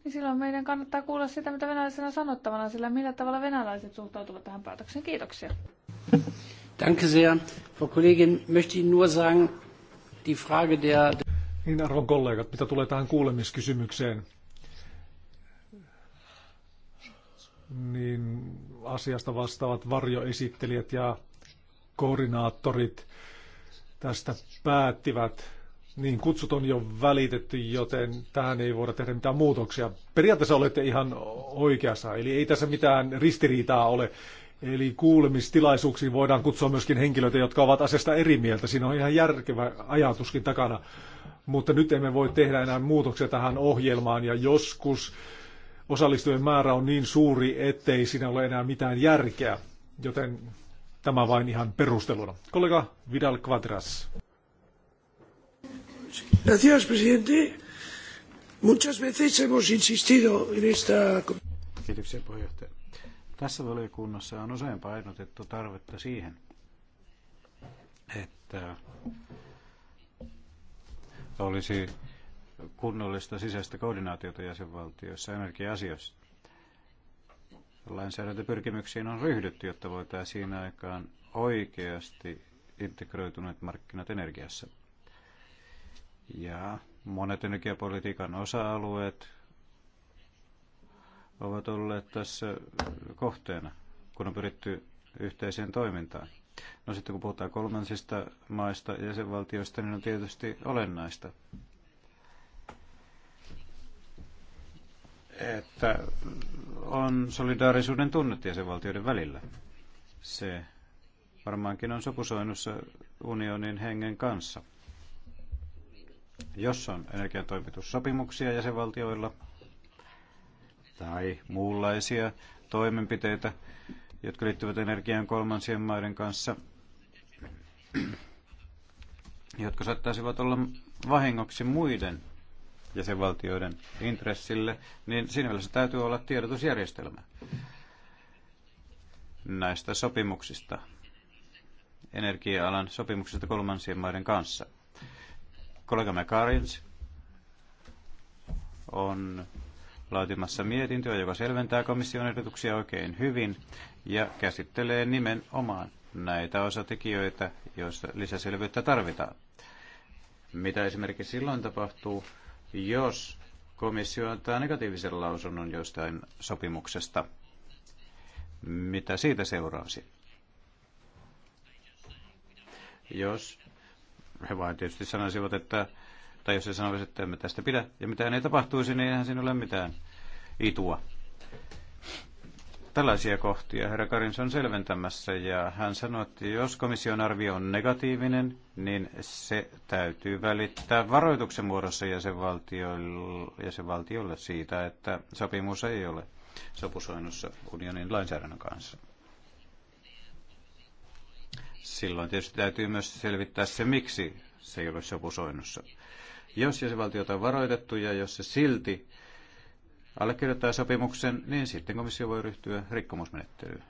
niin silloin meidän kannattaa kuulla sitä, mitä venäläisenä sanottavana, sillä millä tavalla venäläiset suhtautuvat tähän päätökseen. Kiitoksia. Danke sehr. Frau Kollegin, möchte ich nur sagen, die Frage der... Niin arvon kollegat, mitä tulee tähän kuulemiskysymykseen, niin asiasta vastaavat varjoesittelijät ja koordinaattorit tästä päättivät. Niin kutsut on jo välitetty, joten tähän ei voida tehdä mitään muutoksia. Periaatteessa olette ihan oikeassa, eli ei tässä mitään ristiriitaa ole. Eli kuulemistilaisuuksiin voidaan kutsua myöskin henkilöitä, jotka ovat asiasta eri mieltä. Siinä on ihan järkevä ajatuskin takana mutta nyt emme voi tehdä enää muutoksia tähän ohjelmaan ja joskus osallistujien määrä on niin suuri, ettei siinä ole enää mitään järkeä, joten tämä vain ihan perusteluna. Kollega Vidal Quadras. Gracias, presidente. Muchas veces hemos insistido en esta... Kiitoksia, puheenjohtaja. Tässä valiokunnassa on usein painotettu tarvetta siihen, että olisi kunnollista sisäistä koordinaatiota jäsenvaltioissa energia-asioissa. Lainsäädäntöpyrkimyksiin on ryhdytty, jotta voitaisiin aikaan oikeasti integroituneet markkinat energiassa. Ja monet energiapolitiikan osa-alueet ovat olleet tässä kohteena, kun on pyritty yhteiseen toimintaan. No sitten kun puhutaan kolmansista maista ja jäsenvaltioista, niin on tietysti olennaista, että on solidaarisuuden tunnet jäsenvaltioiden välillä. Se varmaankin on sopusoinnussa unionin hengen kanssa. Jos on energiatoimitussopimuksia jäsenvaltioilla tai muunlaisia toimenpiteitä, jotka liittyvät energiaan kolmansien maiden kanssa, jotka saattaisivat olla vahingoksi muiden jäsenvaltioiden intressille, niin siinä mielessä täytyy olla tiedotusjärjestelmä näistä sopimuksista, energia-alan sopimuksista kolmansien maiden kanssa. Kollegamme Karins on laatimassa mietintöä, joka selventää komission ehdotuksia oikein hyvin ja käsittelee nimenomaan näitä osatekijöitä, joissa lisäselvyyttä tarvitaan. Mitä esimerkiksi silloin tapahtuu, jos komissio antaa negatiivisen lausunnon jostain sopimuksesta? Mitä siitä seuraisi? Jos he vain tietysti sanoisivat, että tai jos se sanoisi, että emme tästä pidä ja mitään ei tapahtuisi, niin eihän siinä ole mitään itua. Tällaisia kohtia herra Karins on selventämässä ja hän sanoi, että jos komission arvio on negatiivinen, niin se täytyy välittää varoituksen muodossa jäsenvaltioille, jäsenvaltiolle siitä, että sopimus ei ole sopusoinnussa unionin lainsäädännön kanssa. Silloin tietysti täytyy myös selvittää se, miksi se ei ole sopusoinnussa. Jos jäsenvaltiota on varoitettu ja jos se silti allekirjoittaa sopimuksen, niin sitten komissio voi ryhtyä rikkomusmenettelyyn.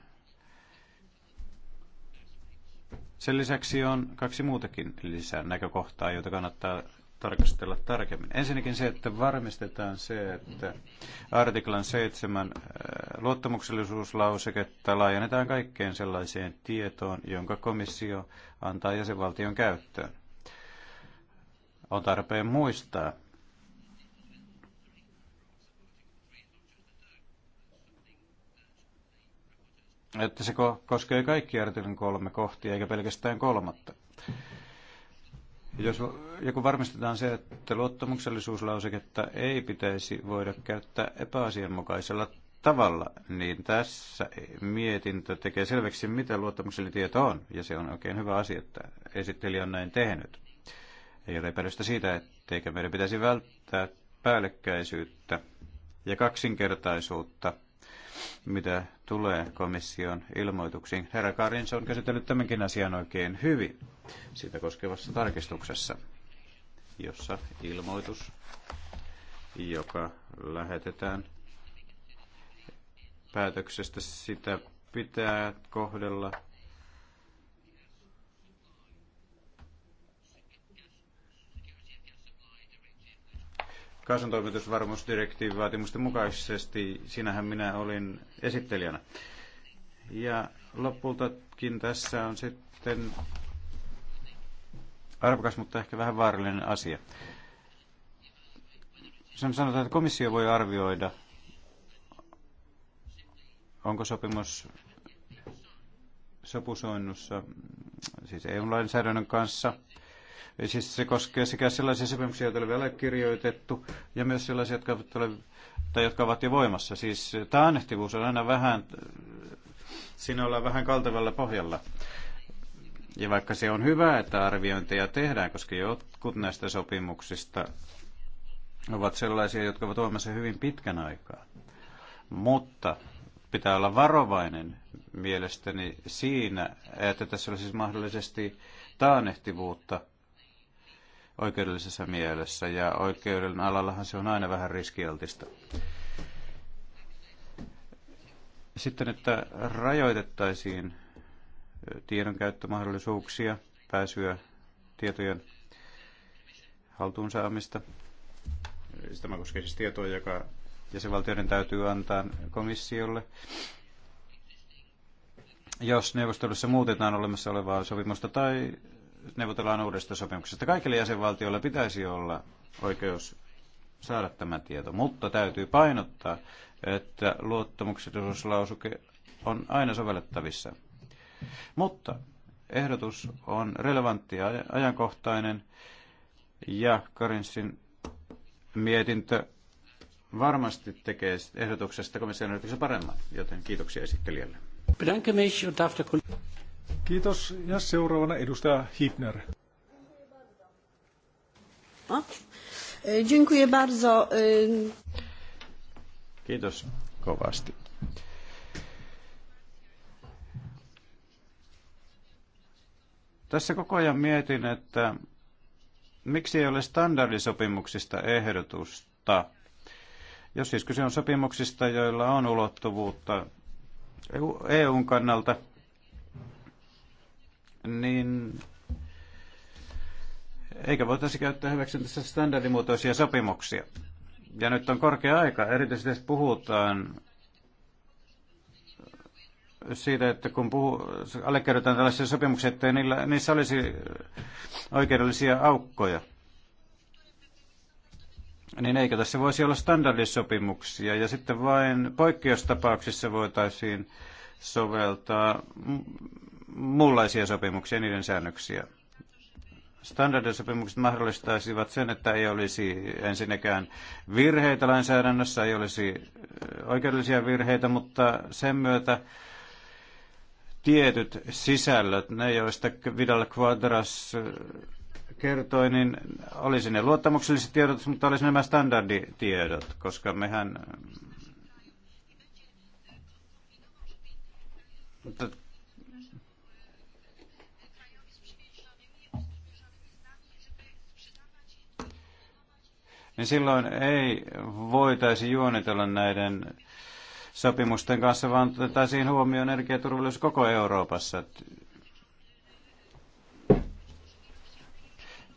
Sen lisäksi on kaksi muutakin lisää näkökohtaa, joita kannattaa tarkastella tarkemmin. Ensinnäkin se, että varmistetaan se, että artiklan 7 äh, luottamuksellisuuslauseketta laajennetaan kaikkeen sellaiseen tietoon, jonka komissio antaa jäsenvaltion käyttöön on tarpeen muistaa, että se koskee kaikki artiklin kolme kohtia, eikä pelkästään kolmatta. Jos joku varmistetaan se, että luottamuksellisuuslauseketta ei pitäisi voida käyttää epäasianmukaisella tavalla, niin tässä mietintö tekee selväksi, mitä luottamuksellinen tieto on, ja se on oikein hyvä asia, että esittelijä on näin tehnyt. Ei ole epäilystä siitä, etteikö meidän pitäisi välttää päällekkäisyyttä ja kaksinkertaisuutta, mitä tulee komission ilmoituksiin. Herra Karins on käsitellyt tämänkin asian oikein hyvin sitä koskevassa tarkistuksessa, jossa ilmoitus, joka lähetetään päätöksestä, sitä pitää kohdella kaasuntoimitusvarmuusdirektiivin vaatimusten mukaisesti. Siinähän minä olin esittelijänä. Ja lopultakin tässä on sitten arvokas, mutta ehkä vähän vaarallinen asia. Sen sanotaan, että komissio voi arvioida, onko sopimus sopusoinnussa siis EU-lainsäädännön kanssa – Siis se koskee sekä sellaisia sopimuksia, joita ei ole kirjoitettu, ja myös sellaisia, jotka, ole, tai jotka ovat jo voimassa. Siis taannehtivuus on aina vähän, siinä ollaan vähän kaltavalla pohjalla. Ja vaikka se on hyvä, että arviointeja tehdään, koska jotkut näistä sopimuksista ovat sellaisia, jotka ovat voimassa hyvin pitkän aikaa. Mutta pitää olla varovainen mielestäni siinä, että tässä olisi siis mahdollisesti taanehtivuutta oikeudellisessa mielessä, ja oikeuden alallahan se on aina vähän riskialtista. Sitten, että rajoitettaisiin tiedonkäyttömahdollisuuksia, pääsyä tietojen haltuun saamista. Tämä koskee siis tietoa, joka jäsenvaltioiden täytyy antaa komissiolle. Jos neuvostelussa muutetaan olemassa olevaa sopimusta tai neuvotellaan uudesta sopimuksesta. Kaikille jäsenvaltioille pitäisi olla oikeus saada tämä tieto, mutta täytyy painottaa, että luottamuksellisuuslausuke on aina sovellettavissa. Mutta ehdotus on relevantti ja ajankohtainen ja Karinsin mietintö varmasti tekee ehdotuksesta komission paremman, joten kiitoksia esittelijälle. Kiitos. Ja seuraavana edustaja Hipner. E, dziękuję e. Kiitos kovasti. Tässä koko ajan mietin, että miksi ei ole standardisopimuksista ehdotusta. Jos siis kyse on sopimuksista, joilla on ulottuvuutta EUn kannalta – niin eikä voitaisi käyttää hyväksi tässä standardimuotoisia sopimuksia. Ja nyt on korkea aika, erityisesti puhutaan siitä, että kun puhu, allekirjoitetaan tällaisia sopimuksia, että niillä, niissä olisi oikeudellisia aukkoja, niin eikö tässä voisi olla standardisopimuksia ja sitten vain poikkeustapauksissa voitaisiin soveltaa muunlaisia sopimuksia niiden säännöksiä. Standardisopimukset mahdollistaisivat sen, että ei olisi ensinnäkään virheitä lainsäädännössä, ei olisi oikeudellisia virheitä, mutta sen myötä tietyt sisällöt, ne joista Vidal Quadras kertoi, niin olisi ne luottamukselliset tiedot, mutta olisi nämä standarditiedot, koska mehän niin silloin ei voitaisi juonitella näiden sopimusten kanssa, vaan otettaisiin huomioon energiaturvallisuus koko Euroopassa.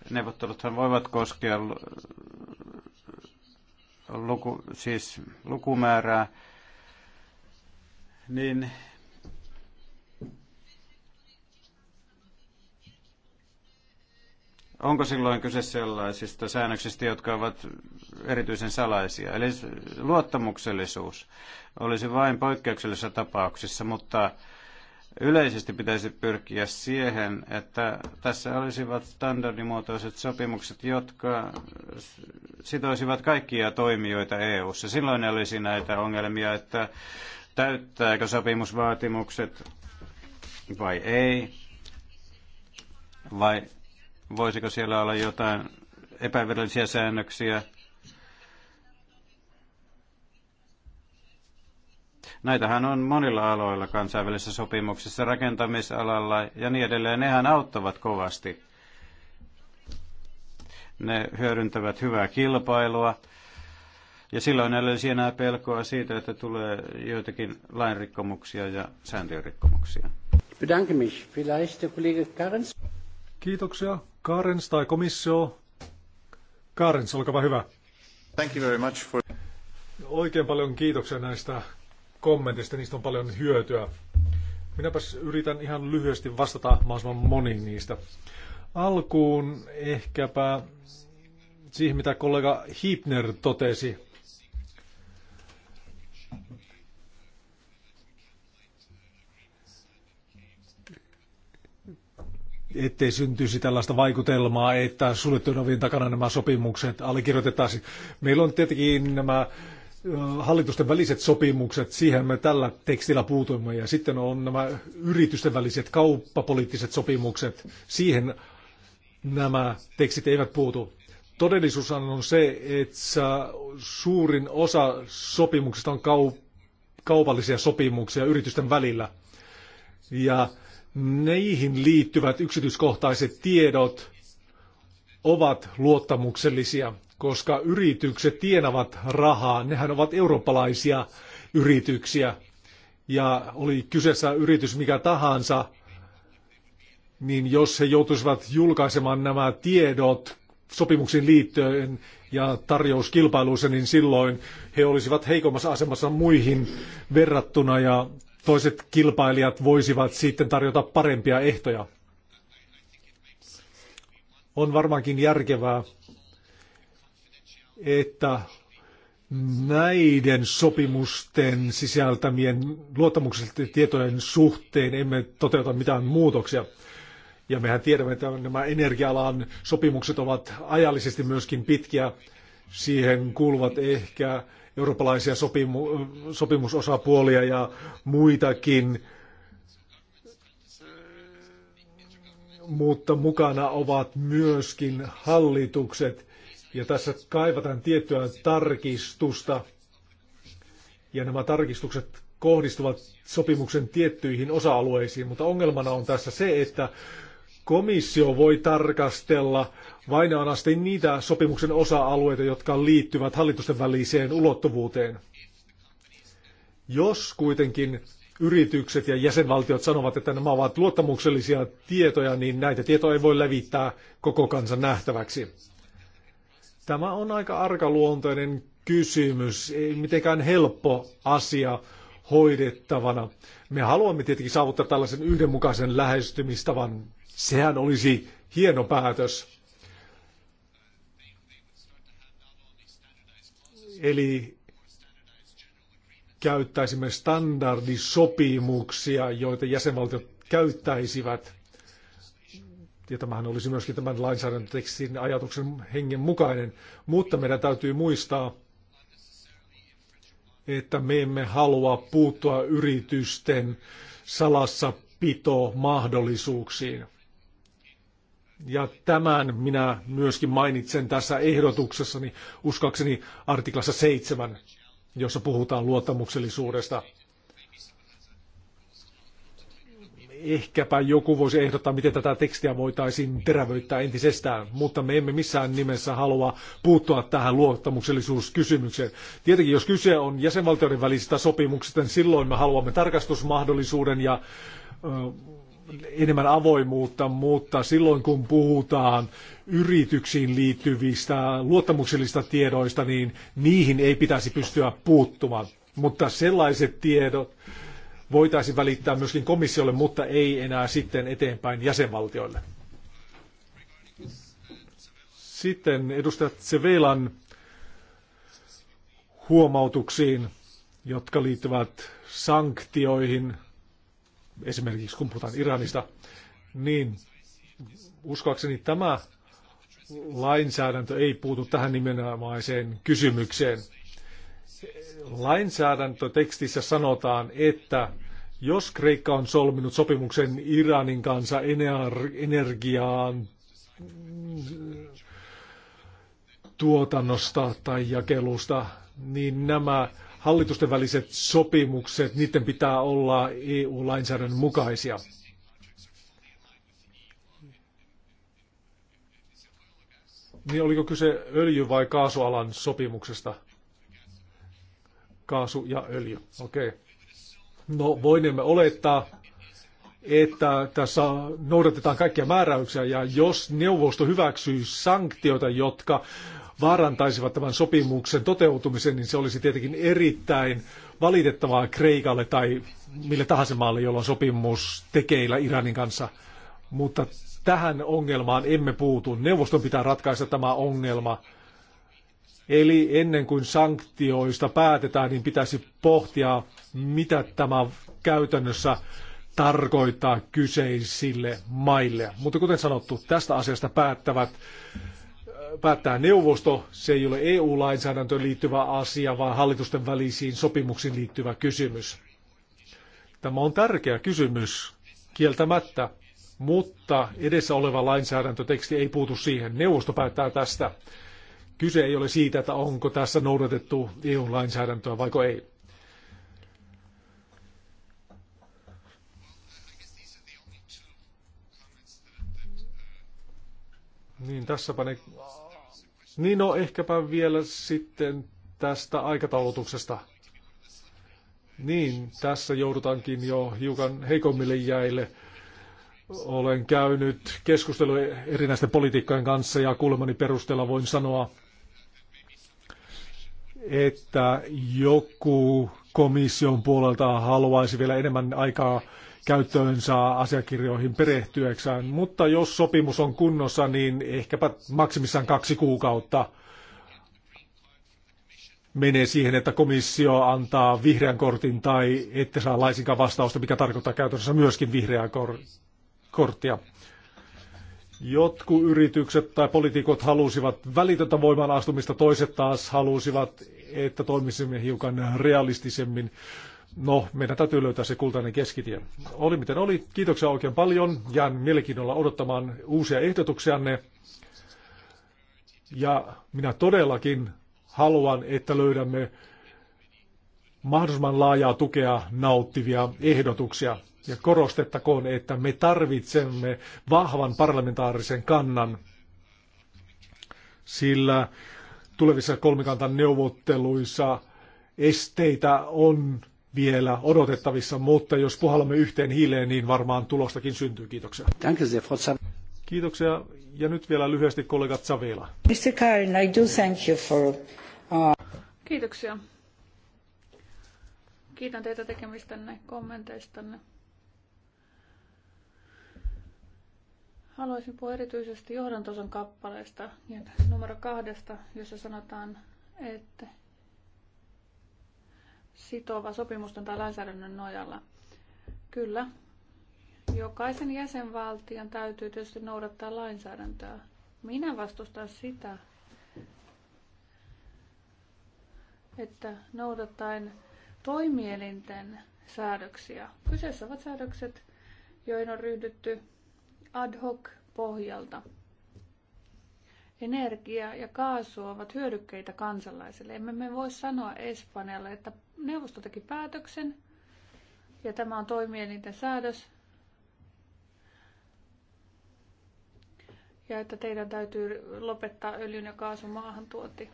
Neuvotteluthan voivat koskea luku, siis lukumäärää, niin onko silloin kyse sellaisista säännöksistä, jotka ovat erityisen salaisia? Eli luottamuksellisuus olisi vain poikkeuksellisissa tapauksissa, mutta yleisesti pitäisi pyrkiä siihen, että tässä olisivat standardimuotoiset sopimukset, jotka sitoisivat kaikkia toimijoita EU-ssa. Silloin olisi näitä ongelmia, että täyttääkö sopimusvaatimukset vai ei, vai Voisiko siellä olla jotain epävirallisia säännöksiä? Näitähän on monilla aloilla kansainvälisissä sopimuksissa, rakentamisalalla ja niin edelleen. Nehän auttavat kovasti. Ne hyödyntävät hyvää kilpailua. Ja silloin ei olisi enää pelkoa siitä, että tulee joitakin lainrikkomuksia ja sääntöjen rikkomuksia. Kiitoksia. Karens tai komissio? Karens, olkaa hyvä. Thank you very much for... Oikein paljon kiitoksia näistä kommentista, niistä on paljon hyötyä. Minäpäs yritän ihan lyhyesti vastata mahdollisimman moniin niistä. Alkuun ehkäpä siihen, mitä kollega Hipner totesi. ettei syntyisi tällaista vaikutelmaa, että suljettujen ovien takana nämä sopimukset allekirjoitetaan. Meillä on tietenkin nämä hallitusten väliset sopimukset, siihen me tällä tekstillä puutumme, Ja sitten on nämä yritysten väliset kauppapoliittiset sopimukset, siihen nämä tekstit eivät puutu. Todellisuus on se, että suurin osa sopimuksista on kaup- kaupallisia sopimuksia yritysten välillä. Ja niihin liittyvät yksityiskohtaiset tiedot ovat luottamuksellisia, koska yritykset tienavat rahaa. Nehän ovat eurooppalaisia yrityksiä. Ja oli kyseessä yritys mikä tahansa, niin jos he joutuisivat julkaisemaan nämä tiedot sopimuksiin liittyen ja tarjouskilpailuissa, niin silloin he olisivat heikommassa asemassa muihin verrattuna ja toiset kilpailijat voisivat sitten tarjota parempia ehtoja. On varmaankin järkevää, että näiden sopimusten sisältämien luottamuksellisten tietojen suhteen emme toteuta mitään muutoksia. Ja mehän tiedämme, että nämä energia-alan sopimukset ovat ajallisesti myöskin pitkiä. Siihen kuuluvat ehkä eurooppalaisia sopimu, sopimusosapuolia ja muitakin, mutta mukana ovat myöskin hallitukset. Ja tässä kaivataan tiettyä tarkistusta. Ja nämä tarkistukset kohdistuvat sopimuksen tiettyihin osa-alueisiin, mutta ongelmana on tässä se, että komissio voi tarkastella vain ainoastaan niitä sopimuksen osa-alueita, jotka liittyvät hallitusten väliseen ulottuvuuteen. Jos kuitenkin yritykset ja jäsenvaltiot sanovat, että nämä ovat luottamuksellisia tietoja, niin näitä tietoja ei voi levittää koko kansan nähtäväksi. Tämä on aika arkaluontoinen kysymys, ei mitenkään helppo asia hoidettavana. Me haluamme tietenkin saavuttaa tällaisen yhdenmukaisen lähestymistavan. Sehän olisi hieno päätös. Eli käyttäisimme standardisopimuksia, joita jäsenvaltiot käyttäisivät. Ja tämähän olisi myöskin tämän lainsäädäntötekstin ajatuksen hengen mukainen. Mutta meidän täytyy muistaa, että me emme halua puuttua yritysten salassa pito mahdollisuuksiin. Ja tämän minä myöskin mainitsen tässä ehdotuksessani, uskakseni artiklassa 7, jossa puhutaan luottamuksellisuudesta. Ehkäpä joku voisi ehdottaa, miten tätä tekstiä voitaisiin terävöittää entisestään, mutta me emme missään nimessä halua puuttua tähän luottamuksellisuuskysymykseen. Tietenkin, jos kyse on jäsenvaltioiden välisistä sopimuksista, niin silloin me haluamme tarkastusmahdollisuuden ja ö, enemmän avoimuutta, mutta silloin kun puhutaan yrityksiin liittyvistä luottamuksellista tiedoista, niin niihin ei pitäisi pystyä puuttumaan. Mutta sellaiset tiedot voitaisiin välittää myöskin komissiolle, mutta ei enää sitten eteenpäin jäsenvaltioille. Sitten edustaja Tsevelan huomautuksiin, jotka liittyvät sanktioihin – esimerkiksi kun puhutaan Iranista, niin uskoakseni tämä lainsäädäntö ei puutu tähän nimenomaiseen kysymykseen. Lainsäädäntötekstissä sanotaan, että jos Kreikka on solminut sopimuksen Iranin kanssa energiaan tuotannosta tai jakelusta, niin nämä hallitusten väliset sopimukset, niiden pitää olla EU-lainsäädännön mukaisia. Niin oliko kyse öljy- vai kaasualan sopimuksesta? Kaasu ja öljy, okei. Okay. No voinemme olettaa, että tässä noudatetaan kaikkia määräyksiä ja jos neuvosto hyväksyy sanktioita, jotka vaarantaisivat tämän sopimuksen toteutumisen, niin se olisi tietenkin erittäin valitettavaa Kreikalle tai mille tahansa maalle, jolla on sopimus tekeillä Iranin kanssa. Mutta tähän ongelmaan emme puutu. Neuvoston pitää ratkaista tämä ongelma. Eli ennen kuin sanktioista päätetään, niin pitäisi pohtia, mitä tämä käytännössä tarkoittaa kyseisille maille. Mutta kuten sanottu, tästä asiasta päättävät päättää neuvosto. Se ei ole EU-lainsäädäntöön liittyvä asia, vaan hallitusten välisiin sopimuksiin liittyvä kysymys. Tämä on tärkeä kysymys, kieltämättä, mutta edessä oleva lainsäädäntöteksti ei puutu siihen. Neuvosto päättää tästä. Kyse ei ole siitä, että onko tässä noudatettu EU-lainsäädäntöä vaiko ei. Niin, tässäpä ne niin no ehkäpä vielä sitten tästä aikataulutuksesta. Niin, tässä joudutaankin jo hiukan heikommille jäille. Olen käynyt keskustelua erinäisten politiikkojen kanssa ja kuulemani perusteella voin sanoa, että joku komission puolelta haluaisi vielä enemmän aikaa käyttöönsä asiakirjoihin perehtyäksään, mutta jos sopimus on kunnossa, niin ehkäpä maksimissaan kaksi kuukautta menee siihen, että komissio antaa vihreän kortin tai ette saa laisinkaan vastausta, mikä tarkoittaa käytännössä myöskin vihreää kor- korttia. Jotkut yritykset tai poliitikot halusivat välitöntä voimaan astumista, toiset taas halusivat, että toimisimme hiukan realistisemmin. No, meidän täytyy löytää se kultainen keskitie. Oli miten oli. Kiitoksia oikein paljon. Jään mielenkiinnolla odottamaan uusia ehdotuksianne. Ja minä todellakin haluan, että löydämme mahdollisimman laajaa tukea nauttivia ehdotuksia. Ja korostettakoon, että me tarvitsemme vahvan parlamentaarisen kannan, sillä tulevissa kolmikantan neuvotteluissa esteitä on vielä odotettavissa, mutta jos puhallamme yhteen hiileen, niin varmaan tulostakin syntyy. Kiitoksia. Kiitoksia. Ja nyt vielä lyhyesti kollega Savela. Mr. Karin, I do thank you for... Uh, Kiitoksia. Kiitän teitä tekemistänne, kommenteistanne. Haluaisin puhua erityisesti johdantoson kappaleesta ja niin numero kahdesta, jossa sanotaan, että sitova sopimusten tai lainsäädännön nojalla. Kyllä. Jokaisen jäsenvaltion täytyy tietysti noudattaa lainsäädäntöä. Minä vastustan sitä, että noudattaen toimielinten säädöksiä. Kyseessä ovat säädökset, joihin on ryhdytty ad hoc pohjalta. Energia ja kaasu ovat hyödykkeitä kansalaisille. Emme me voi sanoa Espanjalle, että neuvosto teki päätöksen, ja tämä on toimielinten säädös, ja että teidän täytyy lopettaa öljyn ja kaasun maahantuonti.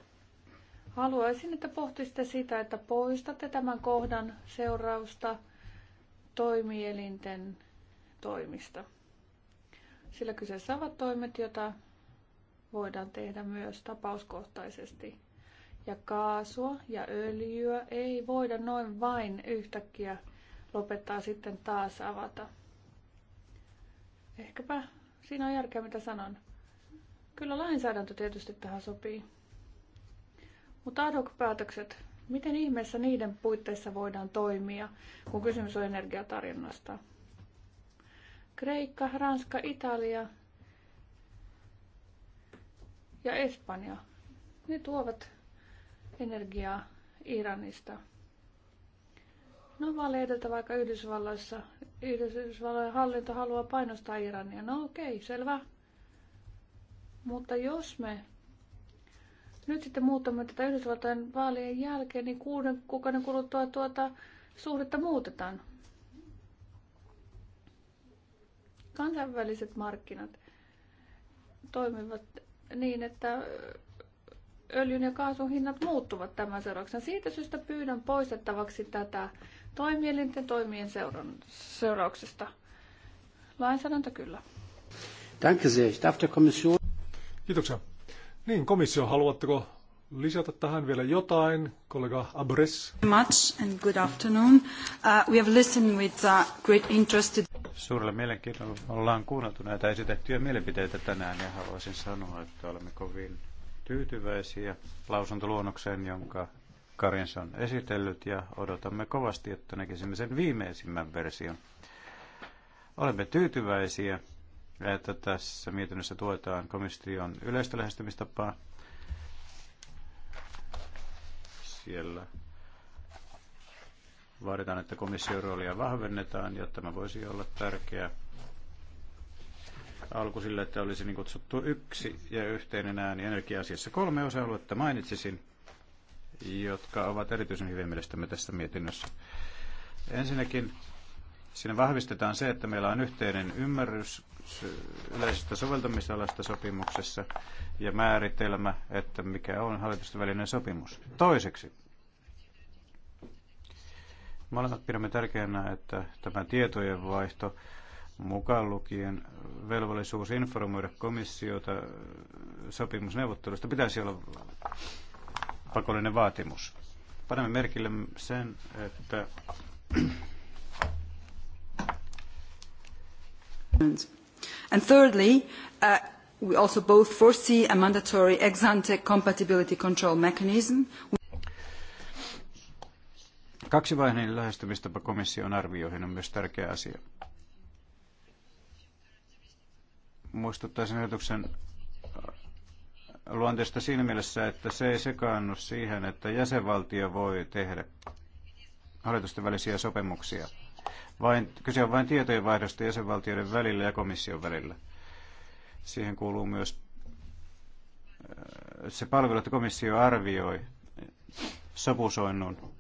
Haluaisin, että pohtisitte sitä, että poistatte tämän kohdan seurausta toimielinten toimista. Sillä kyseessä ovat toimet, joita voidaan tehdä myös tapauskohtaisesti ja kaasua ja öljyä ei voida noin vain yhtäkkiä lopettaa sitten taas avata. Ehkäpä siinä on järkeä, mitä sanon. Kyllä lainsäädäntö tietysti tähän sopii. Mutta ad päätökset miten ihmeessä niiden puitteissa voidaan toimia, kun kysymys on energiatarjonnasta? Kreikka, Ranska, Italia ja Espanja. Ne tuovat energiaa Iranista. No valehdeltä vaikka Yhdysvalloissa, Yhdysvallojen hallinto haluaa painostaa Irania. No okei, selvä. Mutta jos me nyt sitten muutamme tätä Yhdysvaltain vaalien jälkeen, niin kuuden kuukauden kuluttua tuota suhdetta muutetaan. Kansainväliset markkinat toimivat niin, että öljyn ja kaasun hinnat muuttuvat tämän seurauksena. Siitä syystä pyydän poistettavaksi tätä toimielinten toimien seurauksesta. Lainsäädäntö kyllä. Kiitoksia. Niin, komissio, haluatteko lisätä tähän vielä jotain, kollega Abres? Much and good afternoon. Uh, we have listened with uh, great interest to... Suurella mielenkiinnolla ollaan kuunneltu näitä esitettyjä mielipiteitä tänään ja haluaisin sanoa, että olemme kovin tyytyväisiä lausuntoluonnokseen, jonka Karins on esitellyt ja odotamme kovasti, että näkisimme sen viimeisimmän version. Olemme tyytyväisiä, että tässä mietinnössä tuetaan komission yleistä lähestymistapaa. Siellä vaaditaan, että komission roolia vahvennetaan, jotta tämä voisi olla tärkeä alku sille, että olisi niin kutsuttu yksi ja yhteinen ääni energia-asiassa. Kolme osa-aluetta mainitsisin, jotka ovat erityisen hyviä mielestämme tässä mietinnössä. Ensinnäkin siinä vahvistetaan se, että meillä on yhteinen ymmärrys yleisestä soveltamisalasta sopimuksessa ja määritelmä, että mikä on hallitusten välinen sopimus. Toiseksi, molemmat pidämme tärkeänä, että tämä tietojenvaihto vaihto mukaan lukien velvollisuus informoida komissiota sopimusneuvottelusta pitäisi olla pakollinen vaatimus. Panemme merkille sen, että And thirdly, uh, we also both foresee a mandatory ex-ante compatibility control mechanism. Kaksivaiheinen lähestymistapa komission arvioihin on myös tärkeä asia muistuttaisin ehdotuksen luonteesta siinä mielessä, että se ei sekaannu siihen, että jäsenvaltio voi tehdä hallitusten välisiä sopimuksia. Vain, kyse on vain vaihdosta jäsenvaltioiden välillä ja komission välillä. Siihen kuuluu myös äh, se palvelu, että komissio arvioi sopusoinnun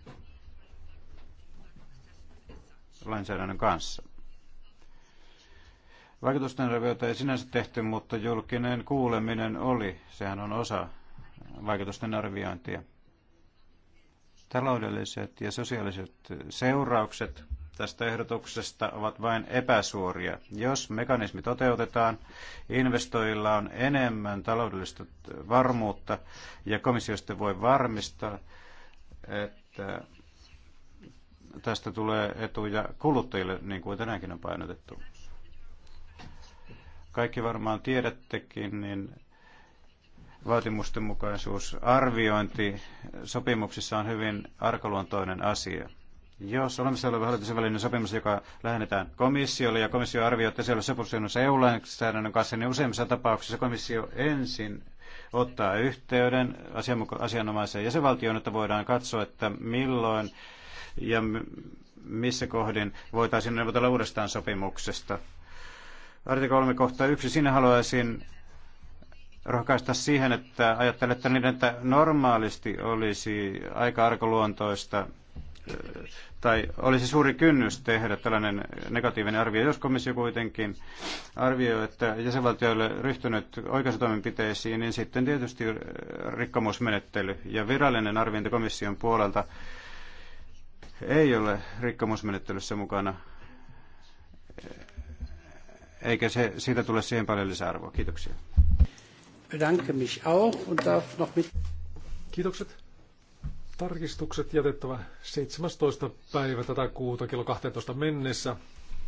lainsäädännön kanssa. Vaikutusten arvioita ei sinänsä tehty, mutta julkinen kuuleminen oli. Sehän on osa vaikutusten arviointia. Taloudelliset ja sosiaaliset seuraukset tästä ehdotuksesta ovat vain epäsuoria. Jos mekanismi toteutetaan, investoijilla on enemmän taloudellista varmuutta ja komissiosta voi varmistaa, että tästä tulee etuja kuluttajille, niin kuin tänäänkin on painotettu kaikki varmaan tiedättekin, niin vaatimustenmukaisuusarviointi sopimuksissa on hyvin arkaluontoinen asia. Jos olemassa oleva hallituksen välinen sopimus, joka lähennetään komissiolle ja komissio arvioi, että se on EU-lainsäädännön kanssa, niin useimmissa tapauksissa komissio ensin ottaa yhteyden asianomaiseen jäsenvaltioon, että voidaan katsoa, että milloin ja missä kohdin voitaisiin neuvotella uudestaan sopimuksesta artikla 3 kohta 1, Sinä haluaisin rohkaista siihen, että ajattelette niin, että normaalisti olisi aika arkaluontoista tai olisi suuri kynnys tehdä tällainen negatiivinen arvio, jos komissio kuitenkin arvioi, että jäsenvaltioille ryhtynyt oikeusotoimenpiteisiin, niin sitten tietysti rikkomusmenettely ja virallinen arviointi komission puolelta ei ole rikkomusmenettelyssä mukana eikä se, siitä tule siihen paljon lisäarvoa. Kiitoksia. Bedanke mich auch und darf noch mit... Kiitokset. Tarkistukset jätettävä 17. päivä tätä kuuta kello 12 mennessä.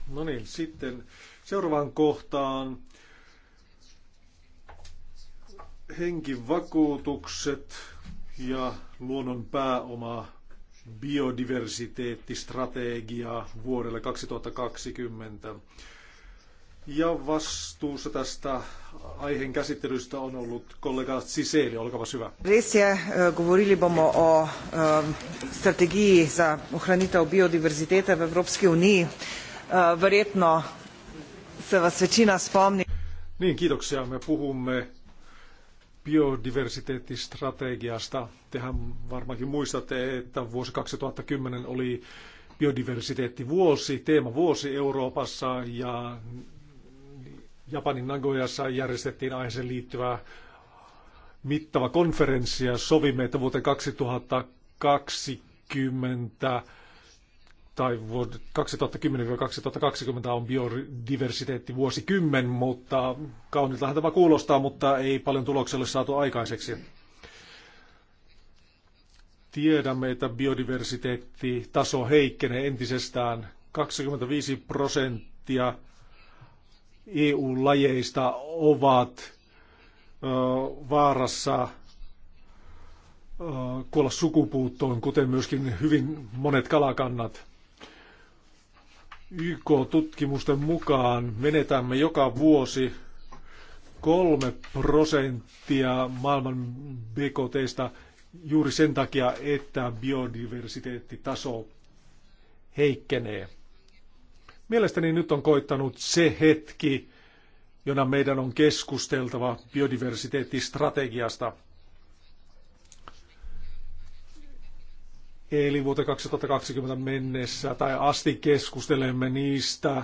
No niin, sitten seuraavaan kohtaan henkivakuutukset ja luonnon pääoma biodiversiteettistrategia vuodelle 2020. Ja vastuussa tästä aiheen käsittelystä on ollut kollega Siseli, olkaa hyvä. Res je, eh, govorili bomo o eh, strategiji za ohranitev biodiverzitete v Evropski uniji. Eh, verjetno se vas večina spomni. Niin, kiitoksia. Me puhumme biodiversiteettistrategiasta. Tehän varmaankin muistatte, että vuosi 2010 oli biodiversiteettivuosi, teemavuosi Euroopassa ja Japanin Nagoyassa järjestettiin aiheeseen liittyvää mittava konferenssi ja sovimme, että vuoteen 2020 tai 2010-2020 on biodiversiteetti vuosikymmen, mutta kauniltahan tämä kuulostaa, mutta ei paljon tulokselle saatu aikaiseksi. Tiedämme, että biodiversiteettitaso heikkenee entisestään 25 prosenttia EU-lajeista ovat vaarassa kuolla sukupuuttoon, kuten myöskin hyvin monet kalakannat. YK-tutkimusten mukaan menetämme joka vuosi kolme prosenttia maailman BKTstä juuri sen takia, että biodiversiteettitaso heikkenee. Mielestäni nyt on koittanut se hetki, jona meidän on keskusteltava biodiversiteettistrategiasta. Eli vuoteen 2020 mennessä tai asti keskustelemme niistä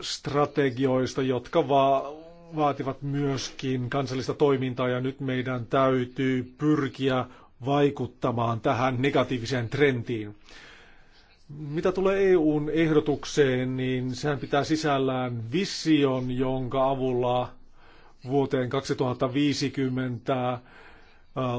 strategioista, jotka va- vaativat myöskin kansallista toimintaa ja nyt meidän täytyy pyrkiä vaikuttamaan tähän negatiiviseen trendiin. Mitä tulee EUn ehdotukseen, niin sehän pitää sisällään vision, jonka avulla vuoteen 2050 äh,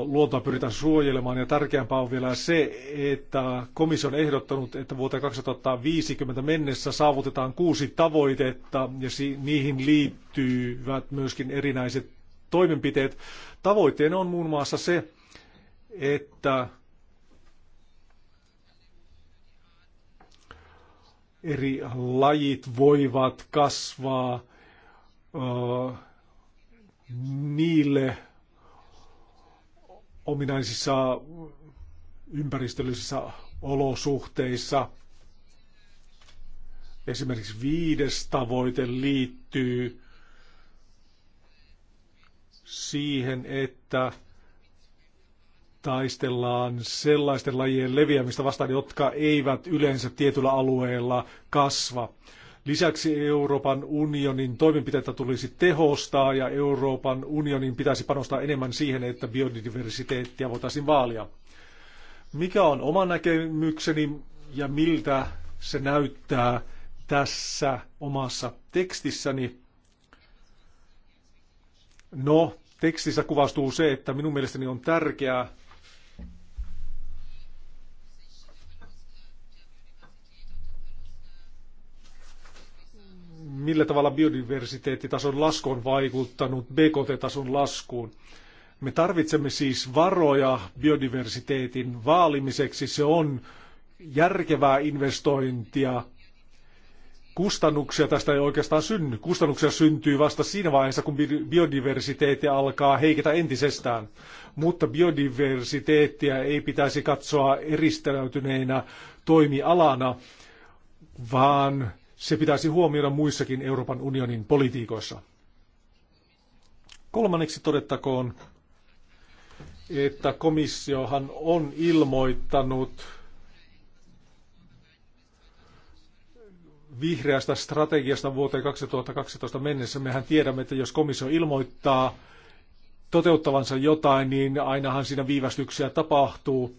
luontoa pyritään suojelemaan. Ja tärkeämpää on vielä se, että komissio on ehdottanut, että vuoteen 2050 mennessä saavutetaan kuusi tavoitetta ja niihin liittyvät myöskin erinäiset toimenpiteet. Tavoitteena on muun muassa se, että eri lajit voivat kasvaa ö, niille ominaisissa ympäristöllisissä olosuhteissa. Esimerkiksi viides tavoite liittyy siihen, että taistellaan sellaisten lajien leviämistä vastaan, jotka eivät yleensä tietyllä alueella kasva. Lisäksi Euroopan unionin toimenpiteitä tulisi tehostaa ja Euroopan unionin pitäisi panostaa enemmän siihen, että biodiversiteettiä voitaisiin vaalia. Mikä on oma näkemykseni ja miltä se näyttää tässä omassa tekstissäni? No, tekstissä kuvastuu se, että minun mielestäni on tärkeää millä tavalla biodiversiteettitason lasku on vaikuttanut BKT-tason laskuun. Me tarvitsemme siis varoja biodiversiteetin vaalimiseksi. Se on järkevää investointia. Kustannuksia tästä ei oikeastaan synny. Kustannuksia syntyy vasta siinä vaiheessa, kun biodiversiteetti alkaa heiketä entisestään. Mutta biodiversiteettiä ei pitäisi katsoa eristäytyneenä toimialana, vaan se pitäisi huomioida muissakin Euroopan unionin politiikoissa. Kolmanneksi todettakoon, että komissiohan on ilmoittanut vihreästä strategiasta vuoteen 2012 mennessä. Mehän tiedämme, että jos komissio ilmoittaa toteuttavansa jotain, niin ainahan siinä viivästyksiä tapahtuu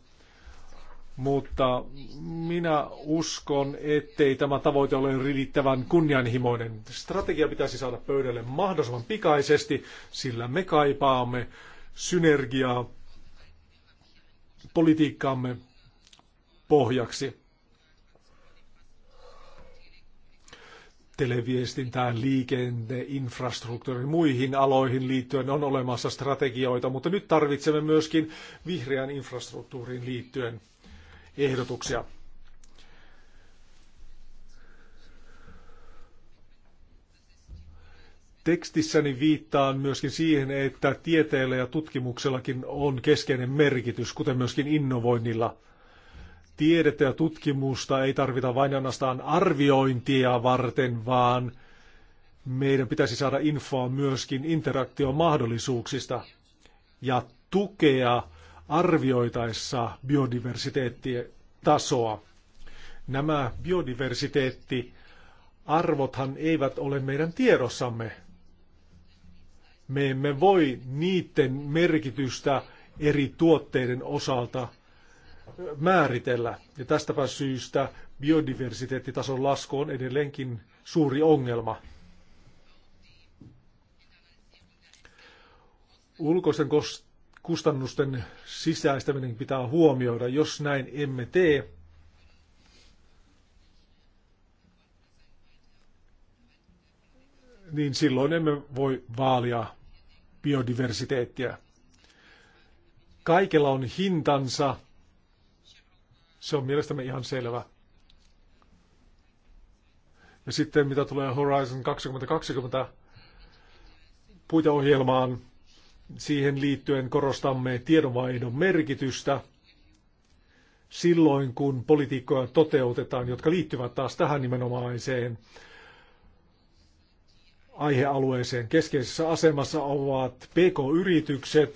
mutta minä uskon, ettei tämä tavoite ole riittävän kunnianhimoinen. Strategia pitäisi saada pöydälle mahdollisimman pikaisesti, sillä me kaipaamme synergiaa politiikkaamme pohjaksi. televiestintään, liikenne, infrastruktuuriin, muihin aloihin liittyen on olemassa strategioita, mutta nyt tarvitsemme myöskin vihreän infrastruktuuriin liittyen ehdotuksia. Tekstissäni viittaan myöskin siihen, että tieteellä ja tutkimuksellakin on keskeinen merkitys, kuten myöskin innovoinnilla. Tiedettä ja tutkimusta ei tarvita vain ainoastaan arviointia varten, vaan meidän pitäisi saada infoa myöskin interaktiomahdollisuuksista ja tukea arvioitaessa biodiversiteettitasoa. Nämä biodiversiteettiarvothan eivät ole meidän tiedossamme. Me emme voi niiden merkitystä eri tuotteiden osalta määritellä. Ja tästäpä syystä biodiversiteettitason lasku on edelleenkin suuri ongelma. Ulkoisten kost- kustannusten sisäistäminen pitää huomioida. Jos näin emme tee, niin silloin emme voi vaalia biodiversiteettiä. Kaikella on hintansa. Se on mielestämme ihan selvä. Ja sitten mitä tulee Horizon 2020 puiteohjelmaan, Siihen liittyen korostamme tiedonvaihdon merkitystä silloin, kun politiikkoja toteutetaan, jotka liittyvät taas tähän nimenomaiseen aihealueeseen. Keskeisessä asemassa ovat PK-yritykset.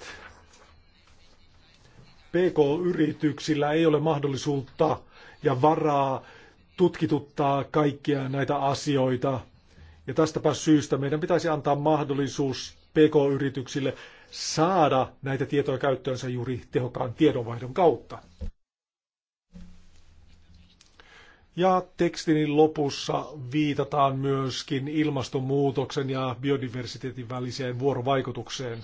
PK-yrityksillä ei ole mahdollisuutta ja varaa tutkituttaa kaikkia näitä asioita. Ja tästäpä syystä meidän pitäisi antaa mahdollisuus PK-yrityksille saada näitä tietoja käyttöönsä juuri tehokkaan tiedonvaihdon kautta. Ja tekstin lopussa viitataan myöskin ilmastonmuutoksen ja biodiversiteetin väliseen vuorovaikutukseen.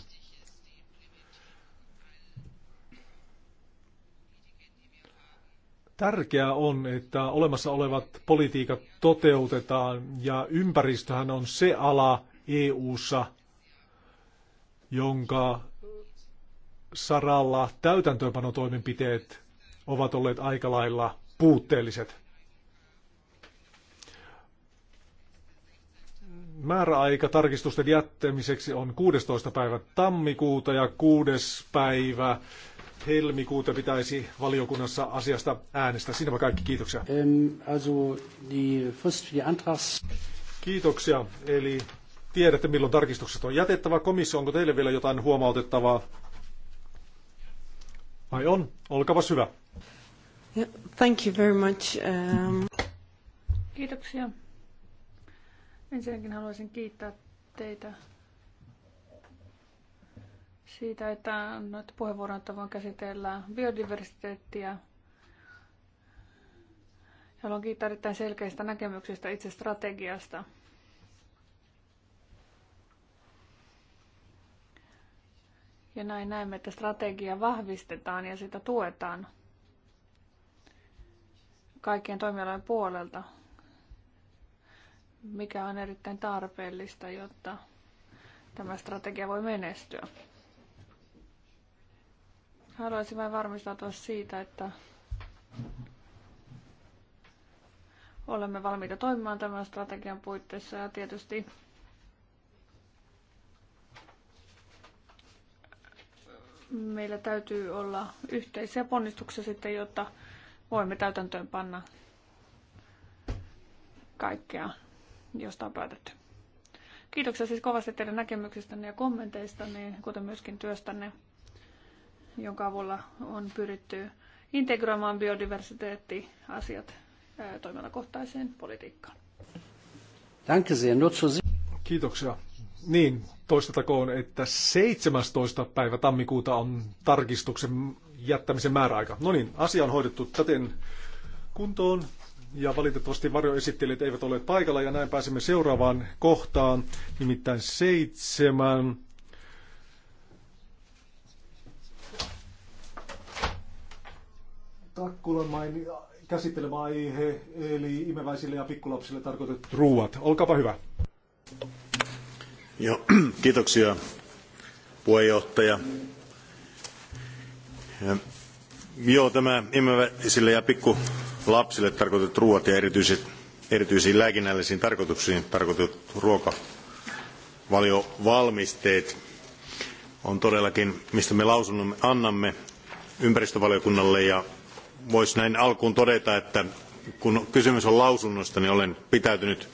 Tärkeää on, että olemassa olevat politiikat toteutetaan ja ympäristöhän on se ala EU:ssa, jonka saralla täytäntöönpanotoimenpiteet ovat olleet aika lailla puutteelliset. Määräaika tarkistusten jättämiseksi on 16. päivä tammikuuta ja 6. päivä helmikuuta pitäisi valiokunnassa asiasta äänestää. Siinäpä kaikki, kiitoksia. Ähm, kiitoksia. Eli tiedätte, milloin tarkistukset on jätettävä. Komissio, onko teille vielä jotain huomautettavaa? Vai on? Olkapas hyvä. Thank you very much. Um... Kiitoksia. Ensinnäkin haluaisin kiittää teitä siitä, että noita puheenvuoron tavoin käsitellään biodiversiteettiä. Haluan kiittää erittäin selkeistä näkemyksistä itse strategiasta – Ja näin näemme, että strategia vahvistetaan ja sitä tuetaan kaikkien toimialojen puolelta, mikä on erittäin tarpeellista, jotta tämä strategia voi menestyä. Haluaisin vain varmistautua siitä, että olemme valmiita toimimaan tämän strategian puitteissa ja tietysti meillä täytyy olla yhteisiä ponnistuksia sitten, jotta voimme täytäntöön panna kaikkea, josta on päätetty. Kiitoksia siis kovasti teidän näkemyksistänne ja kommenteistanne, kuten myöskin työstänne, jonka avulla on pyritty integroimaan biodiversiteettiasiat toimialakohtaiseen politiikkaan. Kiitoksia. Niin, toistetakoon, että 17. päivä tammikuuta on tarkistuksen jättämisen määräaika. No niin, asia on hoidettu täten kuntoon ja valitettavasti varjoesittelijät eivät ole paikalla ja näin pääsemme seuraavaan kohtaan, nimittäin seitsemän. Takkulan maini, käsittelemä aihe, eli imeväisille ja pikkulapsille tarkoitetut ruuat. Olkaapa hyvä. Joo, kiitoksia puheenjohtaja. Joo, tämä imeväisille ja pikkulapsille tarkoitetut ruoat ja erityiset, erityisiin lääkinnällisiin tarkoituksiin tarkoitetut ruokavaliovalmisteet on todellakin, mistä me lausunnon annamme ympäristövaliokunnalle ja voisi näin alkuun todeta, että kun kysymys on lausunnosta, niin olen pitäytynyt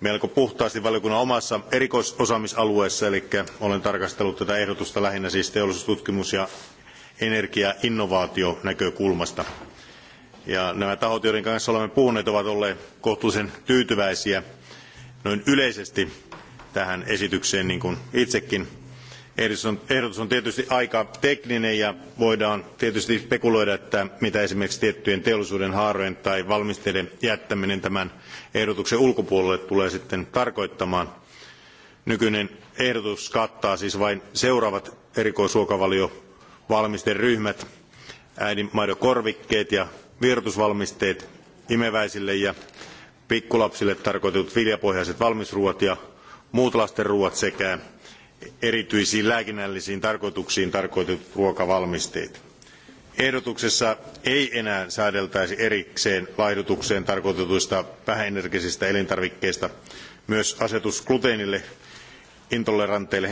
melko puhtaasti valiokunnan omassa erikoisosaamisalueessa, eli olen tarkastellut tätä ehdotusta lähinnä siis teollisuustutkimus- ja energiainnovaationäkökulmasta. Ja nämä tahot, joiden kanssa olemme puhuneet, ovat olleet kohtuullisen tyytyväisiä noin yleisesti tähän esitykseen, niin kuin itsekin. Ehdotus on, tietysti aika tekninen ja voidaan tietysti spekuloida, että mitä esimerkiksi tiettyjen teollisuuden haarojen tai valmisteiden jättäminen tämän ehdotuksen ulkopuolelle tulee sitten tarkoittamaan. Nykyinen ehdotus kattaa siis vain seuraavat erikoisruokavaliovalmisteryhmät, äidinmaidokorvikkeet ja virtusvalmisteet imeväisille ja pikkulapsille tarkoitetut viljapohjaiset valmisruoat ja muut lastenruuat sekä erityisiin lääkinnällisiin tarkoituksiin tarkoitetut ruokavalmisteet ehdotuksessa ei enää säädeltäisi erikseen laihdutukseen tarkoitetuista vähäenergisistä elintarvikkeista myös asetus gluteenille intoleranteille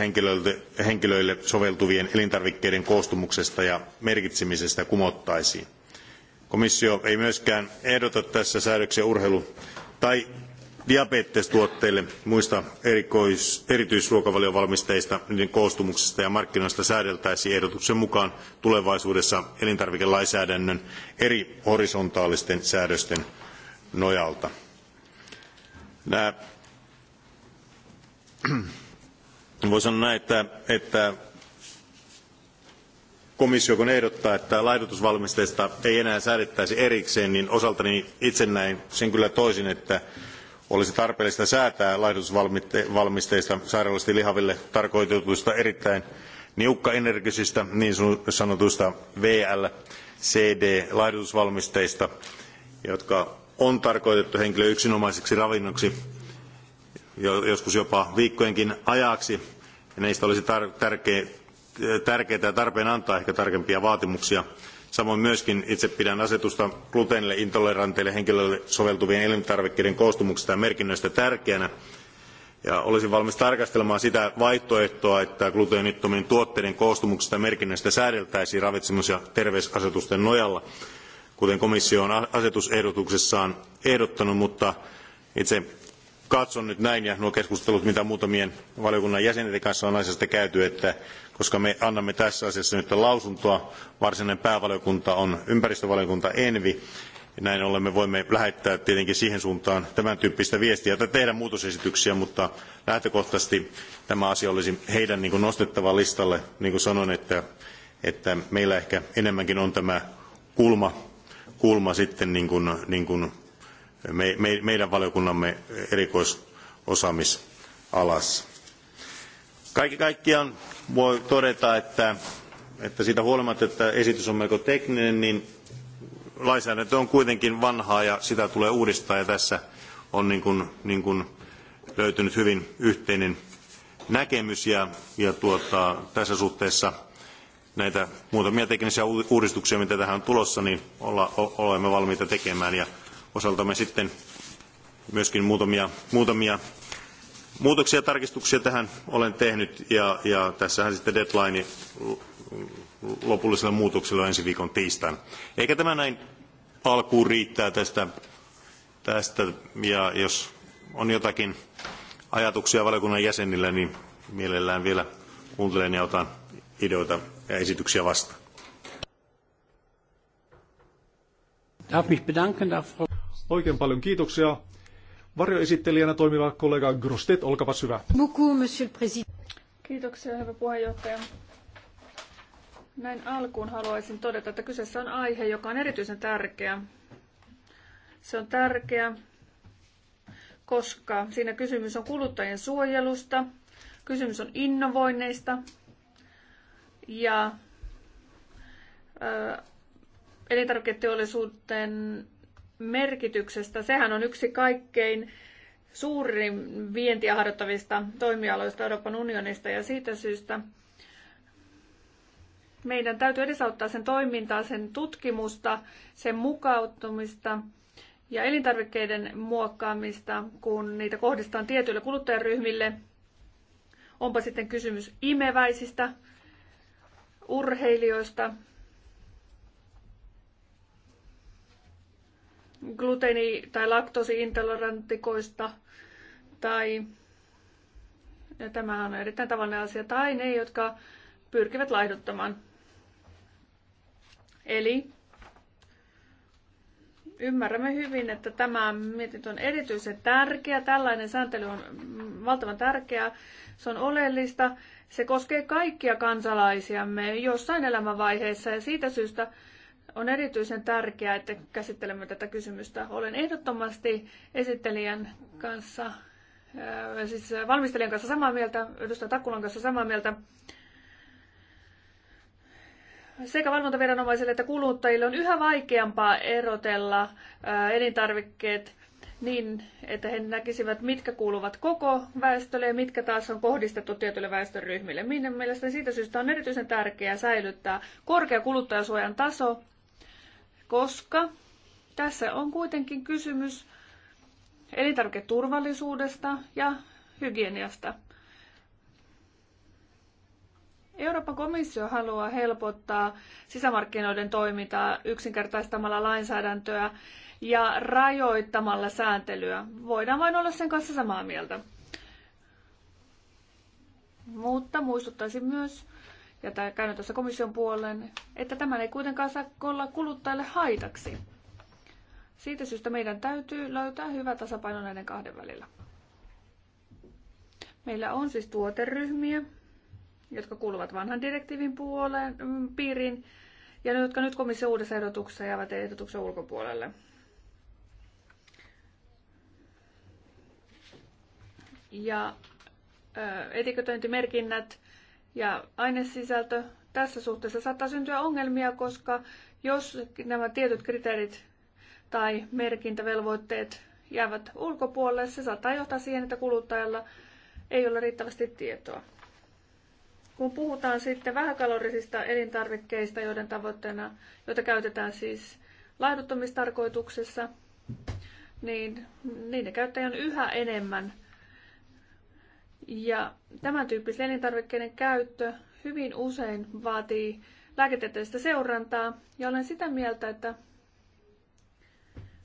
henkilöille, soveltuvien elintarvikkeiden koostumuksesta ja merkitsemisestä kumottaisiin. komissio ei myöskään ehdota tässä säädöksiä urheilu tai diabetestuotteille muista erikois, erityisruokavaliovalmisteista niiden koostumuksesta ja markkinoista säädeltäisiin ehdotuksen mukaan tulevaisuudessa elintarvikelainsäädännön eri horisontaalisten säädösten nojalta. voi sanoa näin, että, että komissio kun ehdottaa, että laidutusvalmisteista ei enää säädettäisi erikseen, niin osaltani itse näin sen kyllä toisin, että olisi tarpeellista säätää laihdutusvalmisteista sairaalloisesti lihaville tarkoitetuista erittäin niukkaenergisistä niin sanotuista VLCD laihdutusvalmisteista, jotka on tarkoitettu henkilön yksinomaiseksi ravinnoksi joskus jopa viikkojenkin ajaksi. Ja niistä olisi tar- tärkeää tarpeen antaa ehkä tarkempia vaatimuksia Samoin myöskin itse pidän asetusta gluteenille intoleranteille henkilöille soveltuvien elintarvikkeiden koostumuksesta ja merkinnöistä tärkeänä. Ja olisin valmis tarkastelemaan sitä vaihtoehtoa, että gluteenittomien tuotteiden koostumuksesta ja merkinnöistä säädeltäisiin ravitsemus- ja terveysasetusten nojalla, kuten komissio on asetusehdotuksessaan ehdottanut, mutta itse katson nyt näin ja nuo keskustelut, mitä muutamien valiokunnan jäsenten kanssa on asiasta käyty, että koska me annamme tässä asiassa nyt lausuntoa. Varsinainen päävaliokunta on ympäristövaliokunta Envi. Näin ollen me voimme lähettää tietenkin siihen suuntaan tämän tyyppistä viestiä tai tehdä muutosesityksiä, mutta lähtökohtaisesti tämä asia olisi heidän niin nostettava listalle. Niin kuin sanoin, että, että meillä ehkä enemmänkin on tämä kulma, kulma sitten niin kuin, niin kuin me, me, meidän valiokunnamme erikoisosaamisalassa. Kaiken kaikkiaan voi todeta, että, että siitä huolimatta, että esitys on melko tekninen, niin lainsäädäntö on kuitenkin vanhaa ja sitä tulee uudistaa ja tässä on niin kuin, niin kuin löytynyt hyvin yhteinen näkemys ja, ja tuota, tässä suhteessa näitä muutamia teknisiä uudistuksia, mitä tähän on tulossa, niin olla, olemme valmiita tekemään ja osaltamme sitten myöskin muutamia, muutamia Muutoksia ja tarkistuksia tähän olen tehnyt ja, ja tässähän sitten deadline lopulliselle muutokselle on ensi viikon tiistaina. Eikä tämä näin alkuun riittää tästä, tästä ja jos on jotakin ajatuksia valiokunnan jäsenillä, niin mielellään vielä kuuntelen ja otan ideoita ja esityksiä vastaan. Oikein paljon kiitoksia. Varjoesittelijänä toimiva kollega Grostet, olkapas hyvä. Kiitoksia, hyvä puheenjohtaja. Näin alkuun haluaisin todeta, että kyseessä on aihe, joka on erityisen tärkeä. Se on tärkeä, koska siinä kysymys on kuluttajien suojelusta, kysymys on innovoinneista ja elintarviketeollisuuden merkityksestä. Sehän on yksi kaikkein suurin vientiä harjoittavista toimialoista Euroopan unionista ja siitä syystä meidän täytyy edesauttaa sen toimintaa, sen tutkimusta, sen mukautumista ja elintarvikkeiden muokkaamista, kun niitä kohdistetaan tietyille kuluttajaryhmille. Onpa sitten kysymys imeväisistä, urheilijoista, gluteeni- tai laktoosiintolerantikoista tai ja tämä on erittäin tavallinen asia, tai ne, jotka pyrkivät laihduttamaan. Eli ymmärrämme hyvin, että tämä mietintö on erityisen tärkeä. Tällainen sääntely on valtavan tärkeä, Se on oleellista. Se koskee kaikkia kansalaisiamme jossain elämänvaiheessa ja siitä syystä on erityisen tärkeää, että käsittelemme tätä kysymystä. Olen ehdottomasti esittelijän kanssa, äh, siis valmistelijan kanssa samaa mieltä, edustaja Takulan kanssa samaa mieltä. Sekä valvontaviranomaisille että kuluttajille on yhä vaikeampaa erotella äh, elintarvikkeet niin, että he näkisivät, mitkä kuuluvat koko väestölle ja mitkä taas on kohdistettu tietyille väestöryhmille. Minun mielestäni siitä syystä on erityisen tärkeää säilyttää korkea kuluttajasuojan taso koska tässä on kuitenkin kysymys elintarviketurvallisuudesta ja hygieniasta. Euroopan komissio haluaa helpottaa sisämarkkinoiden toimintaa yksinkertaistamalla lainsäädäntöä ja rajoittamalla sääntelyä. Voidaan vain olla sen kanssa samaa mieltä. Mutta muistuttaisin myös ja käynyt tuossa komission puoleen, että tämä ei kuitenkaan saa olla kuluttajille haitaksi. Siitä syystä meidän täytyy löytää hyvä tasapaino näiden kahden välillä. Meillä on siis tuoteryhmiä, jotka kuuluvat vanhan direktiivin puoleen, mm, piiriin, ja ne, jotka nyt komission uudessa ehdotuksessa jäävät ehdotuksen ulkopuolelle. Ja etikötöintimerkinnät ja ainesisältö. Tässä suhteessa saattaa syntyä ongelmia, koska jos nämä tietyt kriteerit tai merkintävelvoitteet jäävät ulkopuolelle, se saattaa johtaa siihen, että kuluttajalla ei ole riittävästi tietoa. Kun puhutaan sitten vähäkalorisista elintarvikkeista, joiden tavoitteena, joita käytetään siis laihduttamistarkoituksessa, niin niiden käyttäjä on yhä enemmän ja tämän tyyppisten elintarvikkeiden käyttö hyvin usein vaatii lääketieteellistä seurantaa ja olen sitä mieltä, että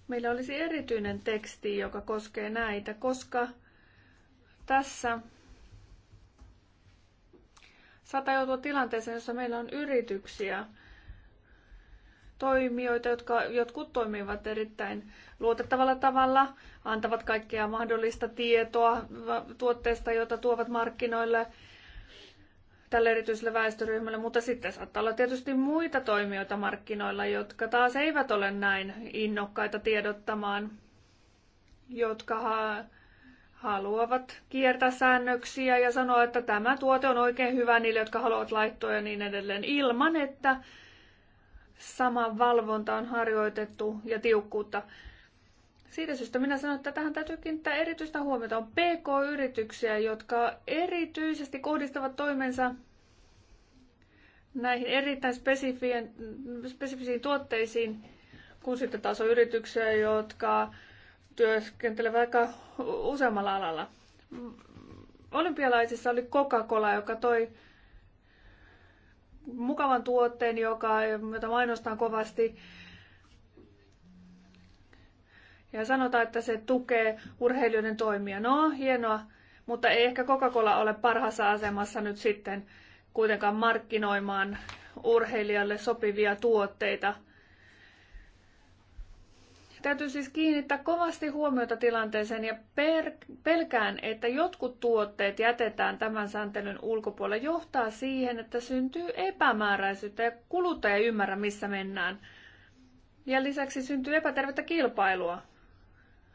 meillä olisi erityinen teksti, joka koskee näitä, koska tässä saattaa joutua tilanteeseen, jossa meillä on yrityksiä, toimijoita, jotka jotkut toimivat erittäin luotettavalla tavalla, antavat kaikkea mahdollista tietoa tuotteista, joita tuovat markkinoille tälle erityiselle väestöryhmälle, mutta sitten saattaa olla tietysti muita toimijoita markkinoilla, jotka taas eivät ole näin innokkaita tiedottamaan, jotka ha- haluavat kiertää säännöksiä ja sanoa, että tämä tuote on oikein hyvä niille, jotka haluavat laittoa ja niin edelleen, ilman että sama valvonta on harjoitettu ja tiukkuutta. Siitä syystä minä sanon, että tähän täytyy kiinnittää erityistä huomiota. On PK-yrityksiä, jotka erityisesti kohdistavat toimensa näihin erittäin spesifisiin tuotteisiin, kun sitten taas on yrityksiä, jotka työskentelevät aika useammalla alalla. Olympialaisissa oli Coca-Cola, joka toi mukavan tuotteen, joka, jota mainostan kovasti. Ja sanotaan, että se tukee urheilijoiden toimia. No, hienoa, mutta ei ehkä Coca-Cola ole parhaassa asemassa nyt sitten kuitenkaan markkinoimaan urheilijalle sopivia tuotteita – Täytyy siis kiinnittää kovasti huomiota tilanteeseen ja pelkään, että jotkut tuotteet jätetään tämän sääntelyn ulkopuolelle, johtaa siihen, että syntyy epämääräisyyttä ja kuluttaja ei ymmärrä, missä mennään. Ja lisäksi syntyy epätervettä kilpailua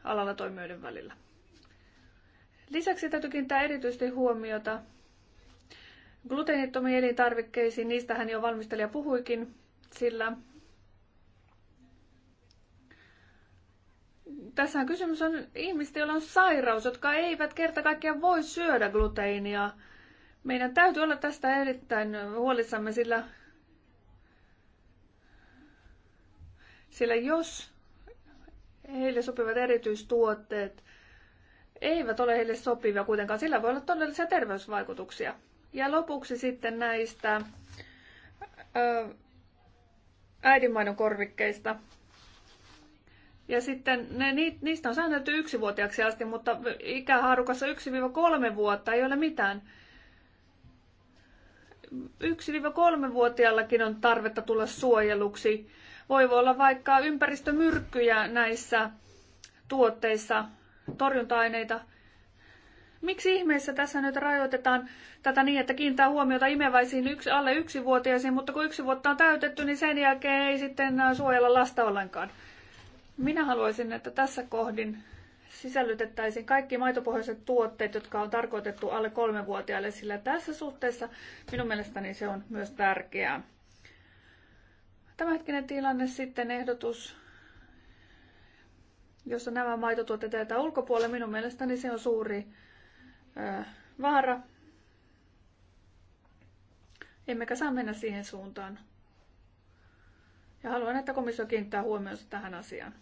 alalla toimijoiden välillä. Lisäksi täytyy kiinnittää erityisesti huomiota gluteenittomiin elintarvikkeisiin. Niistähän jo valmistelija puhuikin, sillä tässä kysymys on ihmistä, joilla on sairaus, jotka eivät kerta kaikkiaan voi syödä gluteiinia. Meidän täytyy olla tästä erittäin huolissamme, sillä, sillä jos heille sopivat erityistuotteet eivät ole heille sopivia kuitenkaan, sillä voi olla todellisia terveysvaikutuksia. Ja lopuksi sitten näistä ö, äidinmaidon korvikkeista. Ja sitten ne, niistä on säännelty yksivuotiaaksi asti, mutta ikähaarukassa 1-3 vuotta ei ole mitään. 1-3-vuotiaallakin on tarvetta tulla suojeluksi. Voi olla vaikka ympäristömyrkkyjä näissä tuotteissa, torjunta-aineita. Miksi ihmeessä tässä nyt rajoitetaan tätä niin, että kiinnittää huomiota imeväisiin yksi, alle yksivuotiaisiin, mutta kun yksi vuotta on täytetty, niin sen jälkeen ei sitten suojella lasta ollenkaan. Minä haluaisin, että tässä kohdin sisällytettäisiin kaikki maitopohjaiset tuotteet, jotka on tarkoitettu alle kolmevuotiaille, sillä tässä suhteessa minun mielestäni se on myös tärkeää. Tämänhetkinen tilanne sitten ehdotus, jossa nämä maitotuotteet jätetään ulkopuolelle, minun mielestäni se on suuri ö, vaara. Emmekä saa mennä siihen suuntaan. Ja haluan, että komissio kiinnittää huomiota tähän asiaan.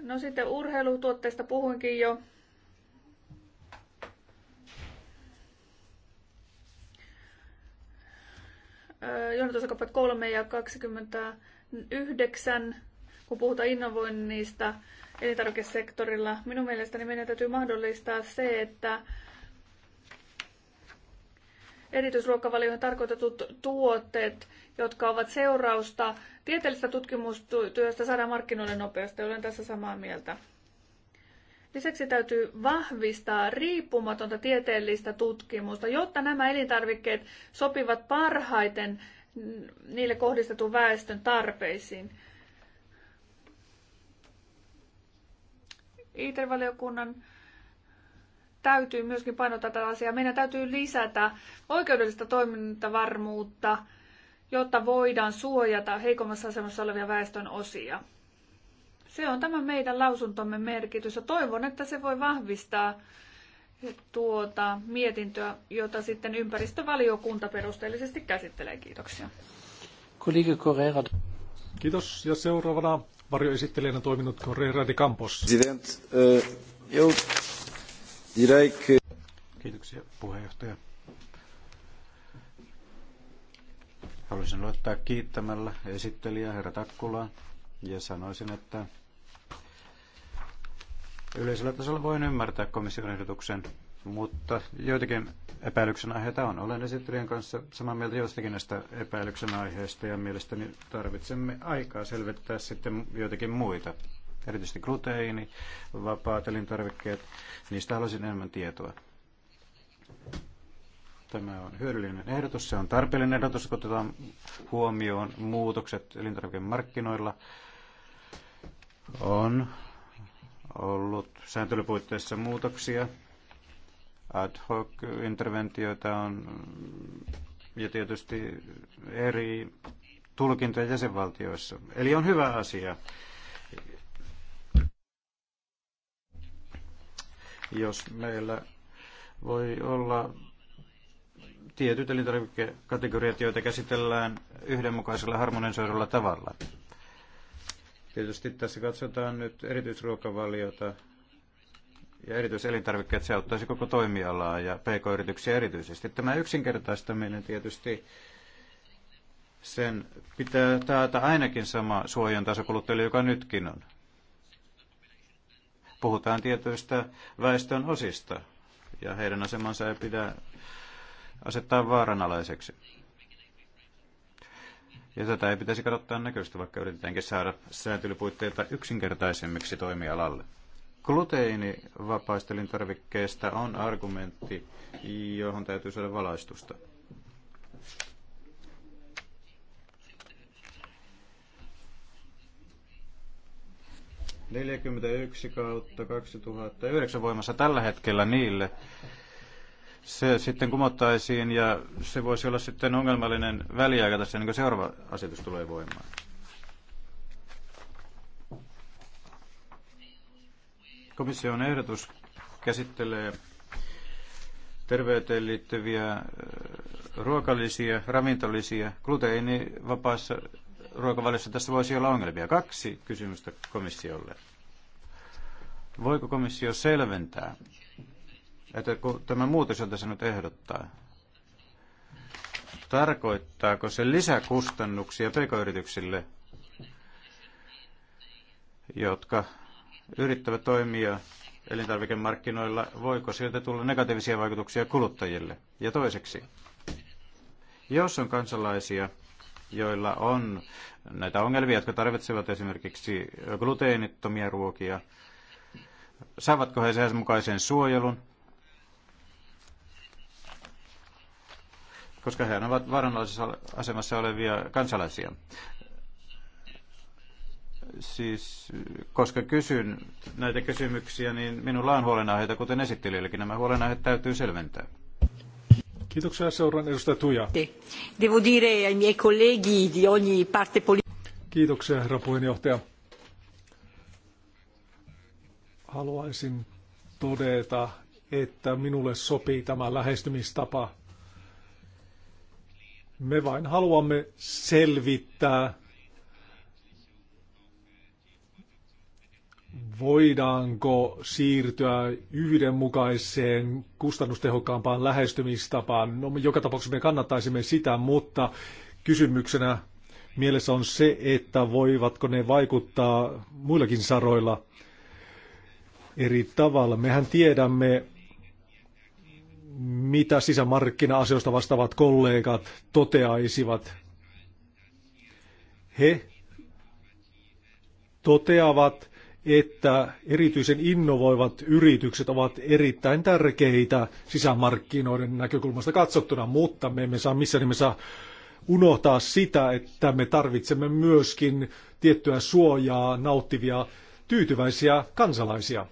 No sitten urheilutuotteista puhuinkin jo. Johdatusokapat 3 ja 29, kun puhutaan innovoinnista elintarvikesektorilla. Minun mielestäni meidän täytyy mahdollistaa se, että erityisruokavalioihin tarkoitetut tuotteet jotka ovat seurausta tieteellisestä tutkimustyöstä saadaan markkinoille nopeasti. Olen tässä samaa mieltä. Lisäksi täytyy vahvistaa riippumatonta tieteellistä tutkimusta, jotta nämä elintarvikkeet sopivat parhaiten niille kohdistetun väestön tarpeisiin. IT-valiokunnan täytyy myöskin painottaa tätä asiaa. Meidän täytyy lisätä oikeudellista toimintavarmuutta jotta voidaan suojata heikommassa asemassa olevia väestön osia. Se on tämä meidän lausuntomme merkitys ja toivon, että se voi vahvistaa tuota mietintöä, jota sitten ympäristövaliokunta perusteellisesti käsittelee. Kiitoksia. Kollega Kiitos. Ja seuraavana varjoesittelijänä toiminut Correa de Campos. Eh, Kiitoksia puheenjohtaja. Haluaisin aloittaa kiittämällä esittelijää herra Takkulaa ja sanoisin, että yleisellä tasolla voin ymmärtää komission ehdotuksen, mutta joitakin epäilyksen aiheita on. Olen esittelijän kanssa samaa mieltä joistakin näistä epäilyksen aiheista ja mielestäni tarvitsemme aikaa selvittää sitten joitakin muita. Erityisesti gluteiini, vapaat elintarvikkeet, niistä haluaisin enemmän tietoa. Tämä on hyödyllinen ehdotus, se on tarpeellinen ehdotus, kun otetaan huomioon muutokset elintarvikemarkkinoilla. On ollut sääntelypuitteissa muutoksia, ad hoc interventioita on ja tietysti eri tulkintoja jäsenvaltioissa. Eli on hyvä asia. Jos meillä voi olla tietyt elintarvikekategoriat, joita käsitellään yhdenmukaisella harmonisoidulla tavalla. Tietysti tässä katsotaan nyt erityisruokavaliota ja erityiselintarvikkeet, se auttaisi koko toimialaa ja pk-yrityksiä erityisesti. Tämä yksinkertaistaminen tietysti sen pitää taata ainakin sama suojan taso joka nytkin on. Puhutaan tietyistä väestön osista ja heidän asemansa ei pidä asettaa vaaranalaiseksi. Ja tätä ei pitäisi kadottaa näköistä, vaikka yritetäänkin saada säätelypuitteita yksinkertaisemmiksi toimialalle. Gluteinivapaistelin tarvikkeesta on argumentti, johon täytyy saada valaistusta. Neljäkymmentäyksi kautta 2009 voimassa tällä hetkellä niille, se sitten kumottaisiin ja se voisi olla sitten ongelmallinen väliaika tässä, ennen kuin seuraava asetus tulee voimaan. Komission ehdotus käsittelee terveyteen liittyviä ruokalisia, ravintolisia, gluteinivapaassa ruokavaliossa tässä voisi olla ongelmia. Kaksi kysymystä komissiolle. Voiko komissio selventää että kun tämä muutos, jota se nyt ehdottaa, tarkoittaako se lisäkustannuksia pk-yrityksille, jotka yrittävät toimia elintarvikemarkkinoilla, voiko sieltä tulla negatiivisia vaikutuksia kuluttajille? Ja toiseksi, jos on kansalaisia, joilla on näitä ongelmia, jotka tarvitsevat esimerkiksi gluteenittomia ruokia, saavatko he sen mukaisen suojelun? koska he ovat varanlaisessa asemassa olevia kansalaisia. Siis, koska kysyn näitä kysymyksiä, niin minulla on huolenaiheita, kuten esittelijälläkin. Nämä huolenaiheet täytyy selventää. Kiitoksia. Seuraan edustaja Tuja. Devo dire ai miei colleghi di ogni parte politica. Kiitoksia, herra puheenjohtaja. Haluaisin todeta, että minulle sopii tämä lähestymistapa. Me vain haluamme selvittää, voidaanko siirtyä yhdenmukaiseen, kustannustehokkaampaan lähestymistapaan. No, joka tapauksessa me kannattaisimme sitä, mutta kysymyksenä mielessä on se, että voivatko ne vaikuttaa muillakin saroilla eri tavalla. Mehän tiedämme, mitä sisämarkkina-asioista vastaavat kollegat toteaisivat. He toteavat, että erityisen innovoivat yritykset ovat erittäin tärkeitä sisämarkkinoiden näkökulmasta katsottuna, mutta me emme saa missään nimessä unohtaa sitä, että me tarvitsemme myöskin tiettyä suojaa nauttivia tyytyväisiä kansalaisia.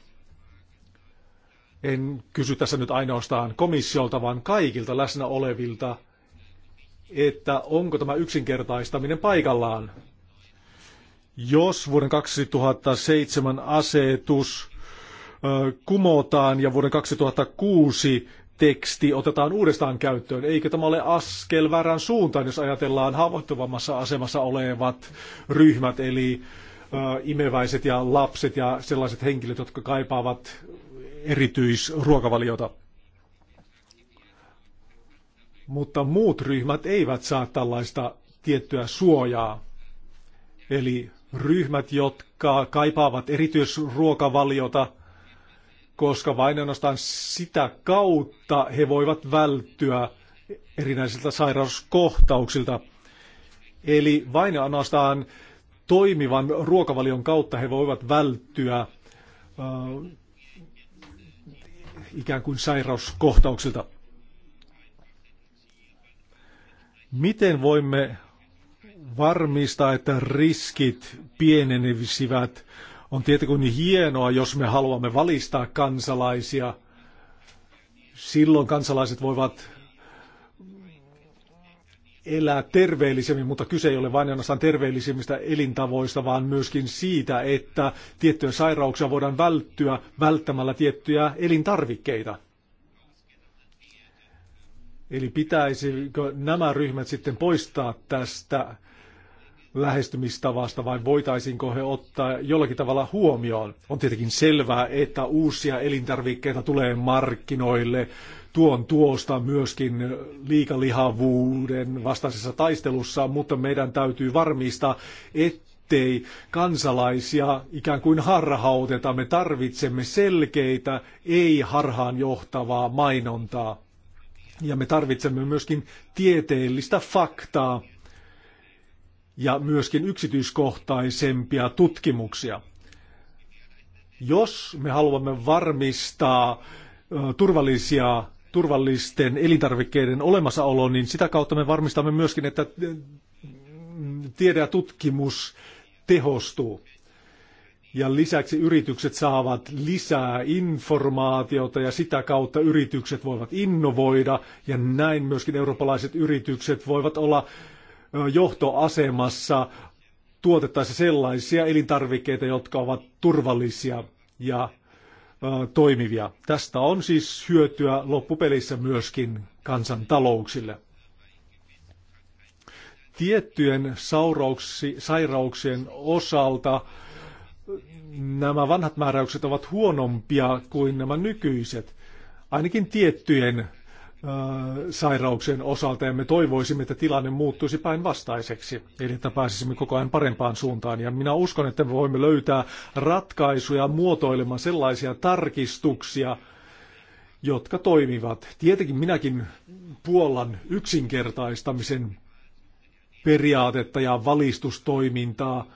En kysy tässä nyt ainoastaan komissiolta, vaan kaikilta läsnä olevilta, että onko tämä yksinkertaistaminen paikallaan. Jos vuoden 2007 asetus kumotaan ja vuoden 2006 teksti otetaan uudestaan käyttöön. Eikö tämä ole askel väärään suuntaan, jos ajatellaan haavoittuvammassa asemassa olevat ryhmät, eli imeväiset ja lapset ja sellaiset henkilöt, jotka kaipaavat erityisruokavaliota. Mutta muut ryhmät eivät saa tällaista tiettyä suojaa. Eli ryhmät, jotka kaipaavat erityisruokavaliota, koska vain ainoastaan sitä kautta he voivat välttyä erinäisiltä sairauskohtauksilta. Eli vain ainoastaan toimivan ruokavalion kautta he voivat välttyä ikään kuin sairauskohtauksilta. Miten voimme varmistaa, että riskit pienenevisivät? On tietenkin hienoa, jos me haluamme valistaa kansalaisia. Silloin kansalaiset voivat elää terveellisemmin, mutta kyse ei ole vain ainoastaan terveellisemmistä elintavoista, vaan myöskin siitä, että tiettyjä sairauksia voidaan välttyä välttämällä tiettyjä elintarvikkeita. Eli pitäisikö nämä ryhmät sitten poistaa tästä lähestymistavasta vai voitaisiinko he ottaa jollakin tavalla huomioon? On tietenkin selvää, että uusia elintarvikkeita tulee markkinoille, tuon tuosta myöskin liikalihavuuden vastaisessa taistelussa, mutta meidän täytyy varmistaa, ettei kansalaisia ikään kuin harhauteta. Me tarvitsemme selkeitä, ei harhaan johtavaa mainontaa. Ja me tarvitsemme myöskin tieteellistä faktaa ja myöskin yksityiskohtaisempia tutkimuksia. Jos me haluamme varmistaa turvallisia turvallisten elintarvikkeiden olemassaolo, niin sitä kautta me varmistamme myöskin, että mm, tiede ja tutkimus tehostuu. Ja lisäksi yritykset saavat lisää informaatiota ja sitä kautta yritykset voivat innovoida ja näin myöskin eurooppalaiset yritykset voivat olla johtoasemassa tuotettaessa sellaisia elintarvikkeita, jotka ovat turvallisia ja toimivia. Tästä on siis hyötyä loppupelissä myöskin kansantalouksille. Tiettyjen sairauksien osalta nämä vanhat määräykset ovat huonompia kuin nämä nykyiset, ainakin tiettyjen Äh, sairauksien osalta ja me toivoisimme, että tilanne muuttuisi päinvastaiseksi, eli että pääsisimme koko ajan parempaan suuntaan. Ja minä uskon, että me voimme löytää ratkaisuja muotoilemaan sellaisia tarkistuksia, jotka toimivat. Tietenkin minäkin puolan yksinkertaistamisen periaatetta ja valistustoimintaa,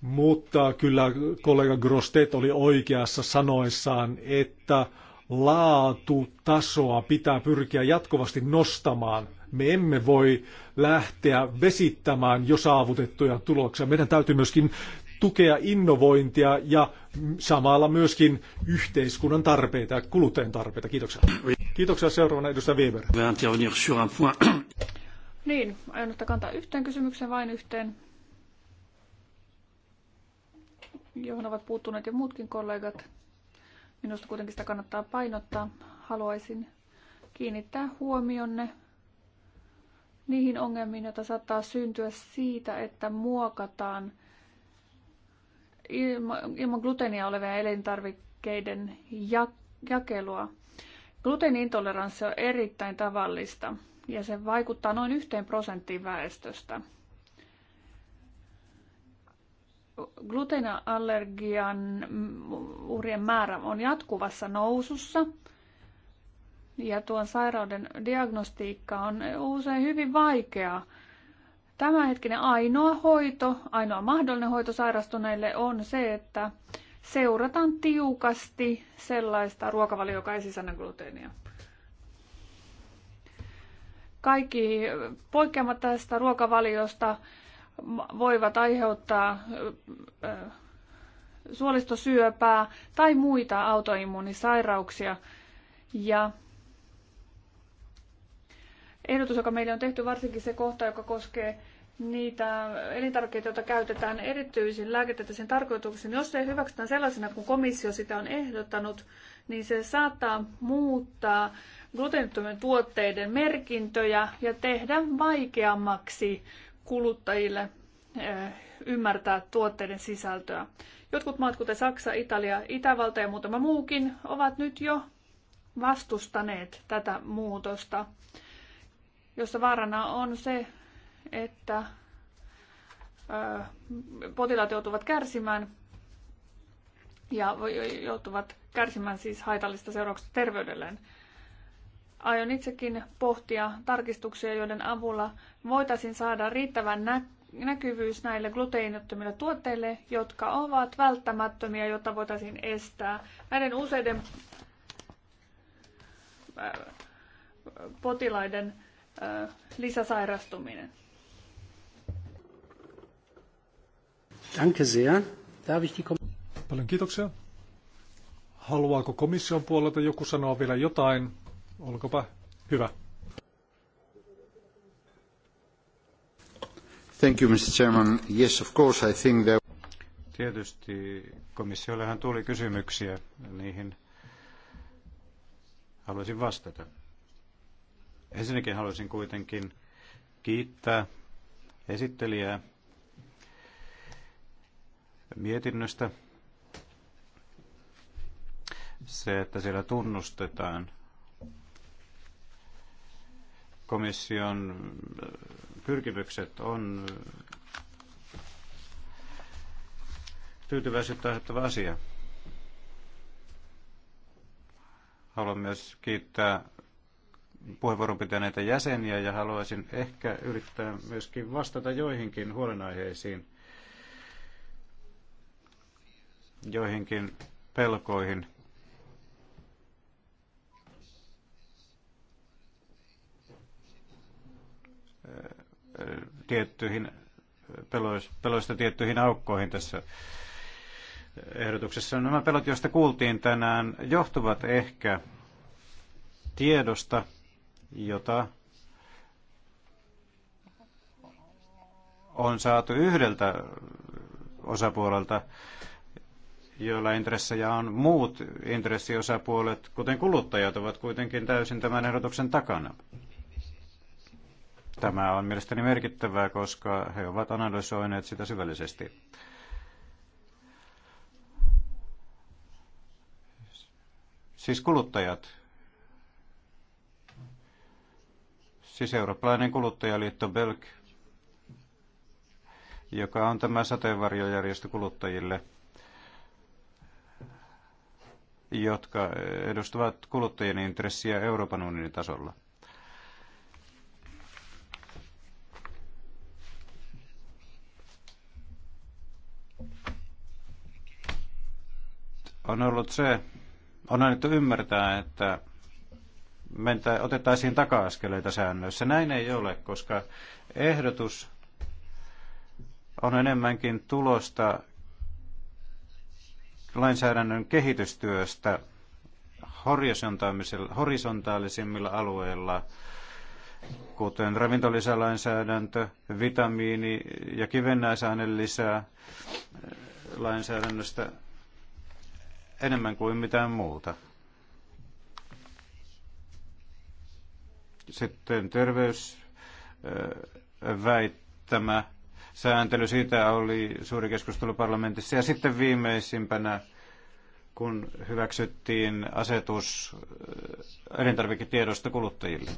mutta kyllä kollega Grostet oli oikeassa sanoessaan, että laatutasoa pitää pyrkiä jatkuvasti nostamaan. Me emme voi lähteä vesittämään jo saavutettuja tuloksia. Meidän täytyy myöskin tukea innovointia ja samalla myöskin yhteiskunnan tarpeita ja kuluttajien tarpeita. Kiitoksia. Kiitoksia seuraavana edustaja Weber. Niin, aion ottaa kantaa yhteen kysymykseen, vain yhteen, johon ovat puuttuneet ja muutkin kollegat. Minusta kuitenkin sitä kannattaa painottaa. Haluaisin kiinnittää huomionne niihin ongelmiin, joita saattaa syntyä siitä, että muokataan ilman gluteenia olevia elintarvikkeiden jakelua. Gluteenintoleranssi on erittäin tavallista ja se vaikuttaa noin yhteen prosenttiin väestöstä gluteeniallergian uhrien määrä on jatkuvassa nousussa. Ja tuon sairauden diagnostiikka on usein hyvin vaikeaa. Tämänhetkinen ainoa hoito, ainoa mahdollinen hoito sairastuneille on se, että seurataan tiukasti sellaista ruokavalio, joka ei sisällä gluteenia. Kaikki poikkeamat tästä ruokavaliosta voivat aiheuttaa suolistosyöpää tai muita autoimmuunisairauksia. Ja ehdotus, joka meille on tehty, varsinkin se kohta, joka koskee niitä elintarvikkeita, joita käytetään erityisiin lääketieteellisen tarkoituksen, jos se hyväksytään sellaisena kuin komissio sitä on ehdottanut, niin se saattaa muuttaa gluteenittomien tuotteiden merkintöjä ja tehdä vaikeammaksi kuluttajille ymmärtää tuotteiden sisältöä. Jotkut maat, kuten Saksa, Italia, Itävalta ja muutama muukin, ovat nyt jo vastustaneet tätä muutosta, jossa vaarana on se, että potilaat joutuvat kärsimään ja joutuvat kärsimään siis haitallista seurauksista terveydelleen. Aion itsekin pohtia tarkistuksia, joiden avulla voitaisiin saada riittävän nä- näkyvyys näille gluteinittomille tuotteille, jotka ovat välttämättömiä, jotta voitaisiin estää näiden useiden äh, potilaiden äh, lisäsairastuminen. Danke sehr. Paljon kiitoksia. Haluaako komission puolelta joku sanoa vielä jotain? Olkopa hyvä. Thank you, Mr. Chairman. Yes, of course, I think there... Tietysti komissiollehan tuli kysymyksiä, niihin haluaisin vastata. Ensinnäkin haluaisin kuitenkin kiittää esittelijää mietinnöstä. Se, että siellä tunnustetaan komission pyrkimykset on tyytyväisyyttä aiheuttava asia. Haluan myös kiittää puheenvuoron pitäneitä jäseniä ja haluaisin ehkä yrittää myöskin vastata joihinkin huolenaiheisiin, joihinkin pelkoihin, tiettyihin peloista tiettyihin aukkoihin tässä ehdotuksessa. Nämä pelot, joista kuultiin tänään, johtuvat ehkä tiedosta, jota on saatu yhdeltä osapuolelta, joilla intressejä on muut intressiosapuolet, kuten kuluttajat, ovat kuitenkin täysin tämän ehdotuksen takana. Tämä on mielestäni merkittävää, koska he ovat analysoineet sitä syvällisesti. Siis kuluttajat. Siis eurooppalainen kuluttajaliitto Belk, joka on tämä sateenvarjojärjestö kuluttajille, jotka edustavat kuluttajien intressiä Euroopan unionin tasolla. on ollut se, on annettu ymmärtää, että mentä, otettaisiin taka-askeleita säännöissä. Näin ei ole, koska ehdotus on enemmänkin tulosta lainsäädännön kehitystyöstä horisontaalisimmilla alueilla, kuten ravintolisälainsäädäntö, vitamiini- ja kivennäisaine lisää lainsäädännöstä enemmän kuin mitään muuta. Sitten terveysväittämä äh, sääntely, siitä oli suuri keskustelu parlamentissa. Ja sitten viimeisimpänä, kun hyväksyttiin asetus äh, elintarviketiedosta kuluttajille.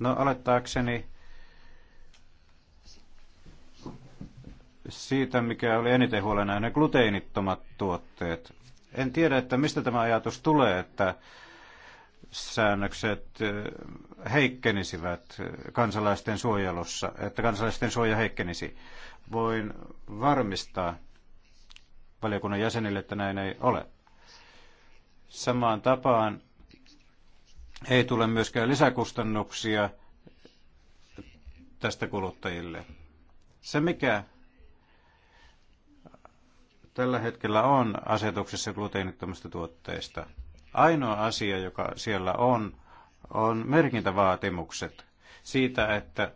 No alettaakseni siitä, mikä oli eniten huolena, ne gluteenittomat tuotteet. En tiedä, että mistä tämä ajatus tulee, että säännökset heikkenisivät kansalaisten suojelussa, että kansalaisten suoja heikkenisi. Voin varmistaa valiokunnan jäsenille, että näin ei ole. Samaan tapaan ei tule myöskään lisäkustannuksia tästä kuluttajille. Se, mikä tällä hetkellä on asetuksessa gluteenittomista tuotteista. Ainoa asia, joka siellä on, on merkintävaatimukset siitä, että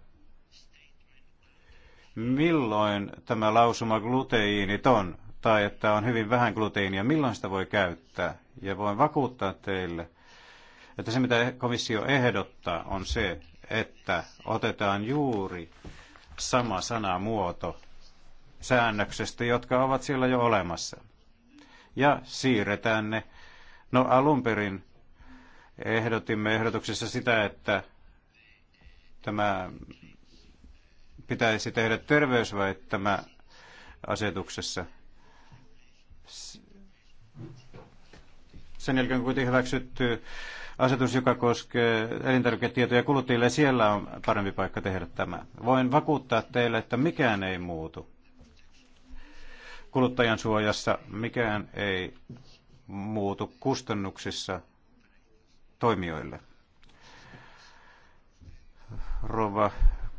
milloin tämä lausuma on tai että on hyvin vähän gluteiinia, milloin sitä voi käyttää. Ja voin vakuuttaa teille, että se mitä komissio ehdottaa on se, että otetaan juuri sama sanamuoto säännöksistä, jotka ovat siellä jo olemassa. Ja siirretään ne. No alun perin ehdotimme ehdotuksessa sitä, että tämä pitäisi tehdä terveysväittämä asetuksessa. Sen jälkeen kuitenkin hyväksytty asetus, joka koskee elintarviketietoja kuluttajille, siellä on parempi paikka tehdä tämä. Voin vakuuttaa teille, että mikään ei muutu kuluttajan suojassa mikään ei muutu kustannuksissa toimijoille. Rova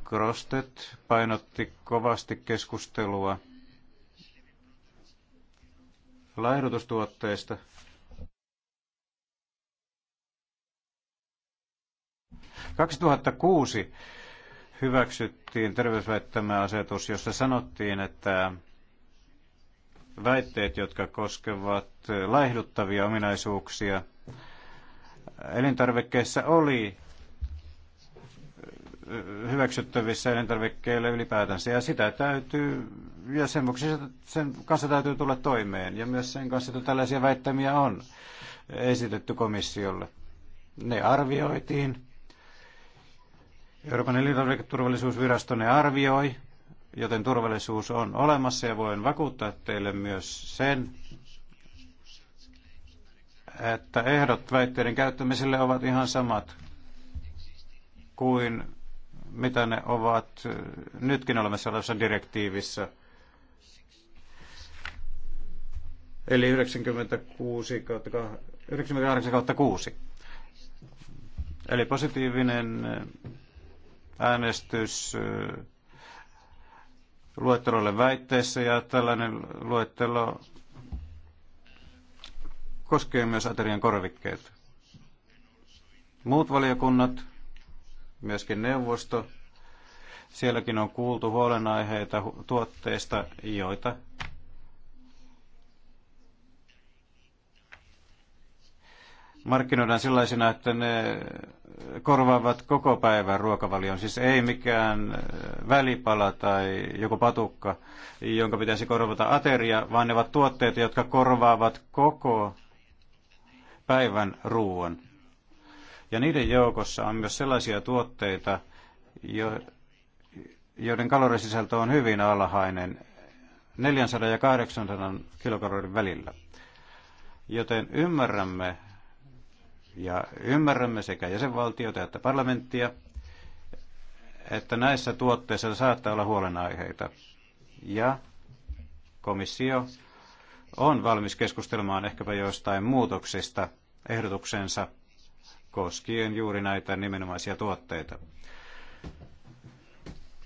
Grostet painotti kovasti keskustelua laihdutustuotteista. 2006 hyväksyttiin terveysväittämäasetus, jossa sanottiin, että väitteet, jotka koskevat laihduttavia ominaisuuksia. Elintarvikkeissa oli hyväksyttävissä elintarvikkeille ylipäätänsä, ja sitä täytyy, ja sen vuoksi sen kanssa täytyy tulla toimeen, ja myös sen kanssa, että tällaisia väittämiä on esitetty komissiolle. Ne arvioitiin. Euroopan elintarviketurvallisuusvirasto ne arvioi, joten turvallisuus on olemassa ja voin vakuuttaa teille myös sen, että ehdot väitteiden käyttämiselle ovat ihan samat kuin mitä ne ovat nytkin olemassa olevassa direktiivissä. Eli 96 98 6. Eli positiivinen äänestys luettelolle väitteissä ja tällainen luettelo koskee myös aterian korvikkeet. Muut valiokunnat, myöskin neuvosto, sielläkin on kuultu huolenaiheita tuotteista, joita markkinoidaan sellaisina, että ne korvaavat koko päivän ruokavalion. Siis ei mikään äh, välipala tai joku patukka, jonka pitäisi korvata ateria, vaan ne ovat tuotteita, jotka korvaavat koko päivän ruoan. Ja niiden joukossa on myös sellaisia tuotteita, jo, joiden kalorisisältö on hyvin alhainen, 400 ja 800 kilokalorin välillä. Joten ymmärrämme ja ymmärrämme sekä jäsenvaltiota että parlamenttia, että näissä tuotteissa saattaa olla huolenaiheita. Ja komissio on valmis keskustelemaan ehkäpä joistain muutoksista ehdotuksensa koskien juuri näitä nimenomaisia tuotteita.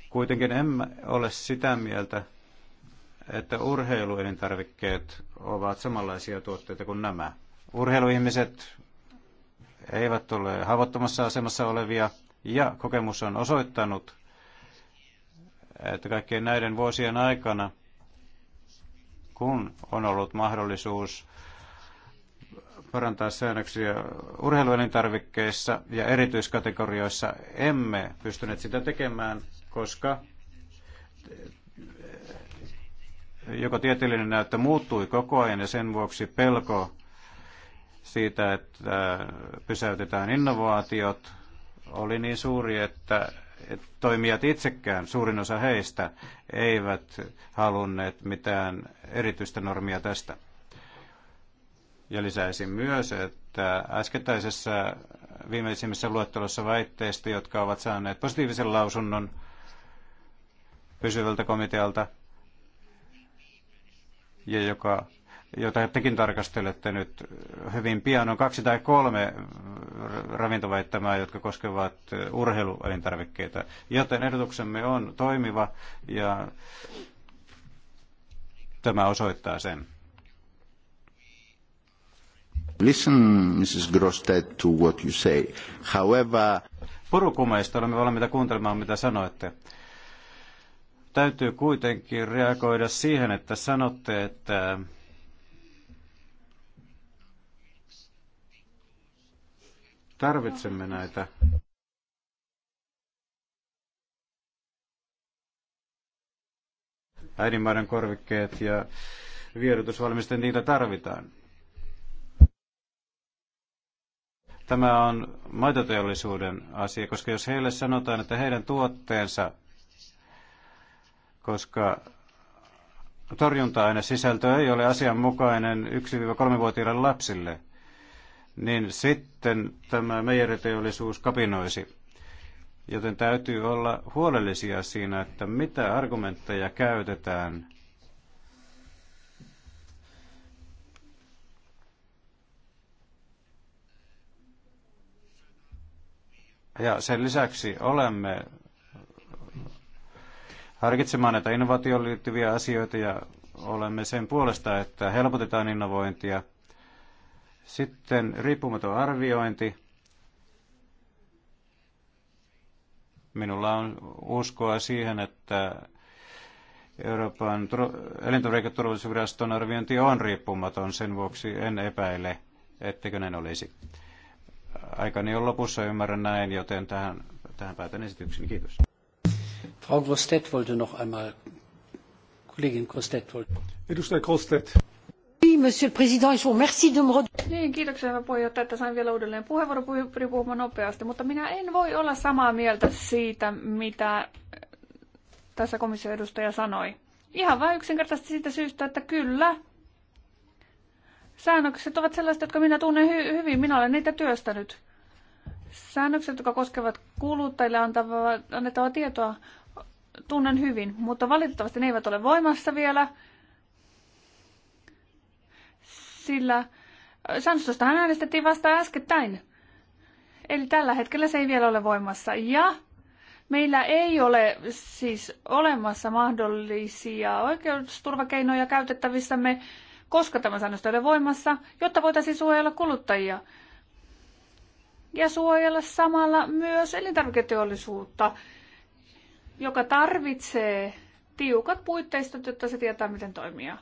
Kuitenkin emme ole sitä mieltä, että urheiluelintarvikkeet ovat samanlaisia tuotteita kuin nämä. Urheiluihmiset eivät ole haavoittumassa asemassa olevia, ja kokemus on osoittanut, että kaikkien näiden vuosien aikana, kun on ollut mahdollisuus parantaa säännöksiä urheiluelintarvikkeissa ja erityiskategorioissa, emme pystyneet sitä tekemään, koska joko tieteellinen näyttö muuttui koko ajan ja sen vuoksi pelko siitä, että pysäytetään innovaatiot, oli niin suuri, että toimijat itsekään, suurin osa heistä, eivät halunneet mitään erityistä normia tästä. Ja lisäisin myös, että äskettäisessä viimeisimmässä luettelossa väitteistä, jotka ovat saaneet positiivisen lausunnon pysyvältä komitealta, ja joka jota tekin tarkastelette nyt hyvin pian, on kaksi tai kolme ravintoväittämää, jotka koskevat urheiluelintarvikkeita. Joten ehdotuksemme on toimiva ja tämä osoittaa sen. Listen, Mrs. Grosted, to what you say. However... Purukumeista olemme valmiita kuuntelemaan, mitä sanoitte. Täytyy kuitenkin reagoida siihen, että sanotte, että Tarvitsemme näitä äidinmaiden korvikkeet ja vierotusvalmisten, niitä tarvitaan. Tämä on maitoteollisuuden asia, koska jos heille sanotaan, että heidän tuotteensa, koska torjunta sisältö ei ole asianmukainen 1-3-vuotiaille lapsille – niin sitten tämä meijeriteollisuus kapinoisi. Joten täytyy olla huolellisia siinä, että mitä argumentteja käytetään. Ja sen lisäksi olemme harkitsemaan näitä innovaatioon liittyviä asioita ja olemme sen puolesta, että helpotetaan innovointia – sitten riippumaton arviointi. Minulla on uskoa siihen, että Euroopan elintarviketurvallisuusviraston arviointi on riippumaton, sen vuoksi en epäile, ettekö näin olisi. Aikani on lopussa, ymmärrän näin, joten tähän, tähän päätän esityksen. Kiitos. Frau Grostet wollte noch einmal. Kollegin Grostet Edustaja Grostet. Monsieur le Président, je vous remercie de me... Niin, kiitoksia hyvä puheenjohtaja, että sain vielä uudelleen puheenvuoron, pyrin puhumaan nopeasti, mutta minä en voi olla samaa mieltä siitä, mitä eh, tässä komission edustaja sanoi. Ihan vain yksinkertaisesti siitä syystä, että kyllä, säännökset ovat sellaiset, jotka minä tunnen hy- hyvin, minä olen niitä työstänyt. Säännökset, jotka koskevat kuluttajille antavaa, annettavaa tietoa, tunnen hyvin, mutta valitettavasti ne eivät ole voimassa vielä sillä hän äh, äänestettiin vasta äskettäin. Eli tällä hetkellä se ei vielä ole voimassa. Ja meillä ei ole siis olemassa mahdollisia oikeusturvakeinoja käytettävissämme, koska tämä säännöstö ei ole voimassa, jotta voitaisiin suojella kuluttajia. Ja suojella samalla myös elintarviketeollisuutta, joka tarvitsee tiukat puitteistot, jotta se tietää, miten toimia.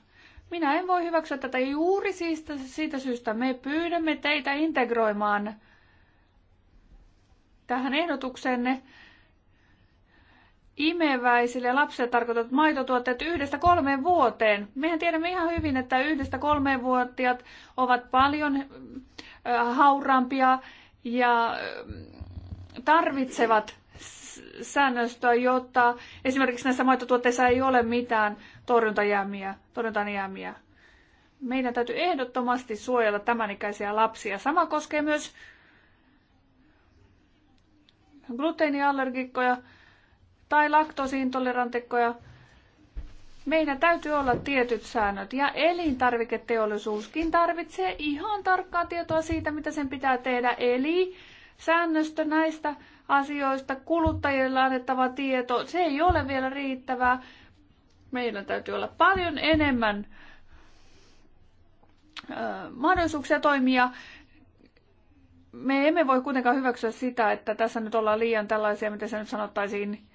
Minä en voi hyväksyä tätä juuri siitä, siitä syystä. Me pyydämme teitä integroimaan tähän ehdotukseenne imeväisille lapsille tarkoitetut maitotuotteet yhdestä kolmeen vuoteen. Mehän tiedämme ihan hyvin, että yhdestä kolmeen vuotiaat ovat paljon haurampia ja tarvitsevat säännöstöä, jotta esimerkiksi näissä maitotuotteissa ei ole mitään torjuntajäämiä, torjuntajäämiä. Meidän täytyy ehdottomasti suojella tämänikäisiä lapsia. Sama koskee myös gluteeniallergikkoja tai laktoosiintolerantikkoja. Meidän täytyy olla tietyt säännöt ja elintarviketeollisuuskin tarvitsee ihan tarkkaa tietoa siitä, mitä sen pitää tehdä. Eli säännöstö näistä asioista, kuluttajille annettava tieto, se ei ole vielä riittävää. Meillä täytyy olla paljon enemmän mahdollisuuksia toimia. Me emme voi kuitenkaan hyväksyä sitä, että tässä nyt ollaan liian tällaisia, mitä se nyt sanottaisiin,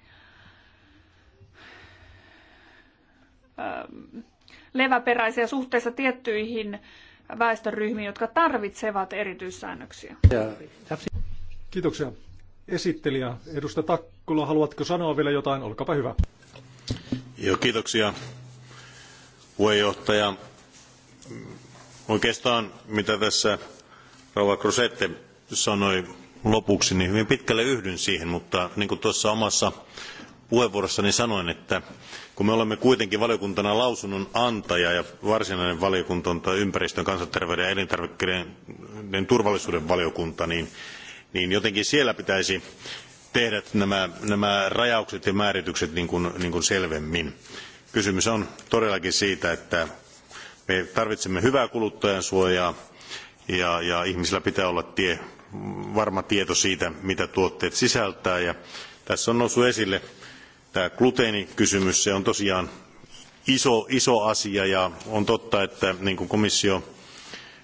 leväperäisiä suhteessa tiettyihin väestöryhmiin, jotka tarvitsevat erityissäännöksiä. Kiitoksia. Esittelijä, edustaja Takkula, haluatko sanoa vielä jotain? Olkapa hyvä. Joo, kiitoksia puheenjohtaja. Oikeastaan mitä tässä Rauha Crosette sanoi lopuksi, niin hyvin pitkälle yhdyn siihen, mutta niin kuin tuossa omassa puheenvuorossani sanoin, että kun me olemme kuitenkin valiokuntana lausunnon antaja ja varsinainen valiokunta on ympäristön, kansanterveyden ja elintarvikkeiden turvallisuuden valiokunta, niin, niin jotenkin siellä pitäisi tehdä nämä, nämä rajaukset ja määritykset niin kuin, niin kuin selvemmin. Kysymys on todellakin siitä, että me tarvitsemme hyvää kuluttajansuojaa ja, ja ihmisillä pitää olla tie, varma tieto siitä, mitä tuotteet sisältää. Ja tässä on noussut esille tämä gluteenikysymys. Se on tosiaan iso, iso asia ja on totta, että niin kuin komissio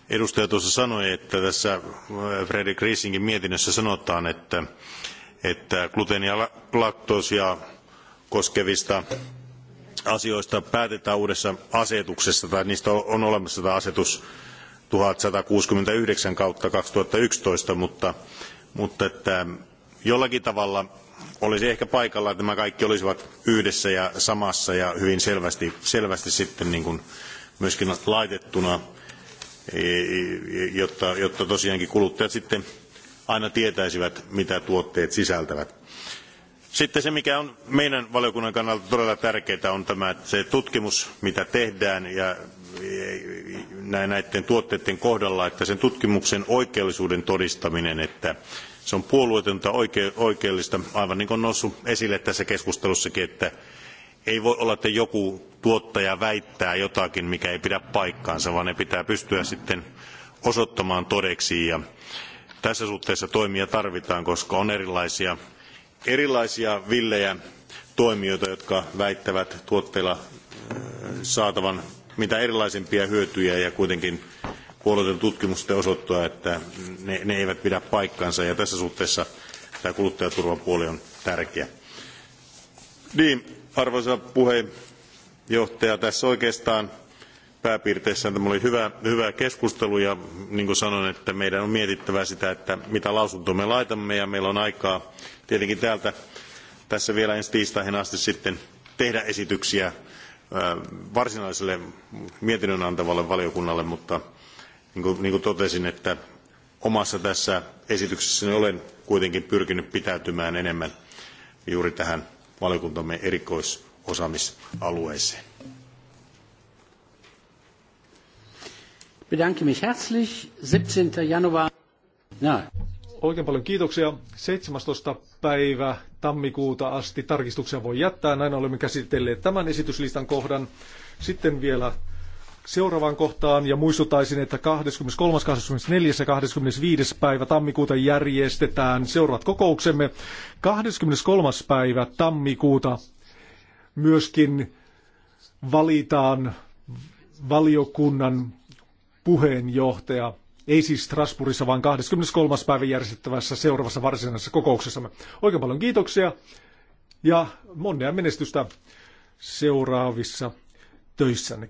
edustaja tuossa sanoi, että tässä Fredrik Riesingin mietinnössä sanotaan, että että gluteenia ja laktoosia koskevista asioista päätetään uudessa asetuksessa tai niistä on olemassa tämä asetus 1169 kautta 2011, mutta, mutta että jollakin tavalla olisi ehkä paikallaan, että nämä kaikki olisivat yhdessä ja samassa ja hyvin selvästi, selvästi sitten niin kuin myöskin laitettuna, e, e, jotta, jotta tosiaankin kuluttajat sitten aina tietäisivät, mitä tuotteet sisältävät. Sitten se, mikä on meidän valiokunnan kannalta todella tärkeää, on tämä se tutkimus, mitä tehdään ja näiden tuotteiden kohdalla, että sen tutkimuksen oikeellisuuden todistaminen, että se on puolueetonta oikeellista, aivan niin kuin on noussut esille tässä keskustelussakin, että ei voi olla, että joku tuottaja väittää jotakin, mikä ei pidä paikkaansa, vaan ne pitää pystyä sitten osoittamaan todeksi ja tässä suhteessa toimia tarvitaan, koska on erilaisia, erilaisia villejä toimijoita, jotka väittävät tuotteilla äh, saatavan mitä erilaisimpia hyötyjä ja kuitenkin puolueiden tutkimusten osoittaa, että ne, ne, eivät pidä paikkaansa ja tässä suhteessa tämä kuluttajaturvan puoli on tärkeä. Niin, arvoisa puheenjohtaja, tässä oikeastaan pääpiirteissään tämä oli hyvä, hyvä keskustelu ja niin kuin sanoin, että meidän on mietittävä sitä, että mitä lausuntoa me laitamme ja meillä on aikaa tietenkin täältä tässä vielä ensi tiistaihin asti sitten tehdä esityksiä varsinaiselle mietinnön antavalle valiokunnalle, mutta niin kuin, niin kuin totesin, että omassa tässä esityksessäni olen kuitenkin pyrkinyt pitäytymään enemmän juuri tähän valiokuntamme erikoisosaamisalueeseen. Bedanke mich herzlich. 17. Januar. Ja. Oikein paljon kiitoksia. 17. päivä tammikuuta asti tarkistuksia voi jättää. Näin olemme käsitelleet tämän esityslistan kohdan. Sitten vielä seuraavaan kohtaan ja muistutaisin, että 23., 24. ja 25. päivä tammikuuta järjestetään seuraavat kokouksemme. 23. päivä tammikuuta myöskin valitaan valiokunnan puheenjohtaja. Ei siis Strasbourgissa, vaan 23. päivä järjestettävässä seuraavassa varsinaisessa kokouksessamme. Oikein paljon kiitoksia ja monnea menestystä seuraavissa töissänne.